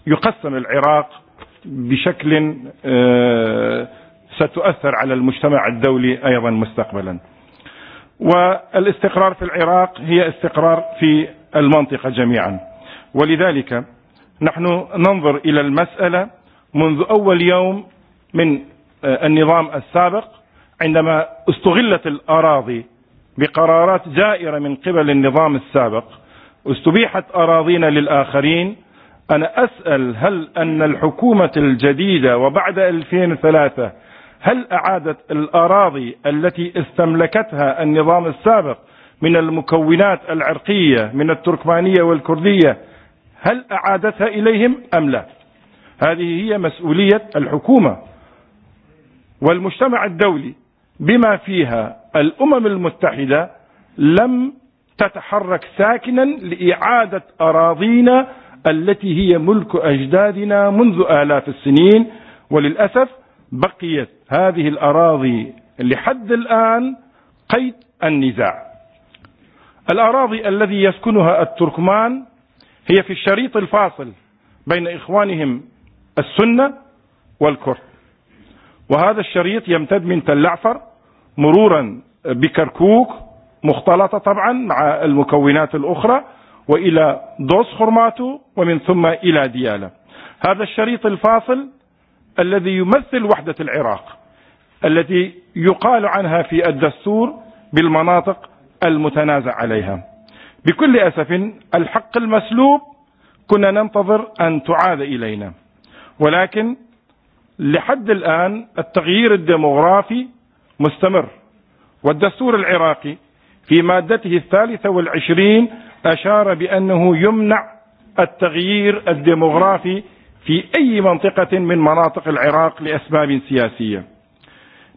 يقسم العراق بشكل ستؤثر على المجتمع الدولي أيضا مستقبلا والاستقرار في العراق هي استقرار في المنطقة جميعا ولذلك نحن ننظر إلى المسألة منذ أول يوم من النظام السابق عندما استغلت الأراضي بقرارات جائرة من قبل النظام السابق استبيحت أراضينا للآخرين أنا أسأل هل أن الحكومة الجديدة وبعد 2003 هل أعادت الأراضي التي استملكتها النظام السابق من المكونات العرقية من التركمانية والكردية هل أعادتها إليهم أم لا هذه هي مسؤولية الحكومة والمجتمع الدولي بما فيها الأمم المتحدة لم تتحرك ساكنا لإعادة أراضينا التي هي ملك أجدادنا منذ آلاف السنين وللأسف بقيت هذه الأراضي لحد الآن قيد النزاع الأراضي الذي يسكنها التركمان هي في الشريط الفاصل بين إخوانهم السنة والكرد وهذا الشريط يمتد من تل العفر مرورا بكركوك مختلطة طبعا مع المكونات الأخرى وإلى دوس خرماتو ومن ثم إلى ديالى هذا الشريط الفاصل الذي يمثل وحدة العراق التي يقال عنها في الدستور بالمناطق المتنازع عليها بكل أسف الحق المسلوب كنا ننتظر أن تعاد إلينا ولكن لحد الآن التغيير الديموغرافي مستمر والدستور العراقي في مادته الثالثة والعشرين أشار بأنه يمنع التغيير الديموغرافي في أي منطقة من مناطق العراق لأسباب سياسية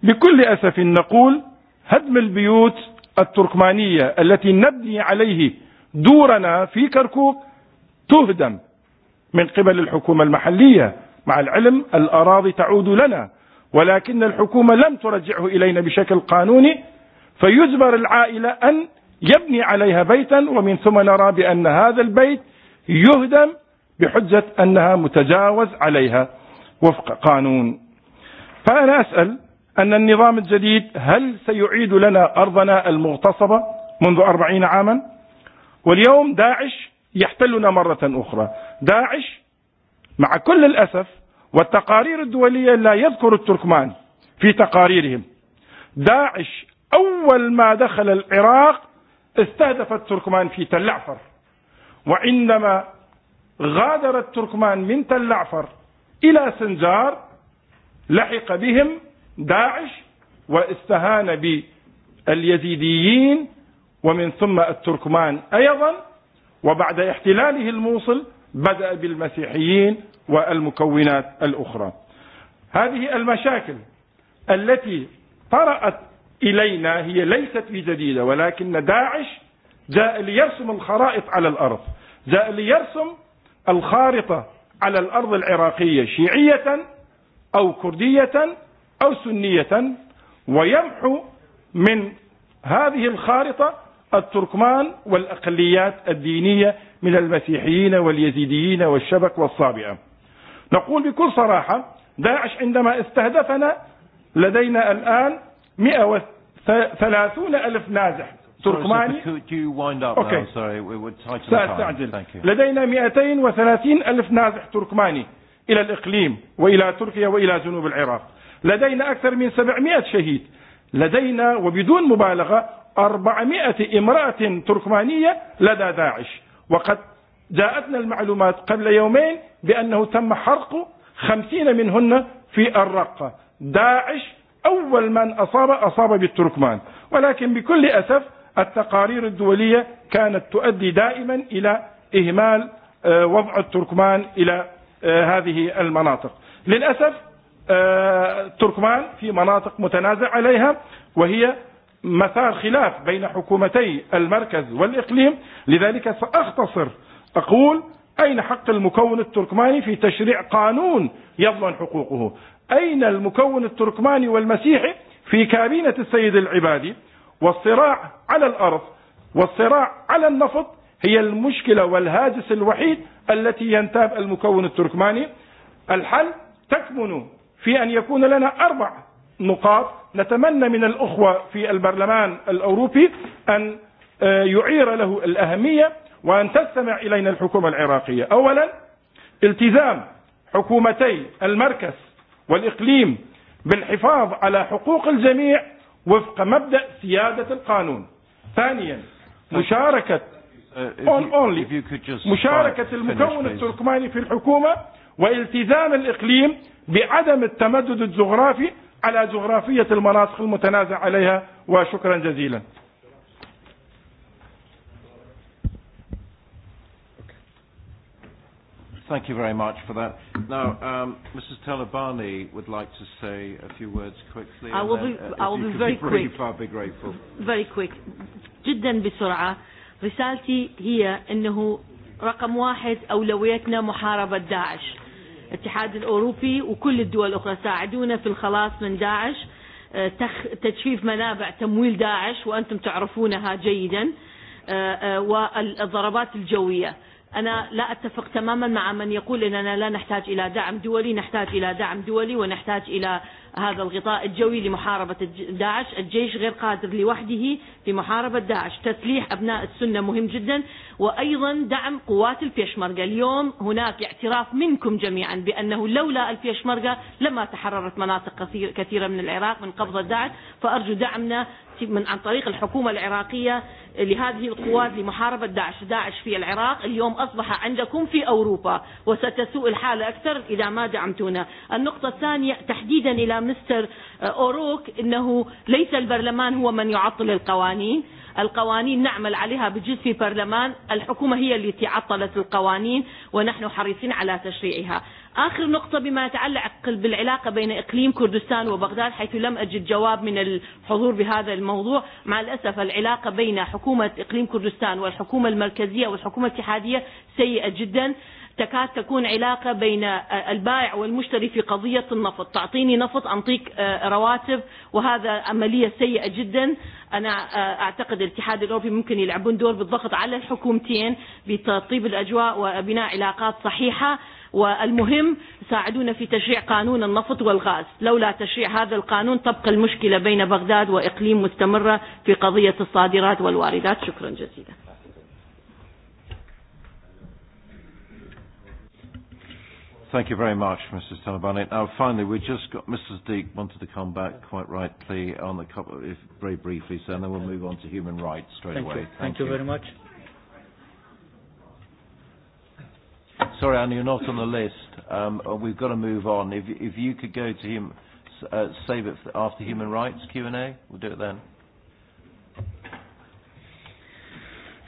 بكل أسف نقول هدم البيوت التركمانية التي نبني عليه دورنا في كركوك تهدم من قبل الحكومة المحلية مع العلم الأراضي تعود لنا ولكن الحكومة لم ترجعه إلينا بشكل قانوني فيجبر العائلة أن يبني عليها بيتا ومن ثم نرى بأن هذا البيت يهدم بحجة أنها متجاوز عليها وفق قانون فأنا أسأل أن النظام الجديد هل سيعيد لنا أرضنا المغتصبة منذ أربعين عاما واليوم داعش يحتلنا مرة أخرى داعش مع كل الأسف والتقارير الدولية لا يذكر التركمان في تقاريرهم داعش أول ما دخل العراق استهدف التركمان في تل عفر وعندما غادر التركمان من تل عفر إلى سنجار لحق بهم داعش واستهان باليزيديين ومن ثم التركمان أيضا وبعد احتلاله الموصل بدأ بالمسيحيين والمكونات الأخرى هذه المشاكل التي طرأت إلينا هي ليست بجديدة ولكن داعش جاء ليرسم الخرائط على الأرض جاء ليرسم الخارطة على الأرض العراقية شيعية أو كردية أو سنية ويمحو من هذه الخارطة التركمان والأقليات الدينية من المسيحيين واليزيديين والشبك والصابئة نقول بكل صراحة داعش عندما استهدفنا لدينا الآن 130 ألف نازح تركماني okay. سأستعجل لدينا 230 ألف نازح تركماني إلى الإقليم وإلى تركيا وإلى جنوب العراق لدينا أكثر من سبعمائة شهيد لدينا وبدون مبالغة أربعمائة امرأة تركمانية لدى داعش وقد جاءتنا المعلومات قبل يومين بأنه تم حرق خمسين منهن في الرقة داعش أول من أصاب أصاب بالتركمان ولكن بكل أسف التقارير الدولية كانت تؤدي دائما إلى إهمال وضع التركمان إلى هذه المناطق للأسف تركمان في مناطق متنازع عليها وهي مثار خلاف بين حكومتي المركز والإقليم لذلك سأختصر أقول أين حق المكون التركماني في تشريع قانون يضمن حقوقه أين المكون التركماني والمسيحي في كابينة السيد العبادي والصراع على الأرض والصراع على النفط هي المشكلة والهاجس الوحيد التي ينتاب المكون التركماني الحل تكمن في أن يكون لنا أربع نقاط نتمنى من الأخوة في البرلمان الأوروبي أن يعير له الأهمية وأن تستمع إلينا الحكومة العراقية أولا التزام حكومتي المركز والإقليم بالحفاظ على حقوق الجميع وفق مبدأ سيادة القانون ثانيا مشاركة مشاركة المكون التركماني في الحكومة والتزام الإقليم بعدم التمدد الجغرافي على جغرافية المناطق المتنازع عليها وشكرا جزيلا Thank you very much for that. Now, um, Mrs. Talabani would like to say a few words quickly. I will then, be, uh, I will be very be brief, quick. I'll be grateful. Very quick. جدا بسرعة. رسالتي هي أنه رقم واحد أولويتنا محاربة داعش. الاتحاد الأوروبي وكل الدول الأخرى ساعدونا في الخلاص من داعش تجفيف منابع تمويل داعش وأنتم تعرفونها جيدا والضربات الجوية أنا لا أتفق تماما مع من يقول أننا لا نحتاج إلى دعم دولي نحتاج إلى دعم دولي ونحتاج إلى هذا الغطاء الجوي لمحاربة داعش الجيش غير قادر لوحده في محاربة داعش تسليح أبناء السنة مهم جدا وأيضا دعم قوات البيشمركة اليوم هناك اعتراف منكم جميعا بأنه لولا البيشمركة لما تحررت مناطق كثيرة من العراق من قبضة داعش فأرجو دعمنا من عن طريق الحكومة العراقية لهذه القوات لمحاربة داعش داعش في العراق اليوم أصبح عندكم في أوروبا وستسوء الحال أكثر إذا ما دعمتونا النقطة الثانية تحديدا إلى مستر أوروك إنه ليس البرلمان هو من يعطل القوانين القوانين نعمل عليها بجزء في برلمان الحكومة هي التي عطلت القوانين ونحن حريصين على تشريعها آخر نقطة بما يتعلق بالعلاقة بين إقليم كردستان وبغداد حيث لم أجد جواب من الحضور بهذا الموضوع مع الأسف العلاقة بين حكومة إقليم كردستان والحكومة المركزية والحكومة الاتحادية سيئة جدا تكاد تكون علاقة بين البائع والمشتري في قضية النفط تعطيني نفط أنطيك رواتب وهذا عملية سيئة جدا أنا أعتقد الاتحاد الأوروبي ممكن يلعبون دور بالضغط على الحكومتين بتطيب الأجواء وبناء علاقات صحيحة والمهم ساعدونا في تشريع قانون النفط والغاز لولا تشريع هذا القانون تبقى المشكلة بين بغداد وإقليم مستمرة في قضية الصادرات والواردات شكرا جزيلا Thank you very much, Mrs. Talabani. Now, finally, we just got Mrs. Deek wanted to come back quite rightly on the couple, if very briefly, so and then we'll move on to human rights straight Thank away. You. Thank, Thank you. you very much. sorry, Anna, you're not on the list. Um, uh, we've got to move on. If, if you could go to him, uh, save it after human rights Q&A, we'll do it then.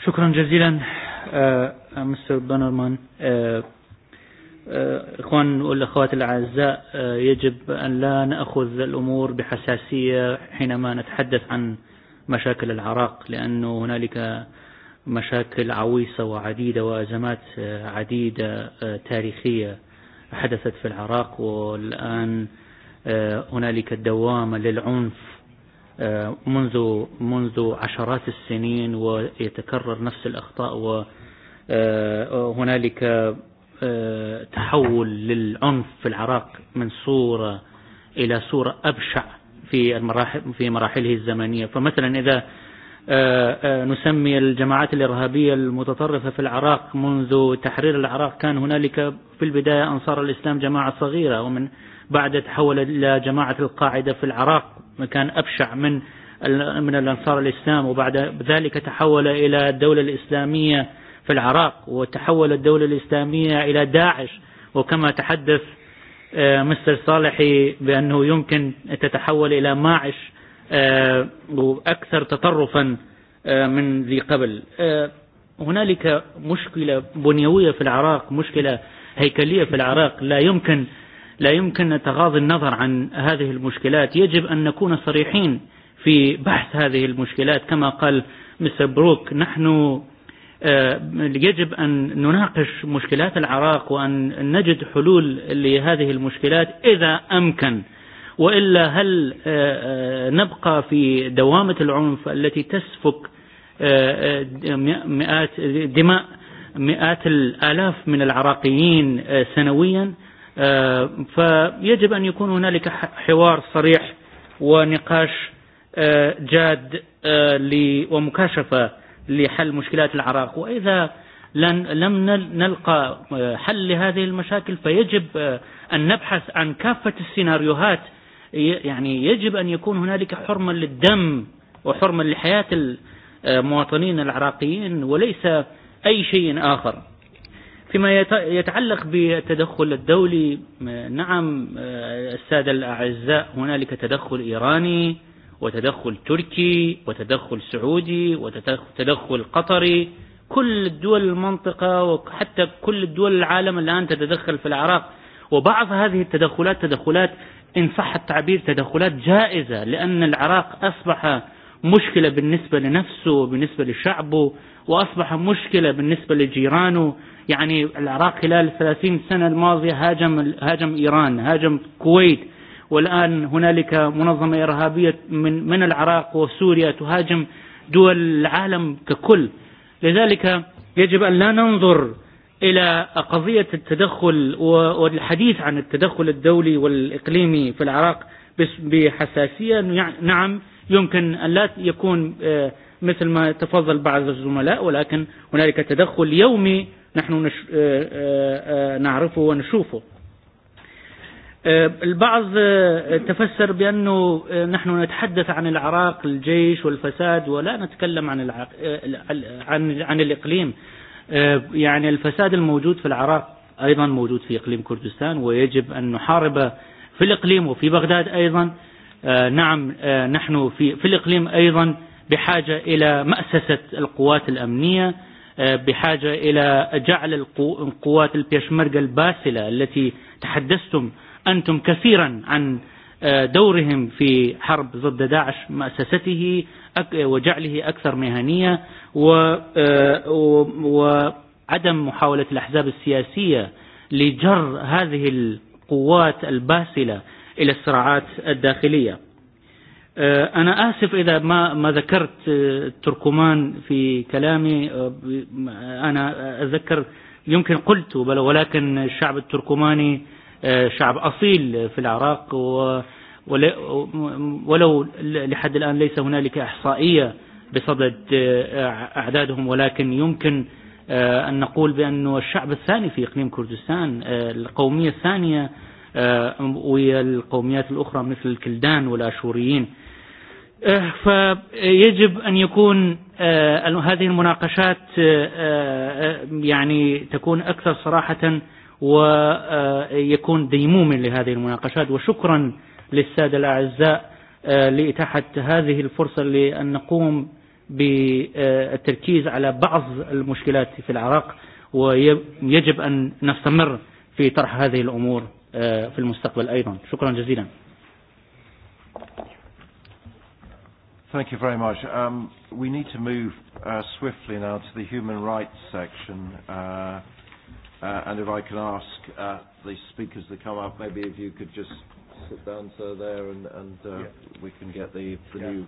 شكرا جزيلا مستر بانرمان اخوان والاخوات الاعزاء يجب ان لا ناخذ الامور بحساسيه حينما نتحدث عن مشاكل العراق لانه هنالك مشاكل عويصة وعديدة وأزمات عديدة تاريخية حدثت في العراق والآن هنالك الدوامة للعنف منذ منذ عشرات السنين ويتكرر نفس الأخطاء وهنالك تحول للعنف في العراق من صورة إلى صورة أبشع في المراحل في مراحله الزمنية فمثلا إذا نسمي الجماعات الإرهابية المتطرفة في العراق منذ تحرير العراق كان هنالك في البداية أنصار الإسلام جماعة صغيرة ومن بعد تحول إلى جماعة القاعدة في العراق كان أبشع من من الأنصار الإسلام وبعد ذلك تحول إلى الدولة الإسلامية في العراق وتحول الدولة الإسلامية إلى داعش وكما تحدث مستر صالحي بأنه يمكن تتحول إلى ماعش أكثر تطرفا من ذي قبل هنالك مشكلة بنيوية في العراق مشكلة هيكلية في العراق لا يمكن لا يمكن تغاضي النظر عن هذه المشكلات يجب أن نكون صريحين في بحث هذه المشكلات كما قال مستر بروك نحن يجب أن نناقش مشكلات العراق وأن نجد حلول لهذه المشكلات إذا أمكن وإلا هل نبقى في دوامة العنف التي تسفك مئات دماء مئات الآلاف من العراقيين سنويا فيجب أن يكون هنالك حوار صريح ونقاش جاد ومكاشفة لحل مشكلات العراق وإذا لن لم نلقى حل لهذه المشاكل فيجب أن نبحث عن كافة السيناريوهات يعني يجب أن يكون هنالك حرمة للدم وحرمة لحياة المواطنين العراقيين وليس أي شيء آخر فيما يتعلق بالتدخل الدولي نعم السادة الأعزاء هنالك تدخل إيراني وتدخل تركي وتدخل سعودي وتدخل قطري كل دول المنطقة وحتى كل دول العالم الآن تتدخل في العراق وبعض هذه التدخلات تدخلات إن صح التعبير تدخلات جائزة لأن العراق أصبح مشكلة بالنسبة لنفسه وبالنسبة لشعبه وأصبح مشكلة بالنسبة لجيرانه يعني العراق خلال 30 سنة الماضية هاجم, هاجم إيران هاجم الكويت والآن هنالك منظمة إرهابية من, من العراق وسوريا تهاجم دول العالم ككل لذلك يجب أن لا ننظر إلى قضية التدخل والحديث عن التدخل الدولي والإقليمي في العراق بحساسية نعم يمكن أن لا يكون مثل ما تفضل بعض الزملاء ولكن هنالك تدخل يومي نحن نعرفه ونشوفه البعض تفسر بأنه نحن نتحدث عن العراق الجيش والفساد ولا نتكلم عن عن عن الإقليم يعني الفساد الموجود في العراق أيضا موجود في إقليم كردستان ويجب أن نحارب في الإقليم وفي بغداد أيضا نعم نحن في, في الإقليم أيضا بحاجة إلى مأسسة القوات الأمنية بحاجة إلى جعل القوات البيشمرقة الباسلة التي تحدثتم أنتم كثيرا عن دورهم في حرب ضد داعش مأسسته وجعله أكثر مهنية وعدم محاولة الأحزاب السياسية لجر هذه القوات الباسلة إلى الصراعات الداخلية أنا آسف إذا ما ما ذكرت تركمان في كلامي أنا أذكر يمكن قلت بل ولكن الشعب التركماني شعب أصيل في العراق ولو لحد الآن ليس هنالك إحصائية بصدد أعدادهم ولكن يمكن أن نقول بأن الشعب الثاني في إقليم كردستان القومية الثانية والقوميات القوميات الأخرى مثل الكلدان والآشوريين فيجب أن يكون هذه المناقشات يعني تكون أكثر صراحة ويكون ديموما لهذه المناقشات وشكرا للسادة الأعزاء لإتاحة هذه الفرصة لأن نقوم بالتركيز على بعض المشكلات في العراق ويجب أن نستمر في طرح هذه الأمور في المستقبل أيضا شكرا جزيلا Thank you very much. Um, we need to move uh, swiftly now to the human rights section. Uh, uh, and if I can ask uh, the speakers to come up, maybe if you could just sit down, sir, there, and, and uh, yeah. we can get the, the yeah. new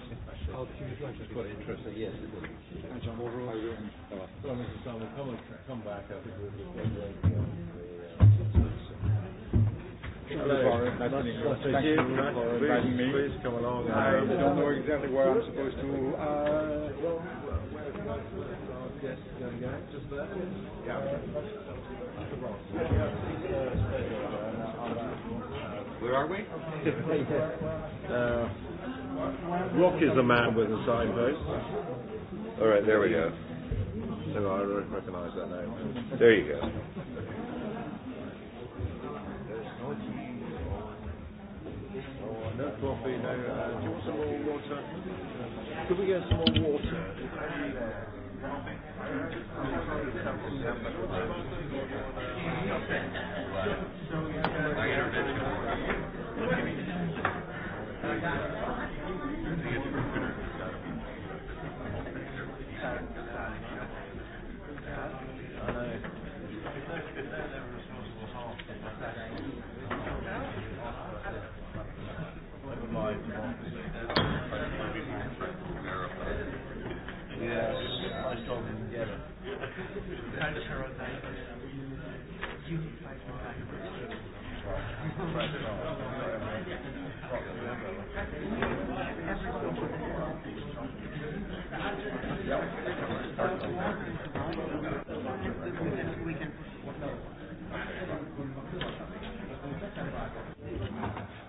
Please come along. I don't know exactly where I'm supposed to. Uh, yes, there we go. Just there. Yeah. Uh, where are we? uh, Rock is the man with the signpost. All right, there we go. So I recognize that name. There you go. coffee, no. Uh, do you want some more water? Could we get some more water?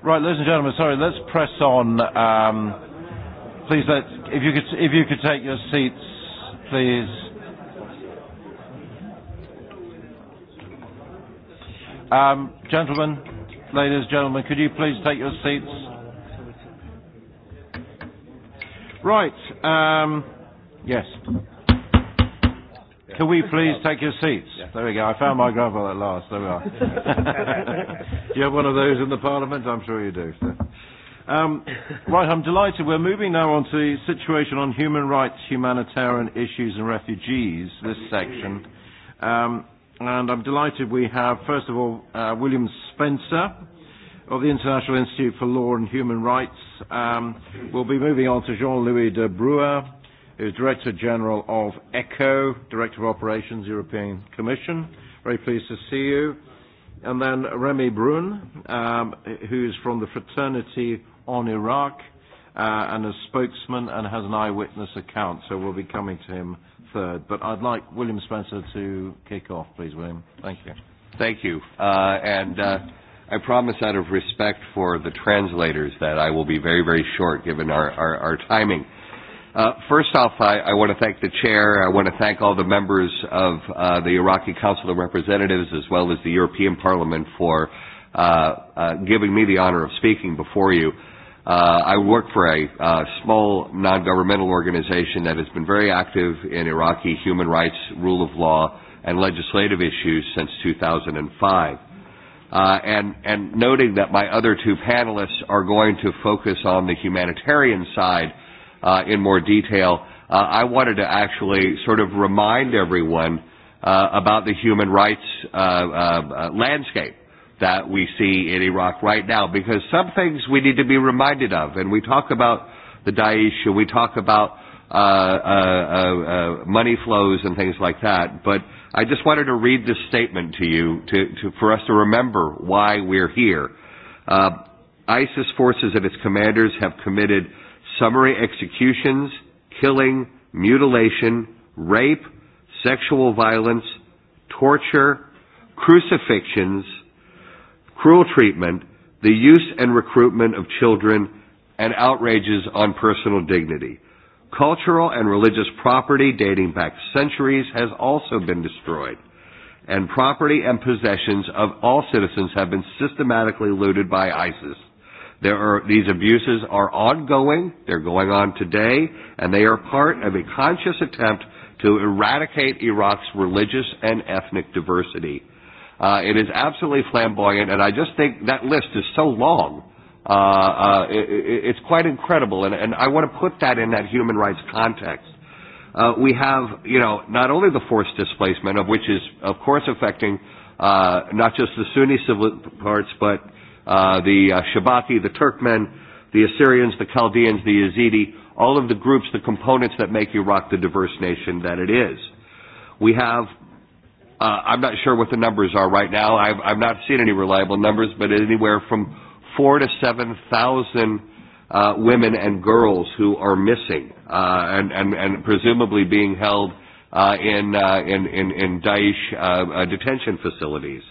Right, ladies and gentlemen, sorry, let's press on. Um, please, let, if, you could, if you could take your seats, please. Um, gentlemen, ladies, gentlemen, could you please take your seats? Right, um, yes. Can we please take your seats? There we go. I found my gravel at last. There we are. do you have one of those in the Parliament? I'm sure you do. So. Um, right, I'm delighted. We're moving now on to the situation on human rights, humanitarian issues and refugees, this section. Um, and I'm delighted we have, first of all, uh, William Spencer of the International Institute for Law and Human Rights. Um, we'll be moving on to Jean-Louis de Bruer. Who is Director General of ECHO, Director of Operations, European Commission. Very pleased to see you. And then Remy Brun, um, is from the Fraternity on Iraq uh, and a spokesman and has an eyewitness account, so we'll be coming to him third. But I'd like William Spencer to kick off, please, William. Thank you. Thank you. Uh, and uh, I promise out of respect for the translators that I will be very, very short given our, our, our timing. Uh, first off, I, I want to thank the chair. I want to thank all the members of uh, the Iraqi Council of Representatives as well as the European Parliament for uh, uh, giving me the honor of speaking before you. Uh, I work for a uh, small non-governmental organization that has been very active in Iraqi human rights, rule of law, and legislative issues since 2005. Uh, and, and noting that my other two panelists are going to focus on the humanitarian side uh, in more detail, uh, I wanted to actually sort of remind everyone uh, about the human rights uh, uh, uh, landscape that we see in Iraq right now, because some things we need to be reminded of, and we talk about the Daesh, and we talk about uh, uh, uh, uh, money flows and things like that, but I just wanted to read this statement to you to, to, for us to remember why we're here. Uh, ISIS forces and its commanders have committed summary executions, killing, mutilation, rape, sexual violence, torture, crucifixions, cruel treatment, the use and recruitment of children, and outrages on personal dignity. Cultural and religious property dating back centuries has also been destroyed, and property and possessions of all citizens have been systematically looted by ISIS. There are, these abuses are ongoing, they're going on today, and they are part of a conscious attempt to eradicate Iraq's religious and ethnic diversity. Uh, it is absolutely flamboyant, and I just think that list is so long. Uh, uh, it, it, it's quite incredible, and, and I want to put that in that human rights context. Uh, we have, you know, not only the forced displacement, of which is, of course, affecting uh, not just the Sunni civil parts, but Uh, the uh, Shabaki, the Turkmen, the Assyrians, the Chaldeans, the Yazidi, all of the groups, the components that make Iraq the diverse nation that it is. We have, uh, I'm not sure what the numbers are right now. I've, I've not seen any reliable numbers, but anywhere from four to 7,000 uh, women and girls who are missing uh, and, and, and presumably being held uh, in, uh, in, in, in Daesh uh, uh, detention facilities.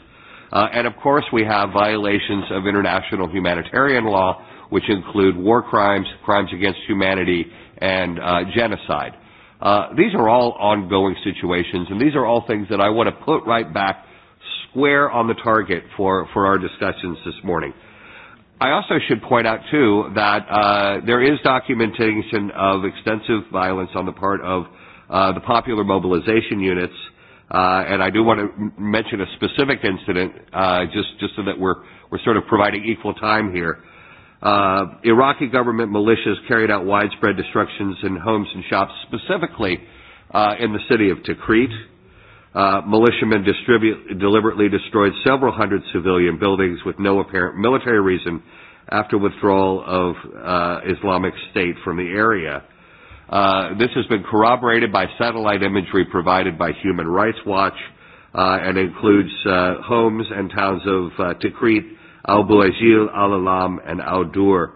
Uh, and of course, we have violations of international humanitarian law, which include war crimes, crimes against humanity, and uh, genocide. Uh, these are all ongoing situations, and these are all things that I want to put right back square on the target for, for our discussions this morning. I also should point out, too, that uh, there is documentation of extensive violence on the part of uh, the popular mobilization units Uh, and I do want to mention a specific incident, uh, just just so that we're we're sort of providing equal time here. Uh, Iraqi government militias carried out widespread destructions in homes and shops, specifically uh, in the city of Tikrit. Uh, militiamen deliberately destroyed several hundred civilian buildings with no apparent military reason after withdrawal of uh, Islamic State from the area. Uh, this has been corroborated by satellite imagery provided by Human Rights Watch uh, and includes uh, homes and towns of uh, Tikrit, Al Buazil, Al Alam, and Al Dur.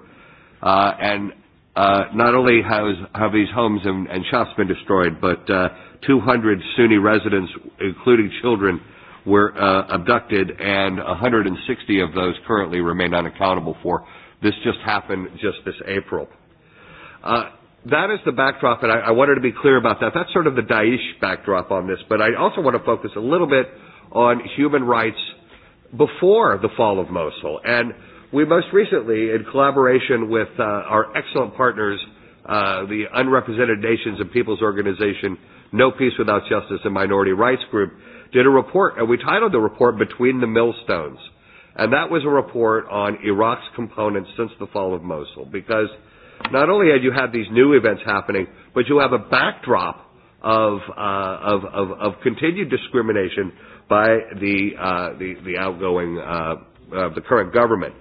Uh, and uh, not only has, have these homes and, and shops been destroyed, but uh, 200 Sunni residents, including children, were uh, abducted, and 160 of those currently remain unaccountable for. This just happened just this April. Uh, that is the backdrop, and I, I wanted to be clear about that. That's sort of the Daesh backdrop on this, but I also want to focus a little bit on human rights before the fall of Mosul. And we most recently, in collaboration with uh, our excellent partners, uh, the Unrepresented Nations and Peoples Organization, No Peace Without Justice, and Minority Rights Group, did a report, and we titled the report Between the Millstones. And that was a report on Iraq's components since the fall of Mosul, because – not only had you had these new events happening, but you have a backdrop of, uh, of, of, of continued discrimination by the, uh, the, the outgoing, uh, uh, the current government.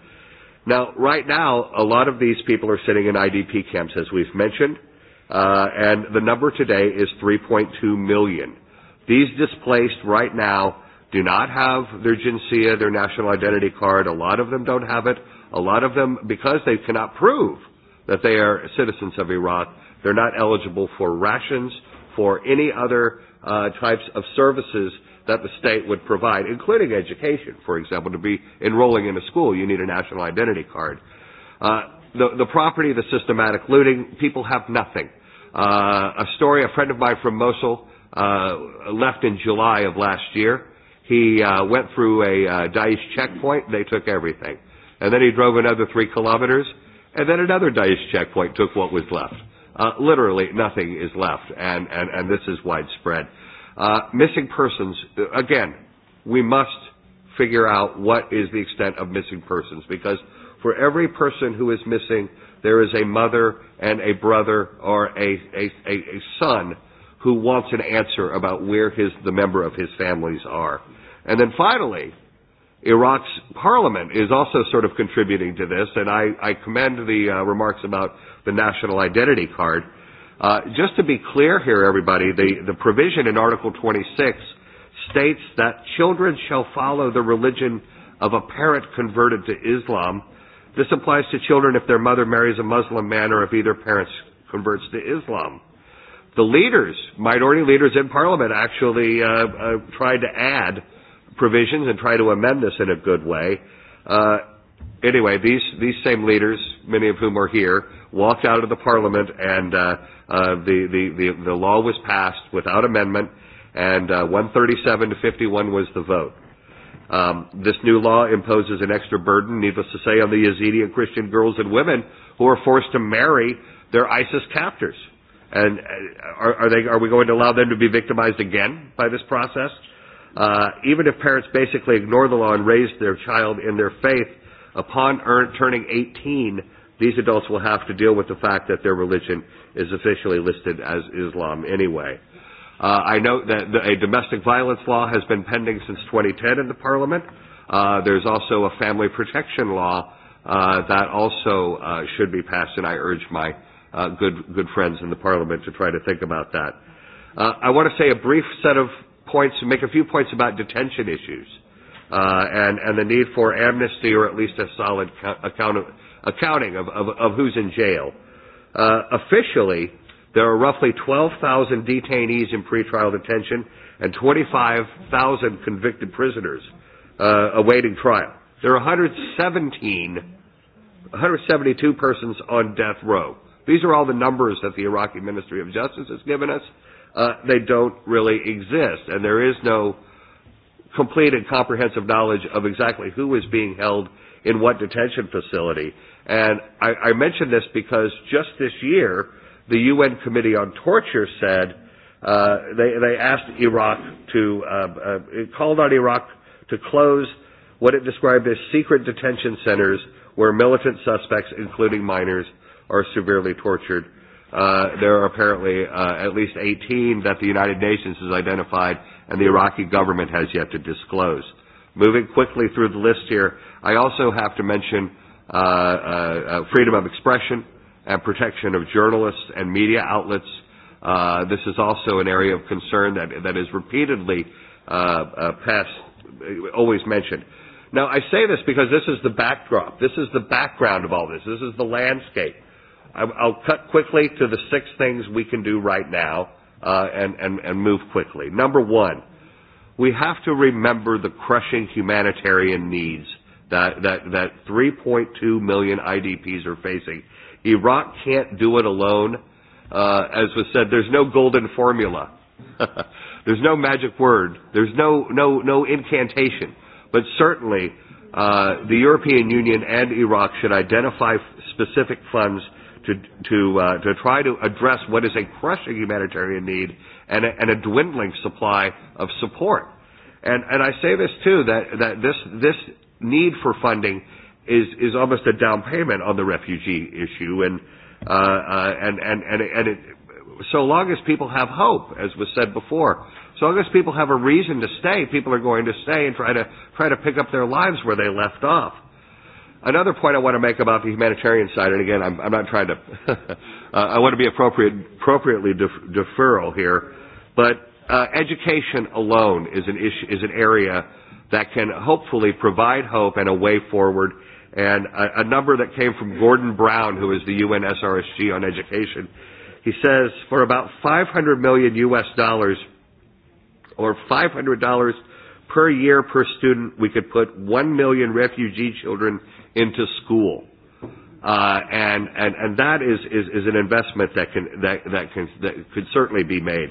Now, right now, a lot of these people are sitting in IDP camps, as we've mentioned, uh, and the number today is 3.2 million. These displaced right now do not have their Jinsia, their national identity card. A lot of them don't have it. A lot of them, because they cannot prove that they are citizens of Iraq. They're not eligible for rations, for any other uh, types of services that the state would provide, including education. For example, to be enrolling in a school, you need a national identity card. Uh, the, the property, the systematic looting, people have nothing. Uh, a story, a friend of mine from Mosul uh, left in July of last year. He uh, went through a uh, Daesh checkpoint. They took everything. And then he drove another three kilometers And then another DICE checkpoint took what was left. Uh, literally nothing is left, and, and, and this is widespread. Uh, missing persons, uh, again, we must figure out what is the extent of missing persons because for every person who is missing, there is a mother and a brother or a, a, a, a son who wants an answer about where his, the member of his families are. And then finally, Iraq's parliament is also sort of contributing to this, and I, I commend the uh, remarks about the national identity card. Uh, just to be clear here, everybody, the, the provision in Article 26 states that children shall follow the religion of a parent converted to Islam. This applies to children if their mother marries a Muslim man or if either parent converts to Islam. The leaders, minority leaders in parliament, actually uh, uh, tried to add provisions and try to amend this in a good way. Uh, anyway, these, these same leaders, many of whom are here, walked out of the parliament and uh, uh, the, the, the, the law was passed without amendment and uh, 137 to 51 was the vote. Um, this new law imposes an extra burden, needless to say, on the Yazidi and Christian girls and women who are forced to marry their ISIS captors. And uh, are, are, they, are we going to allow them to be victimized again by this process? Uh, Uh, even if parents basically ignore the law and raise their child in their faith, upon earn, turning 18, these adults will have to deal with the fact that their religion is officially listed as Islam anyway. Uh, I note that the, a domestic violence law has been pending since 2010 in the Parliament. Uh, there's also a family protection law uh, that also uh, should be passed, and I urge my uh, good good friends in the Parliament to try to think about that. Uh, I want to say a brief set of points, make a few points about detention issues uh, and, and the need for amnesty or at least a solid account of, accounting of, of, of who's in jail. Uh, officially, there are roughly 12,000 detainees in pretrial detention and 25,000 convicted prisoners uh, awaiting trial. There are 117, 172 persons on death row. These are all the numbers that the Iraqi Ministry of Justice has given us uh, they don't really exist, and there is no complete and comprehensive knowledge of exactly who is being held in what detention facility. And I, I mention this because just this year, the UN Committee on Torture said uh, they, they asked Iraq to, uh, uh, called on Iraq to close what it described as secret detention centers where militant suspects, including minors, are severely tortured Uh, there are apparently uh, at least 18 that the United Nations has identified and the Iraqi government has yet to disclose. Moving quickly through the list here, I also have to mention uh, uh, uh, freedom of expression and protection of journalists and media outlets. Uh, this is also an area of concern that, that is repeatedly uh, uh, past, uh, always mentioned. Now, I say this because this is the backdrop. This is the background of all this. This is the landscape I'll cut quickly to the six things we can do right now uh, and, and, and move quickly. Number one, we have to remember the crushing humanitarian needs that, that, that 3.2 million IDPs are facing. Iraq can't do it alone. Uh, as was said, there's no golden formula. there's no magic word. There's no, no, no incantation. But certainly, uh, the European Union and Iraq should identify specific funds to, to, uh, to try to address what is a crushing humanitarian need and a, and a dwindling supply of support. And, and I say this too, that, that this, this need for funding is, is almost a down payment on the refugee issue. And, uh, uh, and, and, and, and it, so long as people have hope, as was said before, so long as people have a reason to stay, people are going to stay and try to, try to pick up their lives where they left off. Another point I want to make about the humanitarian side, and again, I'm, I'm not trying to, uh, I want to be appropriate, appropriately def- deferral here, but uh, education alone is an issue, is an area that can hopefully provide hope and a way forward. And a, a number that came from Gordon Brown, who is the UN SRSG on education, he says for about 500 million U.S. dollars, or 500 dollars per year per student, we could put 1 million refugee children into school. Uh, and, and, and that is, is, is an investment that, can, that, that, can, that could certainly be made.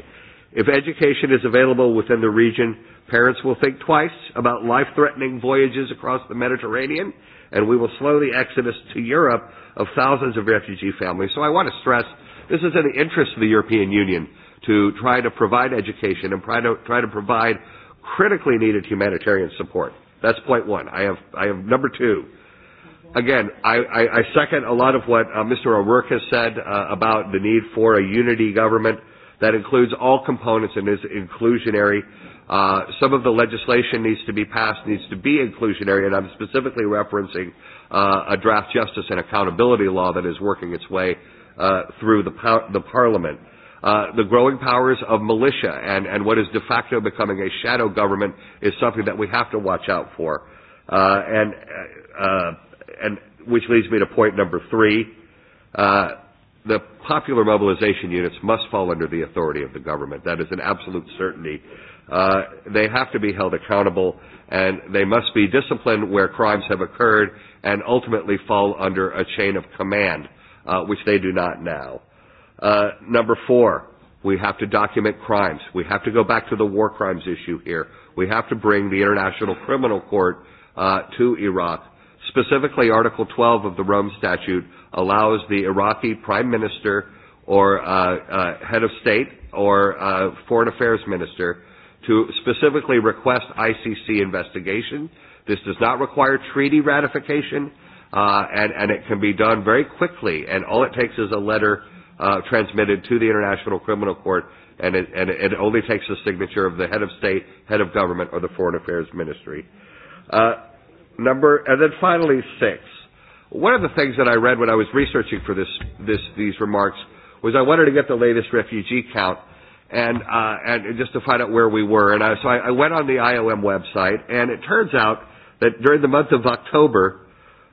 If education is available within the region, parents will think twice about life-threatening voyages across the Mediterranean, and we will slow the exodus to Europe of thousands of refugee families. So I want to stress this is in the interest of the European Union to try to provide education and try to, try to provide critically needed humanitarian support. That's point one. I have, I have number two again, I, I, I second a lot of what uh, Mr. O'Rourke has said uh, about the need for a unity government that includes all components and is inclusionary. Uh, some of the legislation needs to be passed, needs to be inclusionary, and I'm specifically referencing uh, a draft justice and accountability law that is working its way uh, through the, par- the parliament. Uh, the growing powers of militia and, and what is de facto becoming a shadow government is something that we have to watch out for. Uh, and uh, uh and which leads me to point number three. Uh, the popular mobilization units must fall under the authority of the government. That is an absolute certainty. Uh, they have to be held accountable and they must be disciplined where crimes have occurred and ultimately fall under a chain of command, uh, which they do not now. Uh, number four, we have to document crimes. We have to go back to the war crimes issue here. We have to bring the International Criminal Court uh, to Iraq Specifically, Article 12 of the Rome Statute allows the Iraqi prime minister or uh, uh, head of state or uh, foreign affairs minister to specifically request ICC investigation. This does not require treaty ratification, uh, and, and it can be done very quickly, and all it takes is a letter uh, transmitted to the International Criminal Court, and it, and it only takes the signature of the head of state, head of government, or the foreign affairs ministry. Uh, Number, and then finally six. One of the things that I read when I was researching for this, this, these remarks was I wanted to get the latest refugee count and, uh, and just to find out where we were. And I, so I, I went on the IOM website and it turns out that during the month of October,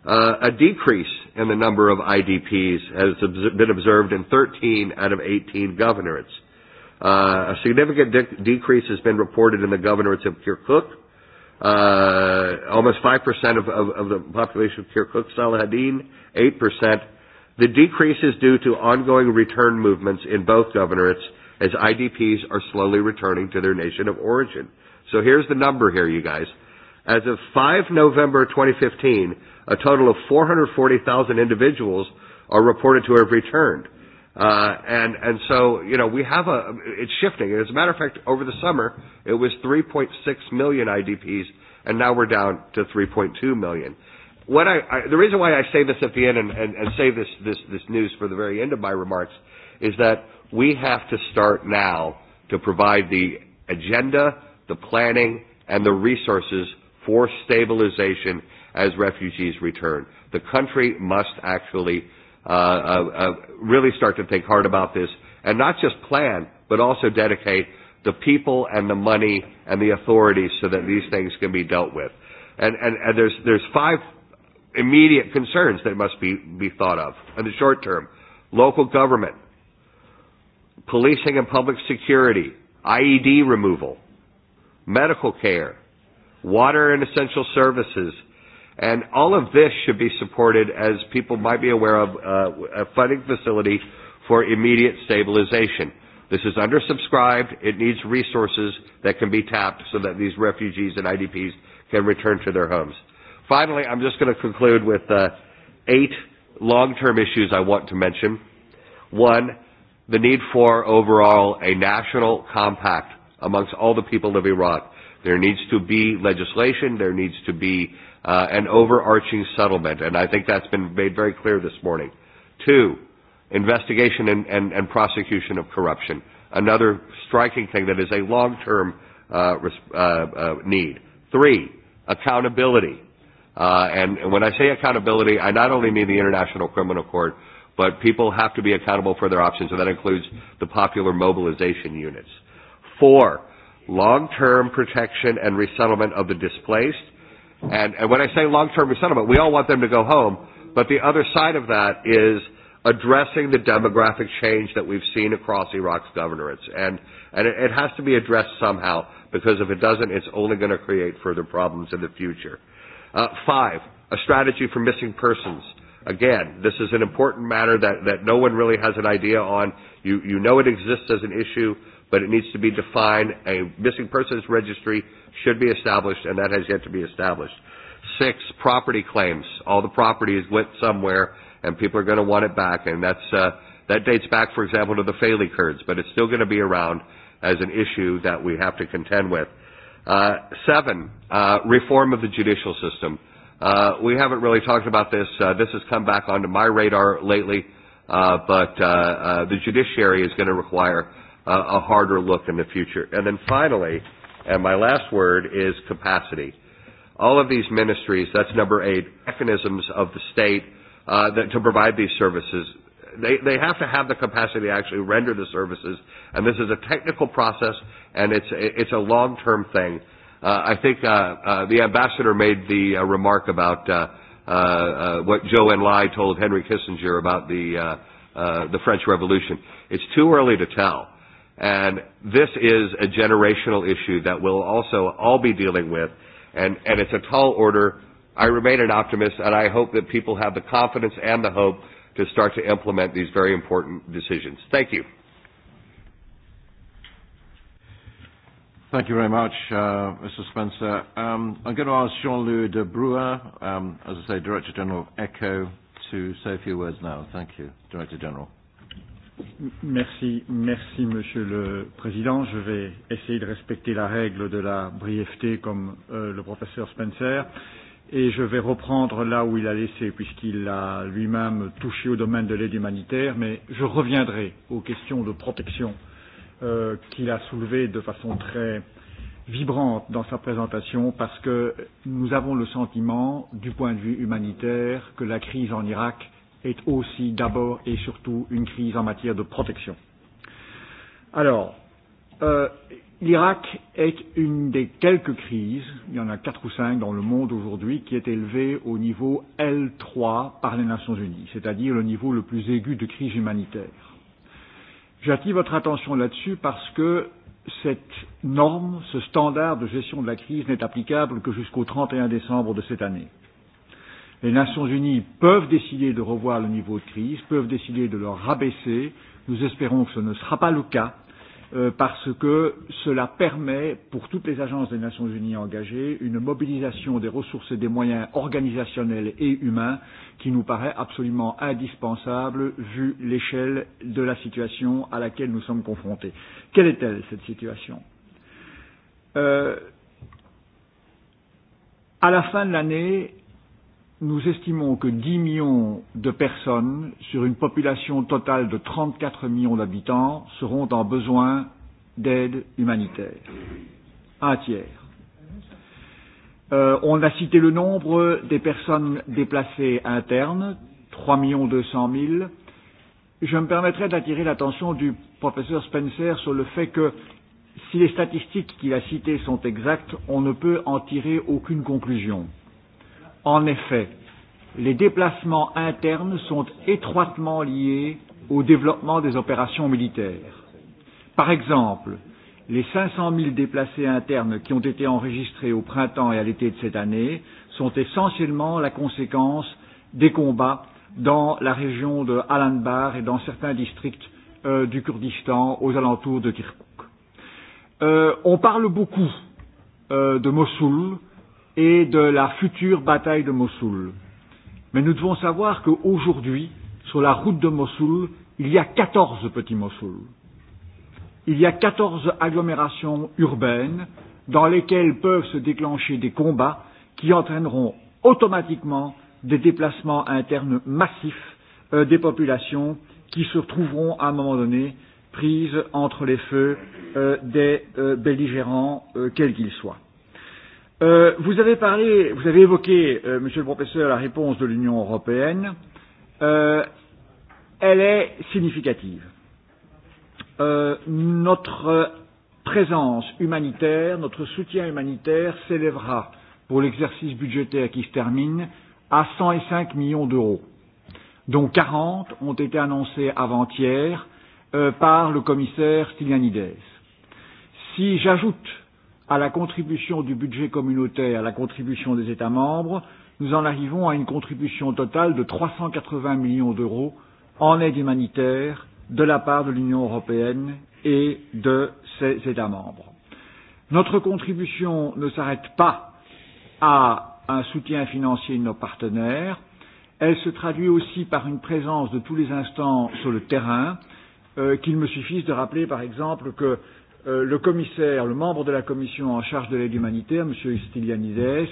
uh, a decrease in the number of IDPs has been observed in 13 out of 18 governorates. Uh, a significant de- decrease has been reported in the governorates of Kirkuk, uh, almost 5% of, of, of the population of Kirkuk eight 8%. The decrease is due to ongoing return movements in both governorates as IDPs are slowly returning to their nation of origin. So here's the number here, you guys. As of 5 November 2015, a total of 440,000 individuals are reported to have returned. Uh, and, and so, you know, we have a, it's shifting. And as a matter of fact, over the summer, it was 3.6 million IDPs, and now we're down to 3.2 million. What I, I, the reason why I say this at the end and, and, and say this, this, this news for the very end of my remarks is that we have to start now to provide the agenda, the planning, and the resources for stabilization as refugees return. The country must actually Uh, uh, uh, really start to think hard about this and not just plan, but also dedicate the people and the money and the authorities so that these things can be dealt with. And, and, and there's, there's five immediate concerns that must be, be thought of in the short term. Local government, policing and public security, IED removal, medical care, water and essential services, And all of this should be supported, as people might be aware of, uh, a funding facility for immediate stabilization. This is undersubscribed. It needs resources that can be tapped so that these refugees and IDPs can return to their homes. Finally, I'm just going to conclude with uh, eight long-term issues I want to mention. One, the need for overall a national compact amongst all the people of Iraq. There needs to be legislation. There needs to be uh, an overarching settlement, and I think that's been made very clear this morning. Two, investigation and, and, and prosecution of corruption, another striking thing that is a long-term uh, uh, uh, need. Three, accountability. Uh, and, and when I say accountability, I not only mean the International Criminal Court, but people have to be accountable for their options, and that includes the popular mobilization units. Four, long-term protection and resettlement of the displaced And, and when I say long-term resettlement, we all want them to go home, but the other side of that is addressing the demographic change that we've seen across Iraq's governance. And, and it, it has to be addressed somehow, because if it doesn't, it's only going to create further problems in the future. Uh, five, a strategy for missing persons. Again, this is an important matter that, that no one really has an idea on. You, you know it exists as an issue, but it needs to be defined. A missing persons registry should be established, and that has yet to be established. Six, property claims. All the property is went somewhere, and people are going to want it back, and that's, uh, that dates back, for example, to the Faley Kurds, but it's still going to be around as an issue that we have to contend with. Uh, seven, uh, reform of the judicial system. Uh, we haven't really talked about this. Uh, this has come back onto my radar lately, uh, but uh, uh, the judiciary is going to require uh, a harder look in the future. And then finally, uh, And my last word is capacity. All of these ministries, that's number eight, mechanisms of the state uh, that, to provide these services. They, they have to have the capacity to actually render the services, and this is a technical process, and it's, it's a long-term thing. Uh, I think uh, uh, the ambassador made the uh, remark about uh, uh, uh, what Joe and Lai told Henry Kissinger about the, uh, uh, the French Revolution. It's too early to tell. And this is a generational issue that we'll also all be dealing with, and, and it's a tall order. I remain an optimist, and I hope that people have the confidence and the hope to start to implement these very important decisions. Thank you. Thank you very much, uh, Mr. Spencer. Um, I'm going to ask Jean-Louis de Bruin, um, as I say, Director General of ECHO, to say a few words now. Thank you, Director General. Merci, merci Monsieur le Président. Je vais essayer de respecter la règle de la brièveté comme euh, le professeur Spencer et je vais reprendre là où il a laissé puisqu'il a lui-même touché au domaine de l'aide humanitaire, mais je reviendrai aux questions de protection euh, qu'il a soulevées de façon très vibrante dans sa présentation parce que nous avons le sentiment, du point de vue humanitaire, que la crise en Irak euh, est aussi d'abord et surtout une crise en matière de protection. Alors, euh, l'Irak est une des quelques crises, il y en a quatre ou cinq dans le monde aujourd'hui, qui est élevée au niveau L3 par les Nations Unies, c'est-à-dire le niveau le plus aigu de crise humanitaire. J'attire votre attention là-dessus parce que cette norme, ce standard de gestion de la crise n'est applicable que jusqu'au 31 décembre de cette année. Les Nations Unies peuvent décider de revoir le niveau de crise, peuvent décider de le rabaisser. Nous espérons que ce ne sera pas le cas euh, parce que cela permet pour toutes les agences des Nations Unies engagées une mobilisation des ressources et des moyens organisationnels et humains qui nous paraît absolument indispensable vu l'échelle de la situation à laquelle nous sommes confrontés. Quelle est-elle cette situation euh, À la fin de l'année, nous estimons que 10 millions de personnes sur une population totale de 34 millions d'habitants seront en besoin d'aide humanitaire. Un tiers. Euh, on a cité le nombre des personnes déplacées internes, 3 millions 200 000. Je me permettrai d'attirer l'attention du professeur Spencer sur le fait que si les statistiques qu'il a citées sont exactes, on ne peut en tirer aucune conclusion. En effet, les déplacements internes sont étroitement liés au développement des opérations militaires. Par exemple, les 500 000 déplacés internes qui ont été enregistrés au printemps et à l'été de cette année sont essentiellement la conséquence des combats dans la région de Al-Anbar et dans certains districts euh, du Kurdistan aux alentours de Kirkuk. Euh, on parle beaucoup euh, de Mossoul, euh, et de la future bataille de Mossoul. Mais nous devons savoir qu'aujourd'hui, sur la route de Mossoul, il y a 14 petits Mossoul. Il y a 14 agglomérations urbaines dans lesquelles peuvent se déclencher des combats qui entraîneront automatiquement des déplacements internes massifs euh, des populations qui se trouveront à un moment donné prises entre les feux euh, des euh, belligérants, euh, quels qu'ils soient. Euh, vous avez parlé, vous avez évoqué, euh, Monsieur le Professeur, la réponse de l'Union européenne. Euh, elle est significative. Euh, notre euh, présence humanitaire, notre soutien humanitaire s'élèvera pour l'exercice budgétaire qui se termine à 105 millions d'euros, dont 40 ont été annoncés avant-hier euh, par le commissaire Stylianides. Si j'ajoute euh, à la contribution du budget communautaire, à la contribution des États membres, nous en arrivons à une contribution totale de 380 millions d'euros en aide humanitaire de la part de l'Union européenne et de ses États membres. Notre contribution ne s'arrête pas à un soutien financier de nos partenaires, elle se traduit aussi par une présence de tous les instants sur le terrain, euh, qu'il me suffise de rappeler par exemple que Euh, le commissaire, le membre de la commission en charge de l'aide humanitaire, M. Stylianides,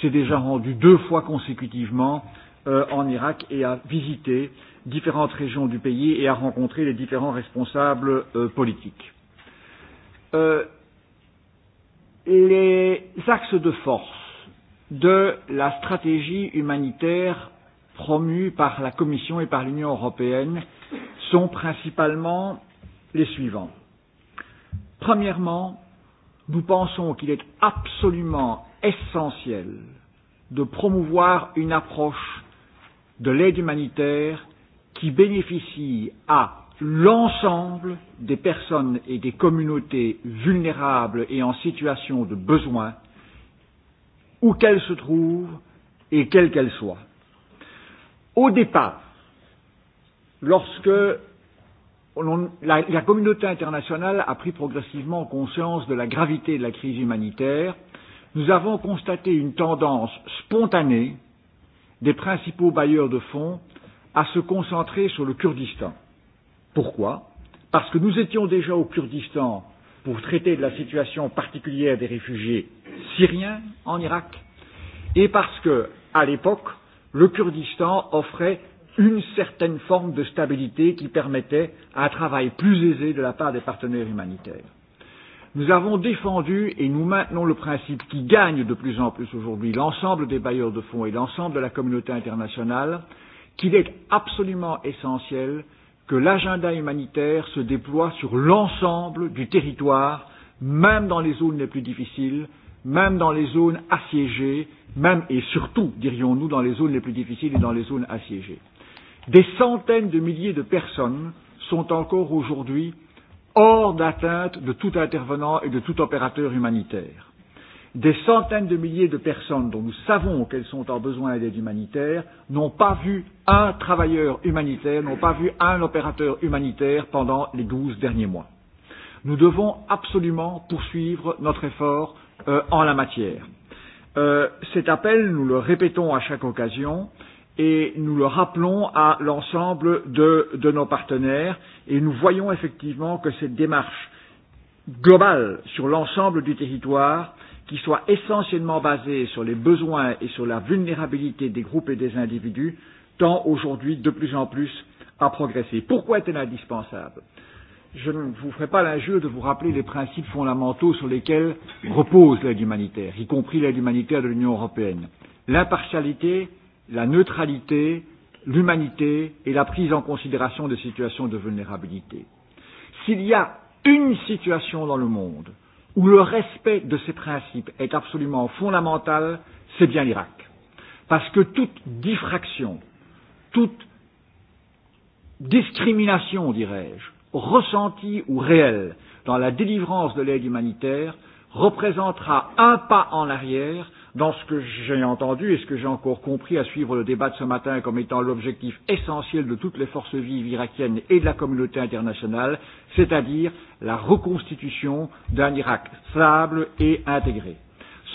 s'est déjà rendu deux fois consécutivement euh, en Irak et a visité différentes régions du pays et a rencontré les différents responsables euh, politiques. Euh, les axes de force de la stratégie humanitaire promue par la Commission et par l'Union européenne sont principalement les suivants Premièrement, nous pensons qu'il est absolument essentiel de promouvoir une approche de l'aide humanitaire qui bénéficie à l'ensemble des personnes et des communautés vulnérables et en situation de besoin, où qu'elles se trouvent et quelles qu'elles soient. Au départ, lorsque on, la, la communauté internationale a pris progressivement conscience de la gravité de la crise humanitaire. Nous avons constaté une tendance spontanée des principaux bailleurs de fonds à se concentrer sur le Kurdistan. Pourquoi Parce que nous étions déjà au Kurdistan pour traiter de la situation particulière des réfugiés syriens en Irak et parce que, à l'époque, le Kurdistan offrait une certaine forme de stabilité qui permettait un travail plus aisé de la part des partenaires humanitaires. Nous avons défendu et nous maintenons le principe qui gagne de plus en plus aujourd'hui l'ensemble des bailleurs de fonds et l'ensemble de la communauté internationale qu'il est absolument essentiel que l'agenda humanitaire se déploie sur l'ensemble du territoire, même dans les zones les plus difficiles, même dans les zones assiégées, même et surtout, dirions-nous, dans les zones les plus difficiles et dans les zones assiégées. Des centaines de milliers de personnes sont encore aujourd'hui hors d'atteinte de tout intervenant et de tout opérateur humanitaire. Des centaines de milliers de personnes dont nous savons qu'elles sont en besoin d'aide humanitaire n'ont pas vu un travailleur humanitaire, n'ont pas vu un opérateur humanitaire pendant les douze derniers mois. Nous devons absolument poursuivre notre effort euh, en la matière. Euh, cet appel, nous le répétons à chaque occasion, euh, et nous le rappelons à l'ensemble de, de nos partenaires et nous voyons effectivement que cette démarche globale sur l'ensemble du territoire qui soit essentiellement basée sur les besoins et sur la vulnérabilité des groupes et des individus tend aujourd'hui de plus en plus à progresser. Pourquoi est-elle indispensable Je ne vous ferai pas l'injure de vous rappeler les principes fondamentaux sur lesquels repose l'aide humanitaire, y compris l'aide humanitaire de l'Union européenne. L'impartialité, la neutralité, l'humanité et la prise en considération des situations de vulnérabilité. S'il y a une situation dans le monde où le respect de ces principes est absolument fondamental, c'est bien l'Irak. Parce que toute diffraction, toute discrimination, dirais-je, ressentie ou réelle dans la délivrance de l'aide humanitaire représentera un pas en arrière dans ce que j'ai entendu et ce que j'ai encore compris à suivre le débat de ce matin comme étant l'objectif essentiel de toutes les forces vives irakiennes et de la communauté internationale, c'est-à-dire la reconstitution d'un Irak stable et intégré.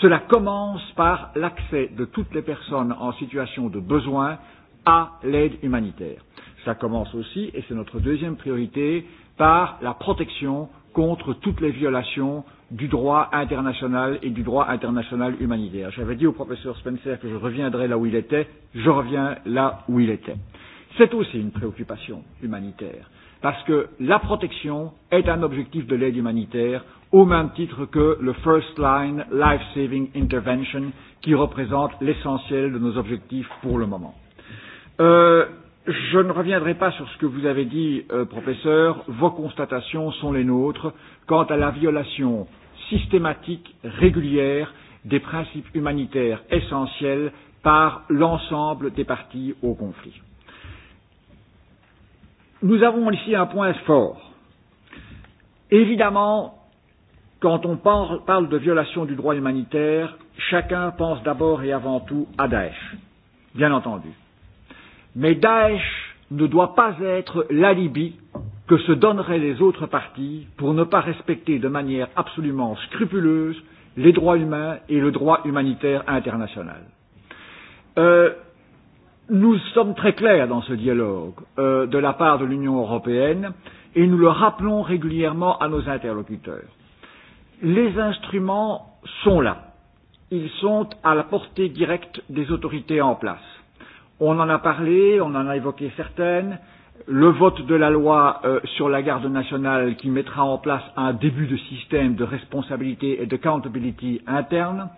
Cela commence par l'accès de toutes les personnes en situation de besoin à l'aide humanitaire. Cela commence aussi, et c'est notre deuxième priorité, par la protection contre toutes les violations du droit international et du droit international humanitaire. J'avais dit au professeur Spencer que je reviendrai là où il était, je reviens là où il était. C'est aussi une préoccupation humanitaire, parce que la protection est un objectif de l'aide humanitaire au même titre que le First Line Life Saving Intervention qui représente l'essentiel de nos objectifs pour le moment. Euh, Je ne reviendrai pas sur ce que vous avez dit, euh, professeur. Vos constatations sont les nôtres quant à la violation systématique, régulière des principes humanitaires essentiels par l'ensemble des parties au conflit. Nous avons ici un point fort. Évidemment, quand on parle de violation du droit humanitaire, chacun pense d'abord et avant tout à Daesh, bien entendu. Mais Daesh ne doit pas être l'alibi que se donneraient les autres parties pour ne pas respecter de manière absolument scrupuleuse les droits humains et le droit humanitaire international. Euh, nous sommes très clairs dans ce dialogue euh, de la part de l'Union européenne et nous le rappelons régulièrement à nos interlocuteurs. Les instruments sont là. Ils sont à la portée directe des autorités en place. On en a parlé, on en a évoqué certaines le vote de la loi euh, sur la garde nationale qui mettra en place un début de système de responsabilité et de accountability interne,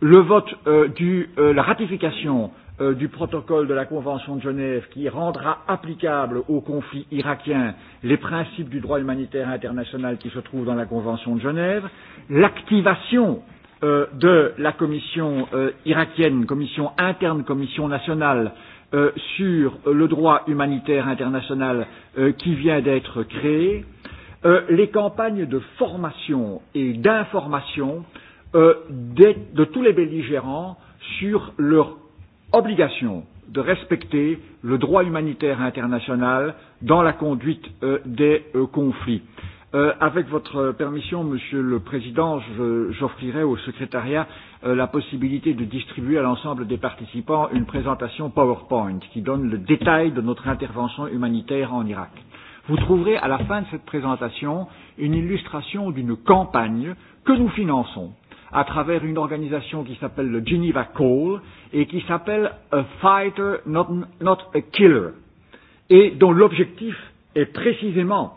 le vote euh, du euh, la ratification euh, du protocole de la Convention de Genève qui rendra applicable au conflit irakien les principes du droit humanitaire international qui se trouvent dans la Convention de Genève, l'activation euh, de la commission euh, irakienne, commission interne, commission nationale euh, euh, sur le droit humanitaire international euh, qui vient d'être créé, euh, les campagnes de formation et d'information euh, de, de tous les belligérants sur leur obligation de respecter le droit humanitaire international dans la conduite euh, des euh, conflits. Euh, avec votre permission, Monsieur le Président, j'offrirai au secrétariat Euh, la possibilité de distribuer à l'ensemble des participants une présentation PowerPoint qui donne le détail de notre intervention humanitaire en Irak. Vous trouverez à la fin de cette présentation une illustration d'une campagne que nous finançons à travers une organisation qui s'appelle le Geneva Call et qui s'appelle A Fighter Not, Not a Killer et dont l'objectif est précisément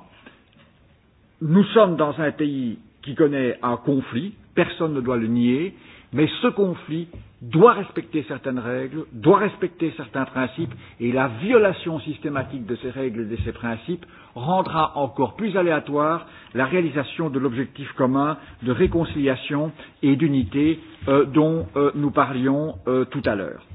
nous sommes dans un pays qui connaît un conflit, personne ne doit le nier, Mais ce conflit doit respecter certaines règles, doit respecter certains principes, et la violation systématique de ces règles et de ces principes rendra encore plus aléatoire la réalisation de l'objectif commun de réconciliation et d'unité euh, dont euh, nous parlions euh, tout à l'heure.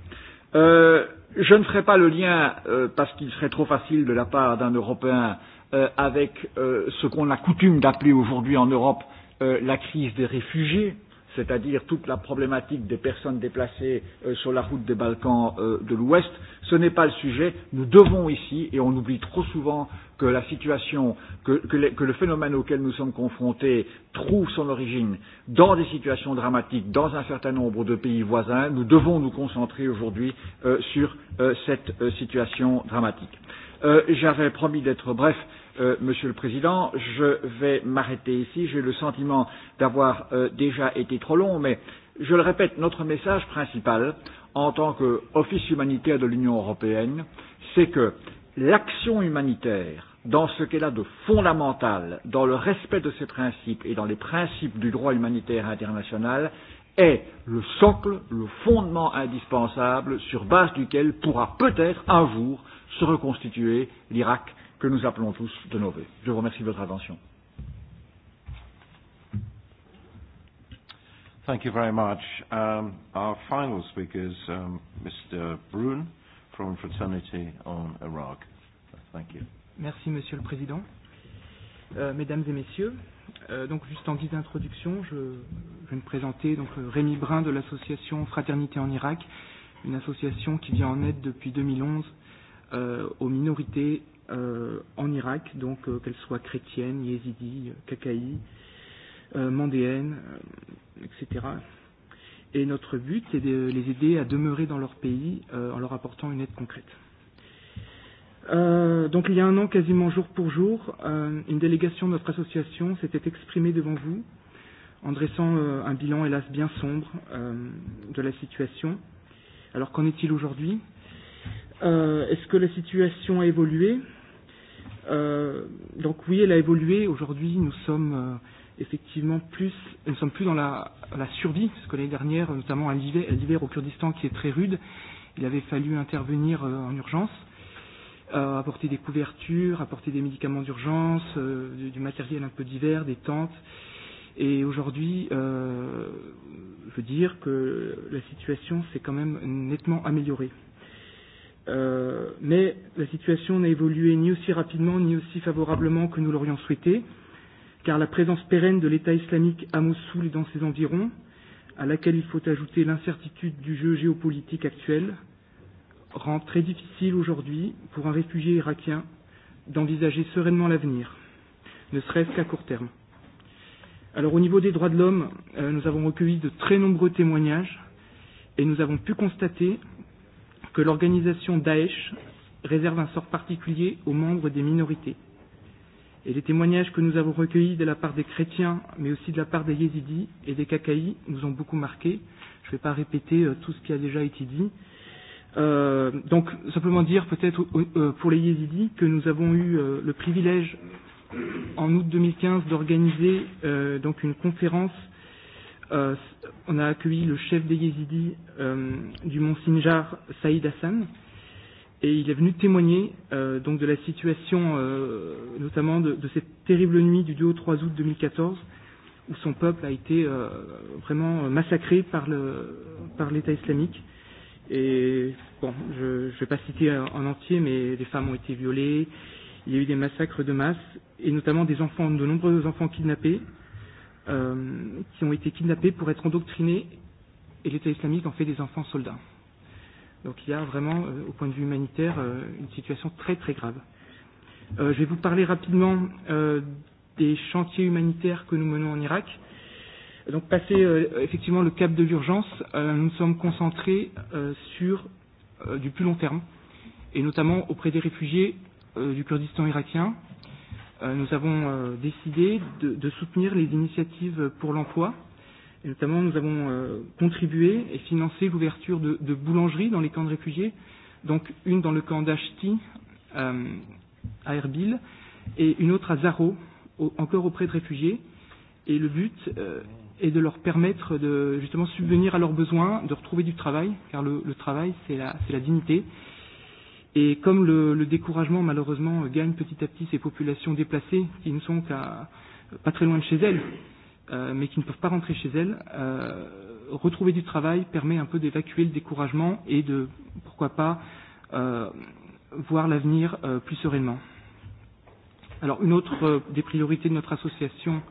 Euh, je ne ferai pas le lien euh, parce qu'il serait trop facile de la part d'un Européen euh, avec euh, ce qu'on a coutume d'appeler aujourd'hui en Europe euh, la crise des réfugiés c'est-à-dire toute la problématique des personnes déplacées euh, sur la route des Balkans euh, de l'Ouest, ce n'est pas le sujet. Nous devons ici, et on oublie trop souvent que la situation, que, que, les, que le phénomène auquel nous sommes confrontés trouve son origine dans des situations dramatiques dans un certain nombre de pays voisins, nous devons nous concentrer aujourd'hui euh, sur euh, cette euh, situation dramatique. Euh, J'avais promis d'être bref. Euh, euh, Monsieur le Président. Je vais m'arrêter ici. J'ai le sentiment d'avoir euh, déjà été trop long, mais je le répète, notre message principal en tant qu'office humanitaire de l'Union européenne, c'est que l'action humanitaire dans ce qu'elle a de fondamental, dans le respect de ses principes et dans les principes du droit humanitaire international, est le socle, le fondement indispensable sur base duquel pourra peut-être un jour se reconstituer l'Irak que nous appelons tous de nos voeux. Je vous remercie de votre attention. Thank you very much. Um, our final speaker is um, Mr. Brun from Fraternity on Iraq. Thank you. Merci, Monsieur le Président. Euh, mesdames et messieurs, euh, donc juste en guise d'introduction, je, je vais me présenter donc euh, Rémi Brun de l'association Fraternité en Irak, une association qui vient en aide depuis 2011 euh, aux minorités euh, en Irak, donc euh, qu'elles soient chrétiennes, yézidis, kakaï, euh, mandéennes, euh, etc. Et notre but, c'est de les aider à demeurer dans leur pays euh, en leur apportant une aide concrète. Euh, donc il y a un an, quasiment jour pour jour, euh, une délégation de notre association s'était exprimée devant vous en dressant euh, un bilan, hélas, bien sombre euh, de la situation. Alors qu'en est-il aujourd'hui euh, Est-ce que la situation a évolué euh, Euh, donc oui, elle a évolué. Aujourd'hui, nous sommes euh, effectivement plus, nous ne sommes plus dans la, la survie, parce que l'année dernière, notamment à l'hiver au Kurdistan qui est très rude, il avait fallu intervenir euh, en urgence, euh, apporter des couvertures, apporter des médicaments d'urgence, euh, du, du matériel un peu divers, des tentes. Et aujourd'hui, euh, je veux dire que la situation s'est quand même nettement améliorée. Euh, mais la situation n'a évolué ni aussi rapidement ni aussi favorablement que nous l'aurions souhaité, car la présence pérenne de l'État islamique à Mossoul et dans ses environs, à laquelle il faut ajouter l'incertitude du jeu géopolitique actuel, rend très difficile aujourd'hui pour un réfugié irakien d'envisager sereinement l'avenir, ne serait-ce qu'à court terme. Alors au niveau des droits de l'homme, euh, nous avons recueilli de très nombreux témoignages et nous avons pu constater que l'organisation Daesh réserve un sort particulier aux membres des minorités. Et les témoignages que nous avons recueillis de la part des chrétiens, mais aussi de la part des yézidis et des kakaïs, nous ont beaucoup marqués. Je ne vais pas répéter euh, tout ce qui a déjà été dit. Euh, donc, simplement dire peut-être euh, pour les yézidis que nous avons eu euh, le privilège en août 2015 d'organiser euh, donc une conférence euh, on a accueilli le chef des Yézidis euh, du mont Sinjar, Saïd Hassan, et il est venu témoigner euh, donc de la situation, euh, notamment de, de cette terrible nuit du 2 au 3 août 2014, où son peuple a été euh, vraiment massacré par l'État par islamique. Et bon, je ne vais pas citer en entier, mais des femmes ont été violées, il y a eu des massacres de masse, et notamment des enfants, de nombreux enfants kidnappés, euh, euh, qui ont été kidnappés pour être endoctrinés et l'État islamique en fait des enfants soldats. Donc il y a vraiment, euh, au point de vue humanitaire, euh, une situation très très grave. Euh, je vais vous parler rapidement euh, des chantiers humanitaires que nous menons en Irak. Donc passé euh, effectivement le cap de l'urgence, euh, nous sommes concentrés euh, sur euh, du plus long terme, et notamment auprès des réfugiés euh, du Kurdistan irakien, Euh, nous avons euh, décidé de, de soutenir les initiatives pour l'emploi. Et notamment, nous avons euh, contribué et financé l'ouverture de, de boulangeries dans les camps de réfugiés, donc une dans le camp d'Achti euh, à Erbil et une autre à Zaro, au, encore auprès de réfugiés. Et le but euh, est de leur permettre de justement subvenir à leurs besoins, de retrouver du travail, car le, le travail, c'est la, la dignité. Euh, Et comme le, le découragement, malheureusement, gagne petit à petit ces populations déplacées qui ne sont qu'à pas très loin de chez elles, euh, mais qui ne peuvent pas rentrer chez elles, euh, retrouver du travail permet un peu d'évacuer le découragement et de, pourquoi pas, euh, voir l'avenir euh, plus sereinement. Alors, une autre euh, des priorités de notre association,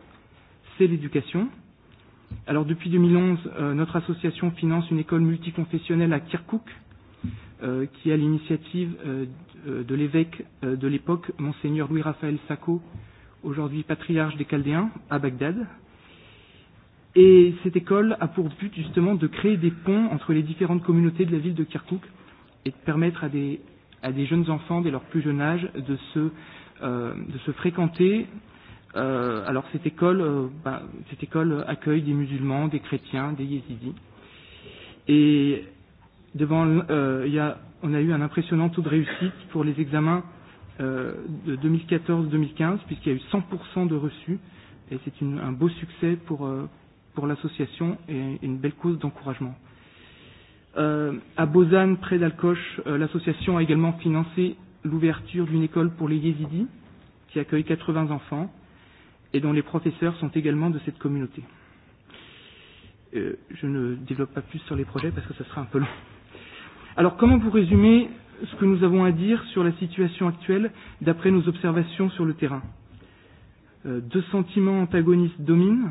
c'est l'éducation. Alors, depuis 2011, euh, notre association finance une école multiconfessionnelle à Kirkuk, euh, euh, qui, à l'initiative euh, de l'évêque euh, de l'époque, Monseigneur Louis-Raphaël Sacco, aujourd'hui patriarche des Chaldéens, à Bagdad. Et cette école a pour but justement de créer des ponts entre les différentes communautés de la ville de Kirkuk et de permettre à des, à des jeunes enfants dès leur plus jeune âge de se, euh, de se fréquenter. Euh, alors cette école, euh, bah, cette école accueille des musulmans, des chrétiens, des yézidis. Et devant, euh, il y a, on a eu un impressionnant taux de réussite pour les examens euh, de 2014-2015, puisqu'il y a eu 100% de reçus, et c'est un beau succès pour, euh, pour l'association et, une belle cause d'encouragement. Euh, à Lausanne, près d'Alcoche, euh, l'association a également financé l'ouverture d'une école pour les yézidis, qui accueille 80 enfants et dont les professeurs sont également de cette communauté. Euh, je ne développe pas plus sur les projets parce que ce sera un peu long. Euh, Alors comment vous résumez ce que nous avons à dire sur la situation actuelle d'après nos observations sur le terrain euh, Deux sentiments antagonistes dominent.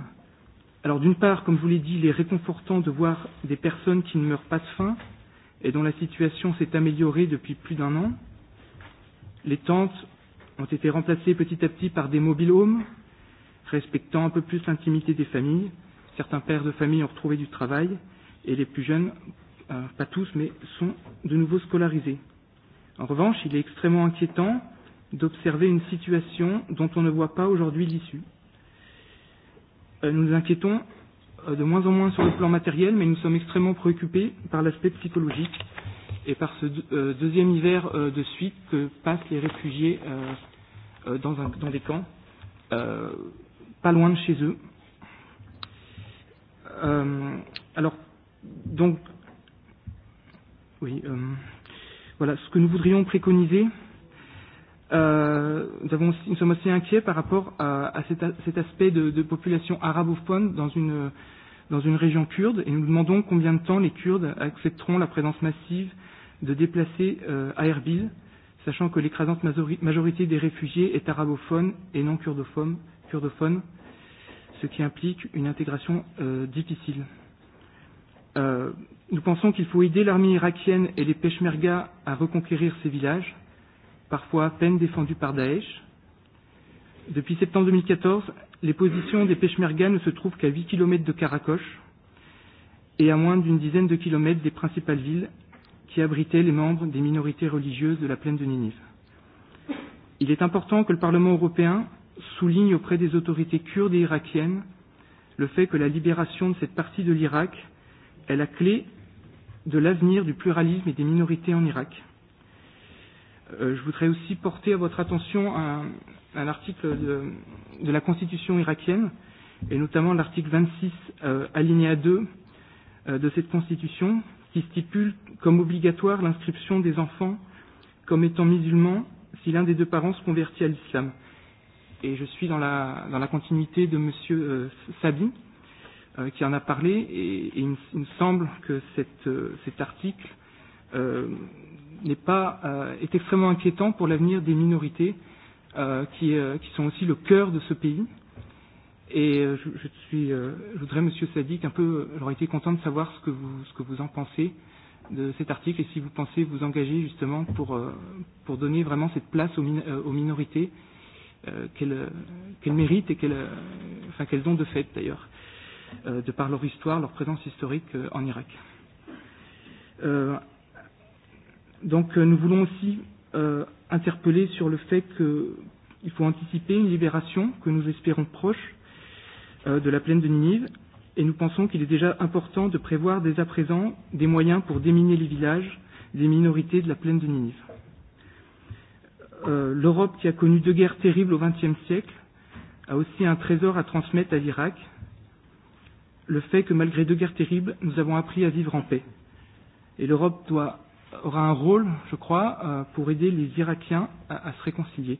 Alors d'une part, comme je vous l'ai dit, il est réconfortant de voir des personnes qui ne meurent pas de faim et dont la situation s'est améliorée depuis plus d'un an. Les tentes ont été remplacées petit à petit par des mobile homes, respectant un peu plus l'intimité des familles. Certains pères de famille ont retrouvé du travail et les plus jeunes euh, pas tous, mais sont de nouveau scolarisés. En revanche, il est extrêmement inquiétant d'observer une situation dont on ne voit pas aujourd'hui l'issue. Euh, nous nous inquiétons euh, de moins en moins sur le plan matériel, mais nous sommes extrêmement préoccupés par l'aspect psychologique et par ce euh, deuxième hiver euh, de suite que passent les réfugiés euh, euh, dans, un, dans des camps, euh, pas loin de chez eux. Euh, alors, donc, Oui. Euh, voilà, ce que nous voudrions préconiser, euh, nous, avons aussi, nous sommes aussi inquiets par rapport à, à cet, à cet aspect de, de population arabophone dans une, dans une région kurde et nous demandons combien de temps les Kurdes accepteront la présence massive de déplacés euh, à Erbil, sachant que l'écrasante majorité des réfugiés est arabophone et non kurdophone, kurdophone ce qui implique une intégration euh, difficile. Euh, Nous pensons qu'il faut aider l'armée irakienne et les Peshmerga à reconquérir ces villages, parfois à peine défendus par Daesh. Depuis septembre 2014, les positions des Peshmerga ne se trouvent qu'à 8 km de Karakosh et à moins d'une dizaine de kilomètres des principales villes qui abritaient les membres des minorités religieuses de la plaine de Ninive. Il est important que le Parlement européen souligne auprès des autorités kurdes et irakiennes le fait que la libération de cette partie de l'Irak est la clé de l'avenir du pluralisme et des minorités en Irak. Euh, je voudrais aussi porter à votre attention un, un article de, de la Constitution irakienne, et notamment l'article 26, euh, alinéa 2 euh, de cette Constitution, qui stipule comme obligatoire l'inscription des enfants comme étant musulmans si l'un des deux parents se convertit à l'islam. Et je suis dans la, dans la continuité de M. Euh, Sabi, Euh, qui en a parlé, et, et il, me, il me semble que cette, euh, cet article euh, est, pas euh, est extrêmement inquiétant pour l'avenir des minorités euh, qui, euh, qui sont aussi le cœur de ce pays. Et euh, je, je, suis, euh, je voudrais, Monsieur Sadik, un peu, j'aurais été content de savoir ce que vous, ce que vous en pensez de cet article et si vous pensez vous engager justement pour, euh, pour donner vraiment cette place aux, min euh, aux minorités euh, qu'elles euh, qu méritent et qu'elles euh, enfin, qu ont de fait d'ailleurs. Euh, Euh, de par leur histoire, leur présence historique euh, en Irak. Euh, donc euh, nous voulons aussi euh, interpeller sur le fait qu'il faut anticiper une libération que nous espérons proche euh, de la plaine de Ninive et nous pensons qu'il est déjà important de prévoir dès à présent des moyens pour déminer les villages des minorités de la plaine de Ninive. Euh, L'Europe, qui a connu deux guerres terribles au XXe siècle, a aussi un trésor à transmettre à l'Irak le fait que malgré deux guerres terribles, nous avons appris à vivre en paix. Et l'Europe doit, aura un rôle, je crois, euh, pour aider les Irakiens à, à se réconcilier.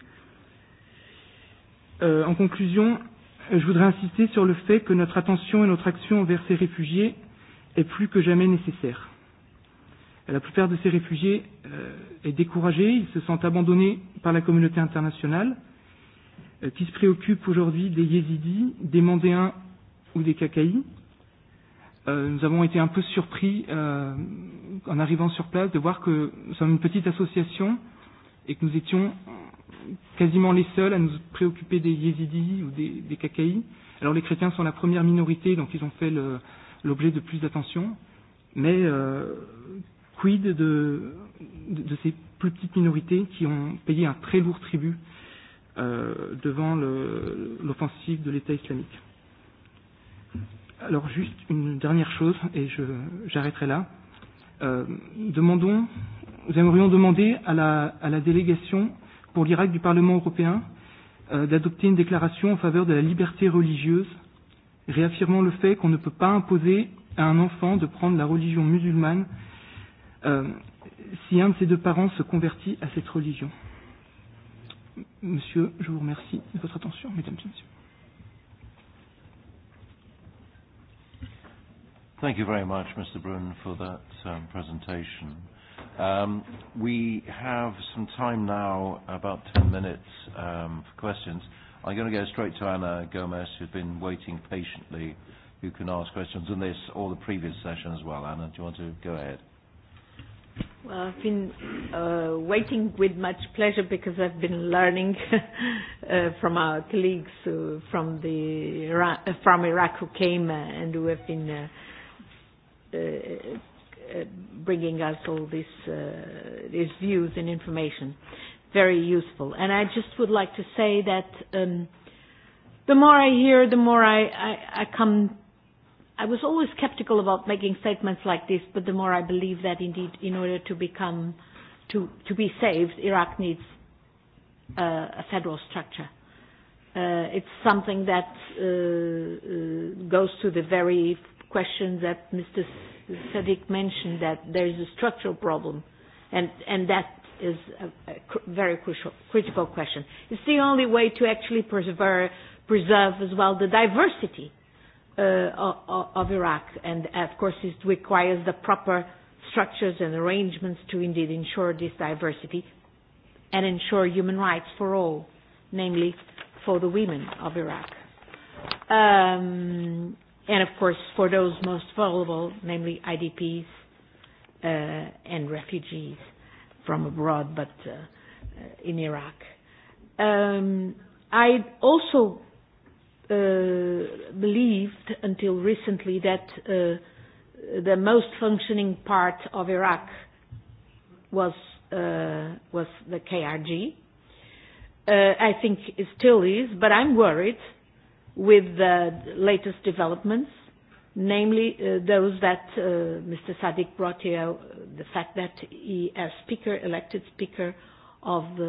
Euh, en conclusion, je voudrais insister sur le fait que notre attention et notre action envers ces réfugiés est plus que jamais nécessaire. Euh, la plupart de ces réfugiés euh, est découragée, ils se sentent abandonnés par la communauté internationale, euh, qui se préoccupe aujourd'hui des yézidis, des mandéens ou des cacaïs. Euh, nous avons été un peu surpris euh, en arrivant sur place de voir que nous sommes une petite association et que nous étions quasiment les seuls à nous préoccuper des yézidis ou des, des cacaïs. Alors les chrétiens sont la première minorité, donc ils ont fait l'objet de plus d'attention. Mais euh, quid de, de, de ces plus petites minorités qui ont payé un très lourd tribut euh, devant l'offensive de l'État islamique Alors juste une dernière chose, et je j'arrêterai là. Euh, demandons, nous aimerions demander à la, à la délégation pour l'Irak du Parlement européen euh, d'adopter une déclaration en faveur de la liberté religieuse, réaffirmant le fait qu'on ne peut pas imposer à un enfant de prendre la religion musulmane euh, si un de ses deux parents se convertit à cette religion. Monsieur, je vous remercie de votre attention, mesdames et messieurs. Thank you very much, Mr. Brun, for that um, presentation. Um, we have some time now, about 10 minutes um, for questions. I'm going to go straight to Ana Gomez, who's been waiting patiently, who can ask questions on this or the previous session as well. Anna, do you want to go ahead? Well, I've been uh, waiting with much pleasure because I've been learning uh, from our colleagues uh, from the Iraq, from Iraq who came uh, and who have been uh, Uh, uh, bringing us all these, uh, these views and information. Very useful. And I just would like to say that um, the more I hear, the more I, I, I come I was always skeptical about making statements like this, but the more I believe that indeed, in order to become, to, to be saved, Iraq needs uh, a federal structure. Uh, it's something that uh, uh, goes to the very question that Mr. Sadiq mentioned that there is a structural problem, and, and that is a, a cr very crucial, critical question. It's the only way to actually preserve, preserve as well the diversity uh, of, of Iraq, and of course it requires the proper structures and arrangements to indeed ensure this diversity and ensure human rights for all, namely for the women of Iraq. Um, and of course for those most vulnerable, namely IDPs uh, and refugees from abroad, but uh, uh, in Iraq. Um, I also uh, believed until recently that uh, the most functioning part of Iraq was uh, was the KRG. Uh, I think it still is, but I'm worried with the latest developments, namely uh, those that uh, Mr. Sadik brought here, uh, the fact that he, as speaker, elected speaker of the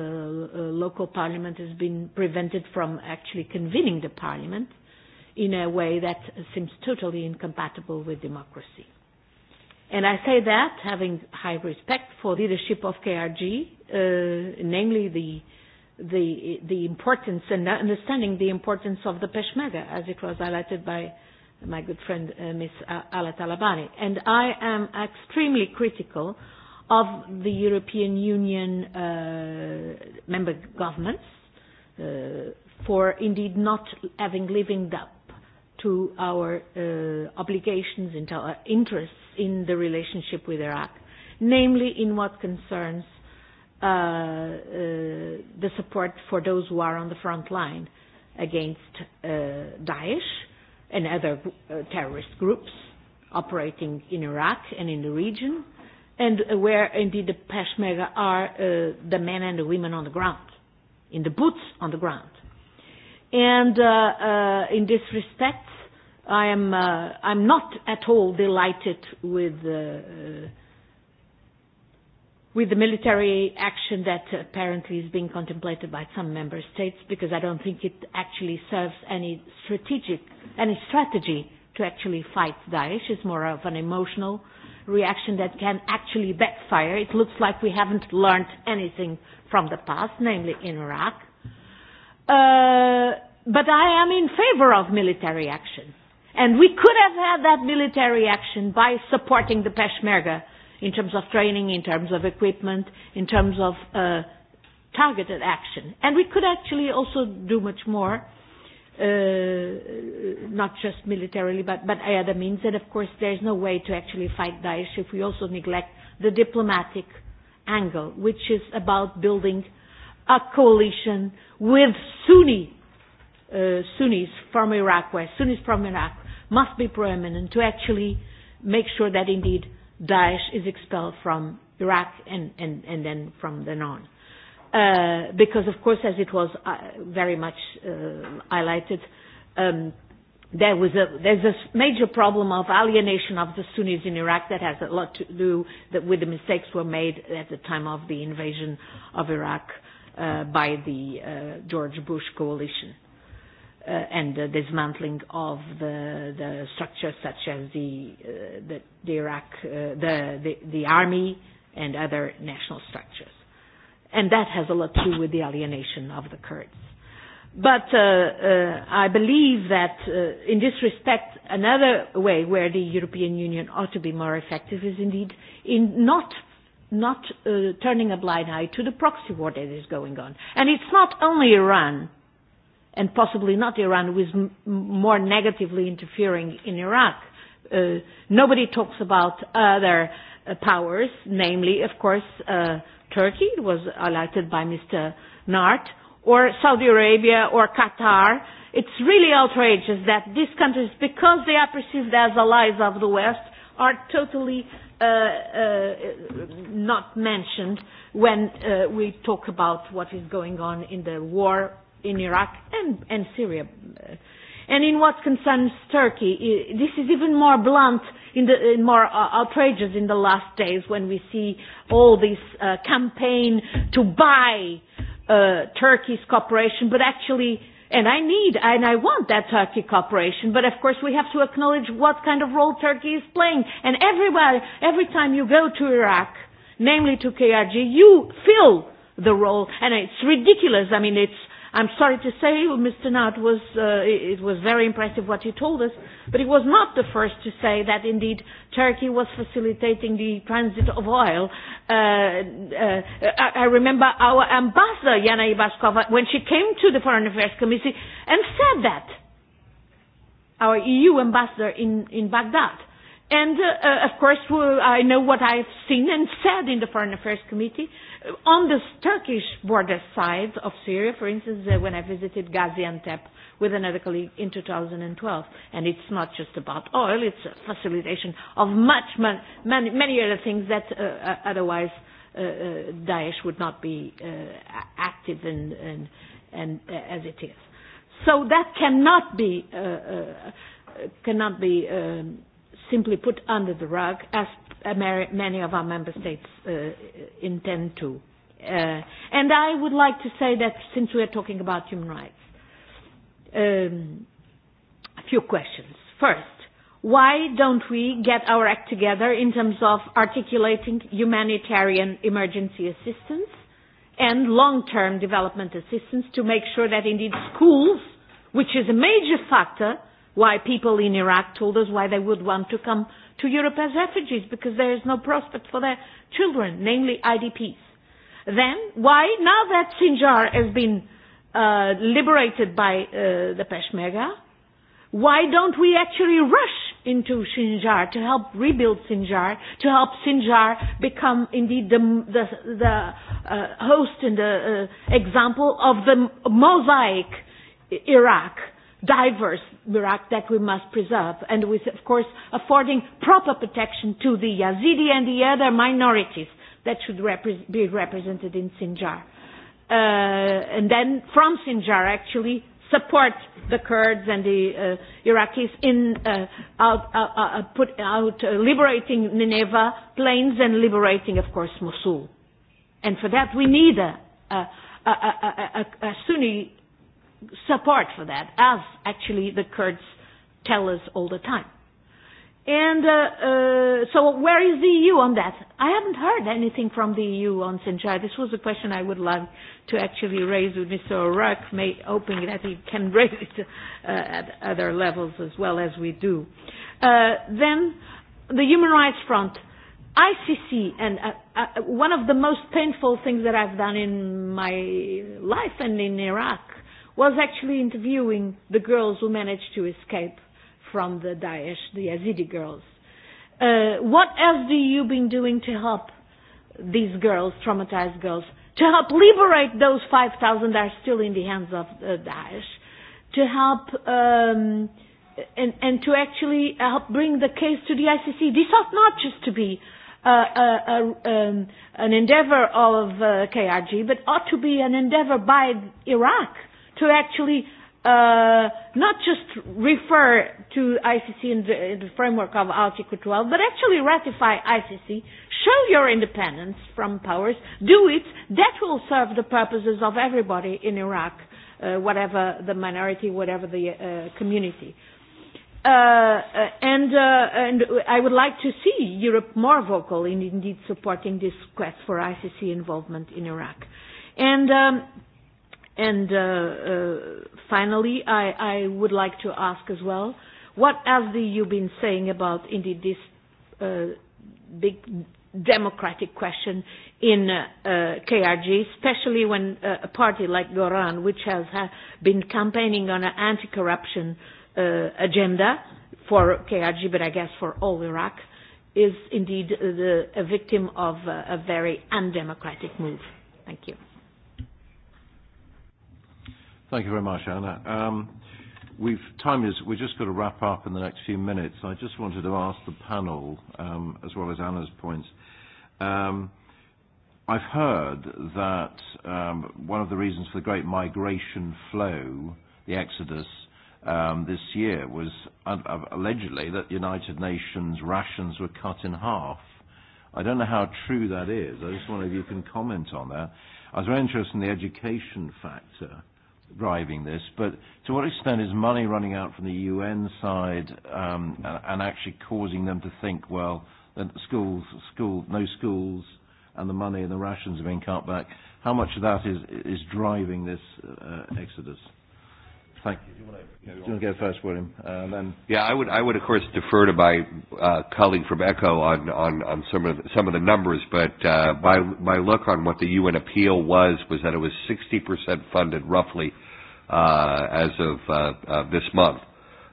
uh, local parliament, has been prevented from actually convening the parliament in a way that seems totally incompatible with democracy. And I say that having high respect for leadership of KRG, uh, namely the the, the importance and understanding the importance of the Peshmerga, as it was highlighted by my good friend uh, Ms. Ala Talabani. And I am extremely critical of the European Union uh, member governments uh, for indeed not having living up to our uh, obligations and our interests in the relationship with Iraq, namely in what concerns Uh, uh, the support for those who are on the front line against uh, Daesh and other uh, terrorist groups operating in Iraq and in the region, and where indeed the Peshmerga are uh, the men and the women on the ground, in the boots on the ground. And uh, uh, in this respect, I am uh, I'm not at all delighted with. Uh, uh, with the military action that apparently is being contemplated by some member states because I don't think it actually serves any strategic, any strategy to actually fight Daesh. It's more of an emotional reaction that can actually backfire. It looks like we haven't learned anything from the past, namely in Iraq. Uh, but I am in favor of military action. And we could have had that military action by supporting the Peshmerga in terms of training, in terms of equipment, in terms of uh, targeted action. And we could actually also do much more, uh, not just militarily, but, but by other means. And of course, there's no way to actually fight Daesh if we also neglect the diplomatic angle, which is about building a coalition with Sunni uh, Sunnis from Iraq, where Sunnis from Iraq must be prominent to actually make sure that indeed Daesh is expelled from Iraq and, and, and then from then on. Uh, because, of course, as it was uh, very much uh, highlighted, um, there was a, there's a major problem of alienation of the Sunnis in Iraq that has a lot to do that with the mistakes were made at the time of the invasion of Iraq uh, by the uh, George Bush coalition. Uh, and the dismantling of the, the structures such as the, uh, the, the Iraq, uh, the, the, the army and other national structures. And that has a lot to do with the alienation of the Kurds. But uh, uh, I believe that uh, in this respect, another way where the European Union ought to be more effective is indeed in not not uh, turning a blind eye to the proxy war that is going on. And it's not only Iran and possibly not Iran, who is m- more negatively interfering in Iraq. Uh, nobody talks about other uh, powers, namely, of course, uh, Turkey, it was highlighted by Mr. Nart, or Saudi Arabia or Qatar. It's really outrageous that these countries, because they are perceived as allies of the West, are totally uh, uh, not mentioned when uh, we talk about what is going on in the war in Iraq and, and Syria. And in what concerns Turkey, this is even more blunt in the, in more uh, outrageous in the last days when we see all this uh, campaign to buy uh, Turkey's cooperation, but actually, and I need and I want that Turkey cooperation, but of course we have to acknowledge what kind of role Turkey is playing. And everywhere, every time you go to Iraq, namely to KRG, you feel the role, and it's ridiculous. I mean, it's I'm sorry to say, Mr. Nutt was, uh, it was very impressive what he told us, but he was not the first to say that indeed Turkey was facilitating the transit of oil. Uh, uh, I, I remember our ambassador, Yana Ibaskova, when she came to the Foreign Affairs Committee and said that, our EU ambassador in, in Baghdad. And uh, uh, of course, uh, I know what I've seen and said in the Foreign Affairs Committee, Uh, on the Turkish border side of Syria, for instance, uh, when I visited Gaziantep with another colleague in 2012, and it's not just about oil, it's a facilitation of much, man, many, many other things that uh, uh otherwise uh, uh, Daesh would not be uh, active and, and, and uh, as it is. So that cannot be, uh, uh, cannot be um, simply put under the rug, as uh, many of our member states uh, intend to. Uh, and I would like to say that since we are talking about human rights, um, a few questions. First, why don't we get our act together in terms of articulating humanitarian emergency assistance and long-term development assistance to make sure that indeed schools, which is a major factor why people in Iraq told us why they would want to come to Europe as refugees because there is no prospect for their children, namely IDPs. Then, why, now that Sinjar has been uh, liberated by uh, the Peshmerga, why don't we actually rush into Sinjar to help rebuild Sinjar, to help Sinjar become indeed the, the, the uh, host and the uh, example of the mosaic Iraq? diverse Iraq that we must preserve, and with, of course, affording proper protection to the Yazidi and the other minorities that should repre- be represented in Sinjar. Uh, and then from Sinjar, actually, support the Kurds and the uh, Iraqis in uh, out, uh, uh, uh put out uh, liberating Nineveh plains and liberating, of course, Mosul. And for that, we need a, a, a, a, a, a Sunni support for that, as actually the Kurds tell us all the time. And uh, uh, so where is the EU on that? I haven't heard anything from the EU on Sinjar. This was a question I would love to actually raise with Mr. O'Rourke, may, hoping that he can raise it uh, at other levels as well as we do. Uh, then the Human Rights Front. ICC, and uh, uh, one of the most painful things that I've done in my life and in Iraq, uh, was actually interviewing the girls who managed to escape from the Daesh, the Yazidi girls. Uh, what else do you been doing to help these girls, traumatized girls, to help liberate those 5,000 that are still in the hands of uh, Daesh, to help um, and, and to actually help bring the case to the ICC? This ought not just to be uh, a, uh, a, uh, um, an endeavor of uh, KRG, but ought to be an endeavor by Iraq to actually uh, not just refer to ICC in the, in the framework of Article 12, but actually ratify ICC, show your independence from powers, do it. That will serve the purposes of everybody in Iraq, uh, whatever the minority, whatever the uh, community. Uh, uh and, uh, and I would like to see Europe more vocal in indeed supporting this quest for ICC involvement in Iraq. And um, And uh, uh, finally, I, I would like to ask as well, what has the EU been saying about indeed this uh, big democratic question in uh, uh, KRG, especially when uh, a party like Goran, which has ha- uh, been campaigning on an anti-corruption uh, agenda for KRG, but I guess for all Iraq, is indeed the, a victim of uh, a very undemocratic move. Thank you. Thank you very much, Anna. Um, we've time is we're just going to wrap up in the next few minutes. I just wanted to ask the panel, um, as well as Anna's points. Um, I've heard that um, one of the reasons for the great migration flow, the exodus um, this year, was uh, uh allegedly that United Nations rations were cut in half. I don't know how true that is. I just wonder if you can comment on that. I was very interested in the education factor driving this, but to what extent is money running out from the UN side um, and, actually causing them to think, well, that schools, school, no schools, and the money and the rations are being cut back? How much of that is is driving this uh, exodus? Thank you. to go first, William. Uh, then. Yeah, I would, I would of course defer to my uh, colleague from ECHO on, on, on some, of the, some of the numbers, but uh, my, my look on what the UN appeal was was that it was 60% funded roughly uh, as of uh, uh, this month.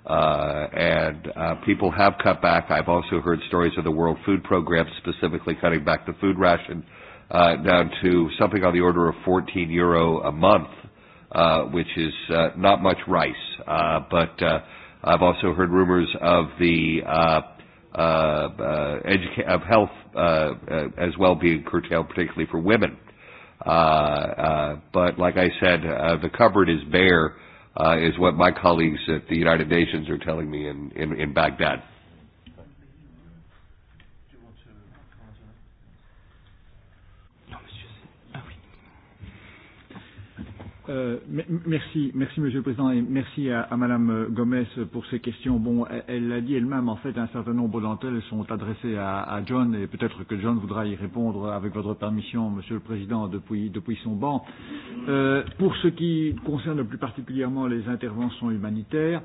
Uh, and uh, people have cut back. I've also heard stories of the World Food Program specifically cutting back the food ration uh, down to something on the order of 14 euro a month Uh, which is uh, not much rice. Uh, but uh, I've also heard rumors of the uh, uh, uh, educa- of health uh, uh, as well being curtailed, particularly for women. Uh, uh, but like I said, uh, the cupboard is bare, uh, is what my colleagues at the United Nations are telling me in, in, in Baghdad. Euh, merci, merci Monsieur le Président et merci à, à Madame euh, Gomez pour ces questions. Bon, elle l'a dit elle-même, en fait, un certain nombre d'entre elles sont adressées à, à John et peut-être que John voudra y répondre avec votre permission, Monsieur le Président, depuis, depuis son banc. Euh, pour ce qui concerne plus particulièrement les interventions humanitaires,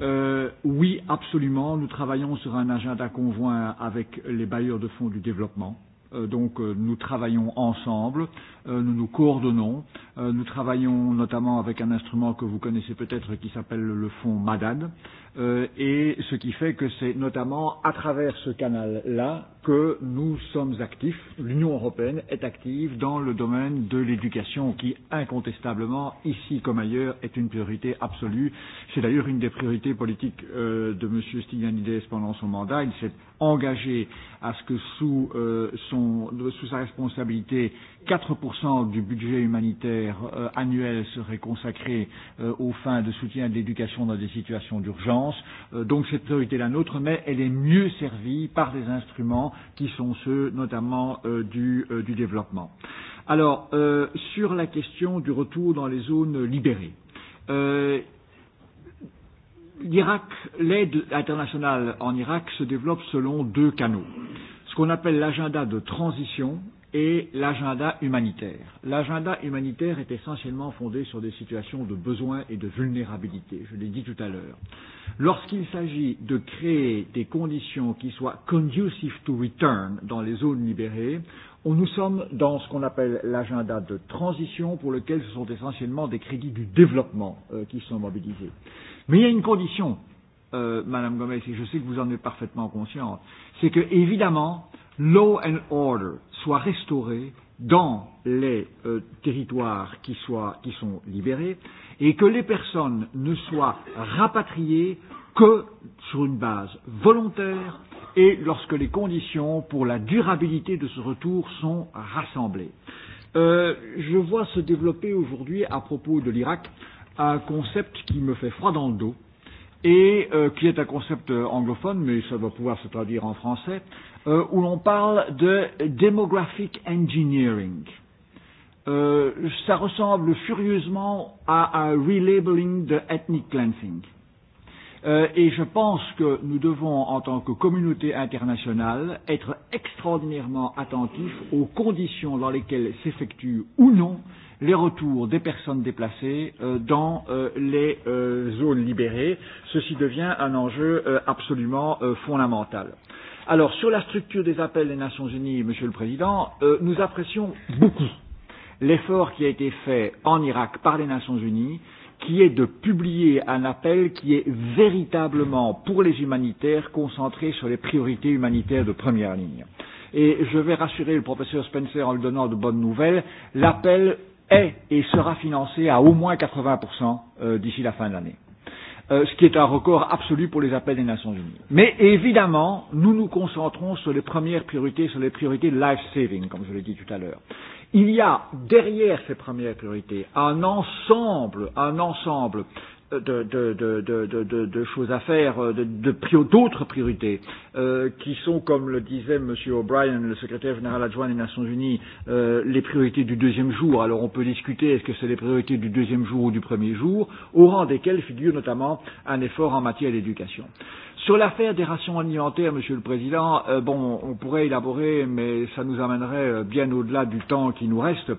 euh, oui, absolument, nous travaillons sur un agenda conjoint avec les bailleurs de fonds du développement Euh, donc euh, nous travaillons ensemble, euh, nous nous coordonnons, nous travaillons notamment avec un instrument que vous connaissez peut-être qui s'appelle le fonds MADAD, euh, et ce qui fait que c'est notamment à travers ce canal-là que nous sommes actifs, l'Union européenne est active dans le domaine de l'éducation qui incontestablement, ici comme ailleurs, est une priorité absolue. C'est d'ailleurs une des priorités politiques euh, de M. Stylianides pendant son mandat. Il s'est engagé à ce que sous, euh, son, sous sa responsabilité, 4% du budget humanitaire euh, annuel serait consacré euh, aux fins de soutien de l'éducation dans des situations d'urgence défense. Euh, donc cette priorité est la nôtre, mais elle est mieux servie par des instruments qui sont ceux notamment euh, du, euh, du développement. Alors, euh, sur la question du retour dans les zones libérées. Euh, L'Irak, l'aide internationale en Irak se développe selon deux canaux. Ce qu'on appelle l'agenda de transition, et l'agenda humanitaire. L'agenda humanitaire est essentiellement fondé sur des situations de besoin et de vulnérabilité, je l'ai dit tout à l'heure. Lorsqu'il s'agit de créer des conditions qui soient conducive to return dans les zones libérées, on, nous sommes dans ce qu'on appelle l'agenda de transition pour lequel ce sont essentiellement des crédits du développement euh, qui sont mobilisés. Mais il y a une condition, euh, Madame Gomez, et je sais que vous en êtes parfaitement consciente, c'est que évidemment, law and order soit restauré dans les euh, territoires qui, soient, qui sont libérés et que les personnes ne soient rapatriées que sur une base volontaire et lorsque les conditions pour la durabilité de ce retour sont rassemblées. Euh, je vois se développer aujourd'hui à propos de l'Irak un concept qui me fait froid dans le dos et euh, qui est un concept euh, anglophone mais ça va pouvoir se traduire en français euh, où l'on parle de demographic engineering. Euh, ça ressemble furieusement à un relabeling de ethnic cleansing. Euh, et je pense que nous devons, en tant que communauté internationale, être extraordinairement attentifs aux conditions dans lesquelles s'effectuent ou non les retours des personnes déplacées euh, dans euh, les euh, zones libérées. Ceci devient un enjeu euh, absolument euh, fondamental. Euh, Alors, sur la structure des appels des Nations Unies, Monsieur le Président, euh, nous apprécions beaucoup l'effort qui a été fait en Irak par les Nations Unies, qui est de publier un appel qui est véritablement, pour les humanitaires, concentré sur les priorités humanitaires de première ligne. Et je vais rassurer le professeur Spencer en lui donnant de bonnes nouvelles, l'appel est et sera financé à au moins 80% euh, d'ici la fin de l'année euh, ce qui est un record absolu pour les appels des Nations Unies. Mais évidemment, nous nous concentrons sur les premières priorités, sur les priorités life-saving, comme je l'ai dit tout à l'heure. Il y a derrière ces premières priorités un ensemble, un ensemble de, de, de, de, de, de de choses à faire, d'autres de, de, priorités, euh, qui sont, comme le disait M. O'Brien, le secrétaire général adjoint des Nations Unies, euh, les priorités du deuxième jour. Alors on peut discuter est-ce que c'est les priorités du deuxième jour ou du premier jour, au rang desquelles figure notamment un effort en matière d'éducation. Sur l'affaire des rations alimentaires, Monsieur le Président, euh, bon, on pourrait élaborer, mais ça nous amènerait euh, bien au-delà du temps qui nous reste.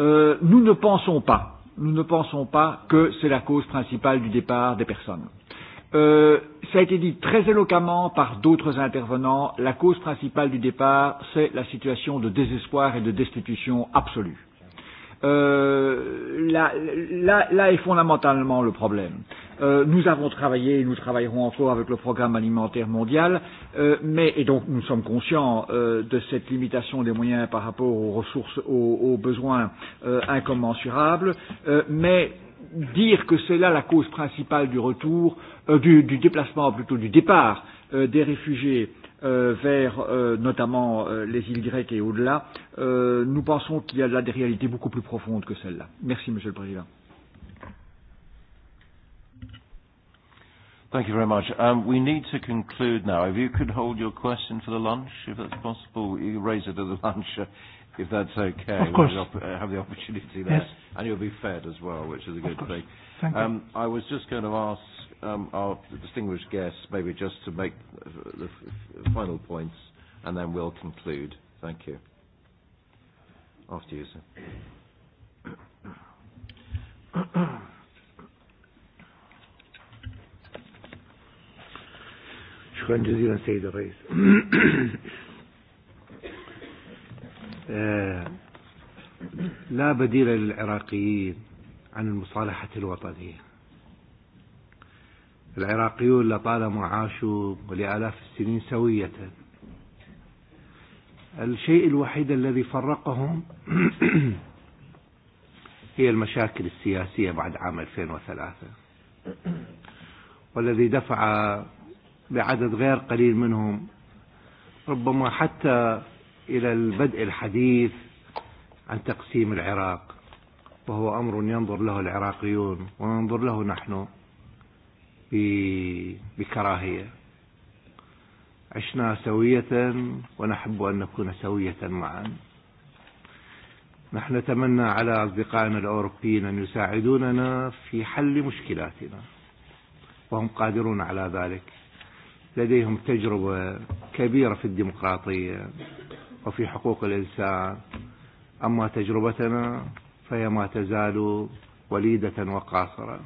Euh, nous ne pensons pas nous ne pensons pas que c'est la cause principale du départ des personnes. Euh, ça a été dit très éloquemment par d'autres intervenants, la cause principale du départ, c'est la situation de désespoir et de destitution absolue. Euh, là, là, là est fondamentalement le problème. Euh, nous avons travaillé et nous travaillerons encore avec le programme alimentaire mondial, euh, mais et donc nous sommes conscients euh, de cette limitation des moyens par rapport aux ressources, aux, aux besoins euh, incommensurables, euh, mais dire que c'est là la cause principale du retour, euh, du, du déplacement plutôt du départ euh, des réfugiés euh, vers euh, notamment euh, les îles grecques et au-delà, euh, nous pensons qu'il y a là des réalités beaucoup plus profondes que celles-là. Merci, Monsieur le Président. Thank you very much. Um, we need to conclude now. If you could hold your question for the lunch, if that's possible, you raise it at the lunch, uh, if that's okay. Of course. We'll uh, have the opportunity there. Yes. And you'll be fed as well, which is a good thing. Thank um, you. I was just going to ask um, our distinguished guests maybe just to make the final points, and then we'll conclude. Thank you. After you, sir. شكرا جزيلا سيد الرئيس لا بديل للعراقيين عن المصالحة الوطنية العراقيون لطالما عاشوا ولآلاف السنين سوية الشيء الوحيد الذي فرقهم هي المشاكل السياسية بعد عام 2003 والذي دفع بعدد غير قليل منهم ربما حتى إلى البدء الحديث عن تقسيم العراق وهو أمر ينظر له العراقيون وننظر له نحن بكراهية عشنا سوية ونحب أن نكون سوية معا نحن نتمنى على أصدقائنا الأوروبيين أن يساعدوننا في حل مشكلاتنا وهم قادرون على ذلك لديهم تجربة كبيرة في الديمقراطية وفي حقوق الإنسان أما تجربتنا فهي ما تزال وليدة وقاصرة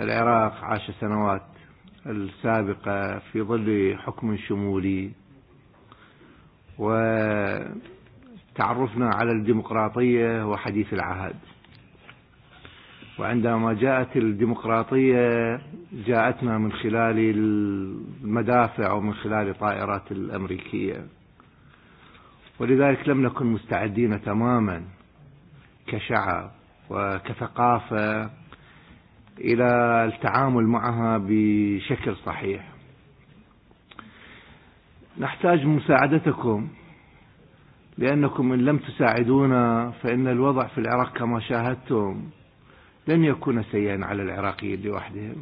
العراق عاش سنوات السابقة في ظل حكم شمولي وتعرفنا على الديمقراطية وحديث العهد وعندما جاءت الديمقراطية جاءتنا من خلال المدافع ومن خلال الطائرات الأمريكية ولذلك لم نكن مستعدين تماما كشعب وكثقافة إلى التعامل معها بشكل صحيح نحتاج مساعدتكم لأنكم إن لم تساعدونا فإن الوضع في العراق كما شاهدتم لن يكون سيئا على العراقيين لوحدهم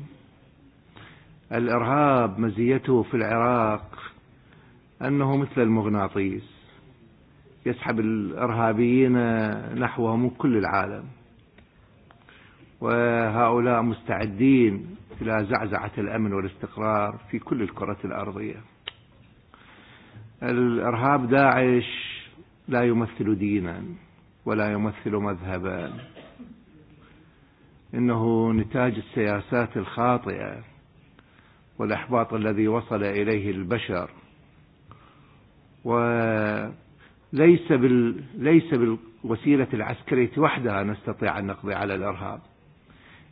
الإرهاب مزيته في العراق أنه مثل المغناطيس يسحب الإرهابيين نحوه من كل العالم وهؤلاء مستعدين إلى زعزعة الأمن والاستقرار في كل الكرة الأرضية الإرهاب داعش لا يمثل دينا ولا يمثل مذهبا إنه نتاج السياسات الخاطئة والإحباط الذي وصل إليه البشر وليس بال... ليس بالوسيلة العسكرية وحدها نستطيع أن نقضي على الإرهاب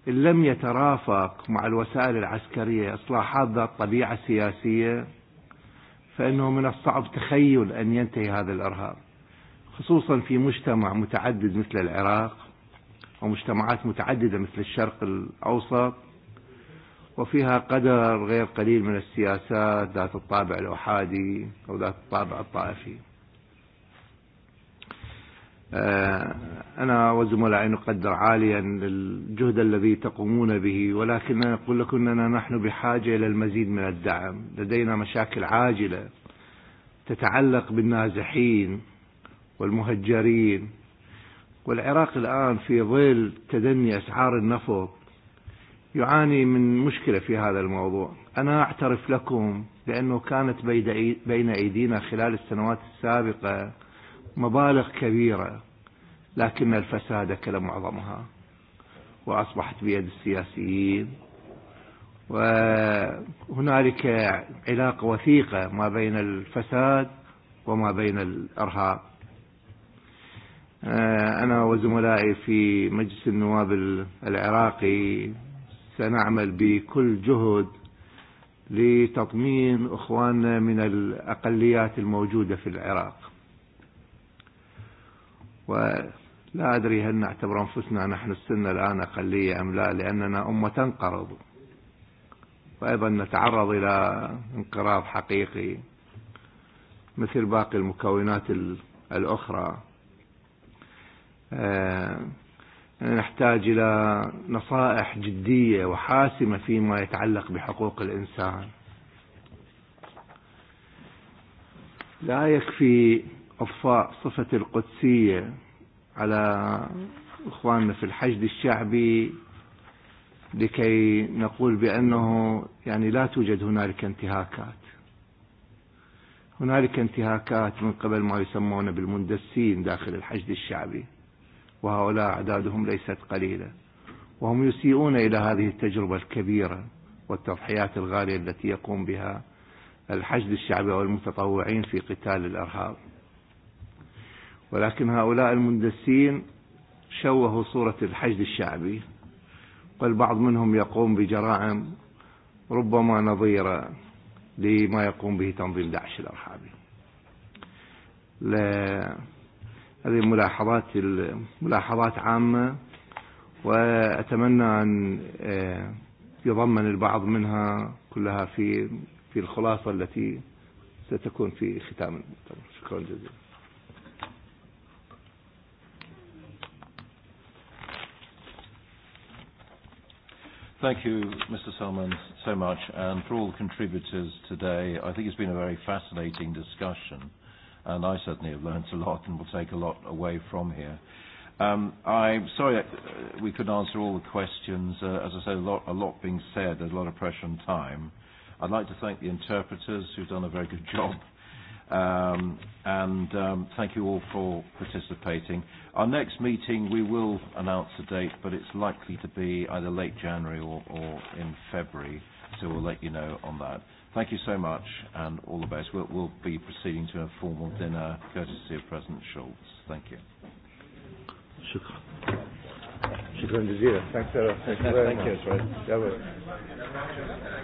إن لم يترافق مع الوسائل العسكرية إصلاحات ذات طبيعة سياسية فإنه من الصعب تخيل أن ينتهي هذا الإرهاب خصوصا في مجتمع متعدد مثل العراق ومجتمعات متعددة مثل الشرق الأوسط وفيها قدر غير قليل من السياسات ذات الطابع الأحادي أو ذات الطابع الطائفي أنا وزملائي نقدر عاليا الجهد الذي تقومون به ولكن أقول لكم أننا نحن بحاجة إلى المزيد من الدعم لدينا مشاكل عاجلة تتعلق بالنازحين والمهجرين والعراق الآن في ظل تدني أسعار النفط يعاني من مشكلة في هذا الموضوع أنا أعترف لكم لأنه كانت بين أيدينا خلال السنوات السابقة مبالغ كبيرة لكن الفساد كل معظمها وأصبحت بيد السياسيين وهنالك علاقة وثيقة ما بين الفساد وما بين الإرهاب أنا وزملائي في مجلس النواب العراقي سنعمل بكل جهد لتطمين أخواننا من الأقليات الموجودة في العراق ولا أدري هل نعتبر أنفسنا نحن السنة الآن أقلية أم لا لأننا أمة تنقرض وأيضا نتعرض إلى انقراض حقيقي مثل باقي المكونات الأخرى نحتاج إلى نصائح جدية وحاسمة فيما يتعلق بحقوق الإنسان لا يكفي إضفاء صفة القدسية على إخواننا في الحشد الشعبي لكي نقول بأنه يعني لا توجد هنالك انتهاكات هنالك انتهاكات من قبل ما يسمون بالمندسين داخل الحشد الشعبي وهؤلاء أعدادهم ليست قليلة وهم يسيئون إلى هذه التجربة الكبيرة والتضحيات الغالية التي يقوم بها الحشد الشعبي والمتطوعين في قتال الإرهاب ولكن هؤلاء المندسين شوهوا صورة الحشد الشعبي والبعض منهم يقوم بجرائم ربما نظيرة لما يقوم به تنظيم داعش الإرهابي هذه ملاحظات ملاحظات عامة وأتمنى أن يضمن البعض منها كلها في في الخلاصة التي ستكون في ختام المؤتمر شكرا جزيلا Thank you, Mr. Salman, so much, and for all the contributors today. I think it's been a very fascinating discussion and I certainly have learnt a lot and will take a lot away from here. Um, I'm sorry uh, we couldn't answer all the questions. Uh, as I said, a lot, a lot being said. There's a lot of pressure on time. I'd like to thank the interpreters who've done a very good job. Um, and um, thank you all for participating. Our next meeting, we will announce a date, but it's likely to be either late January or, or in February, so we'll let you know on that. Thank you so much and all the best. We'll, we'll be proceeding to a formal dinner courtesy of President Schultz. Thank you. Shukran. Shukran Jazeera. Thanks, Sarah. Thank you Thank you. Thank you.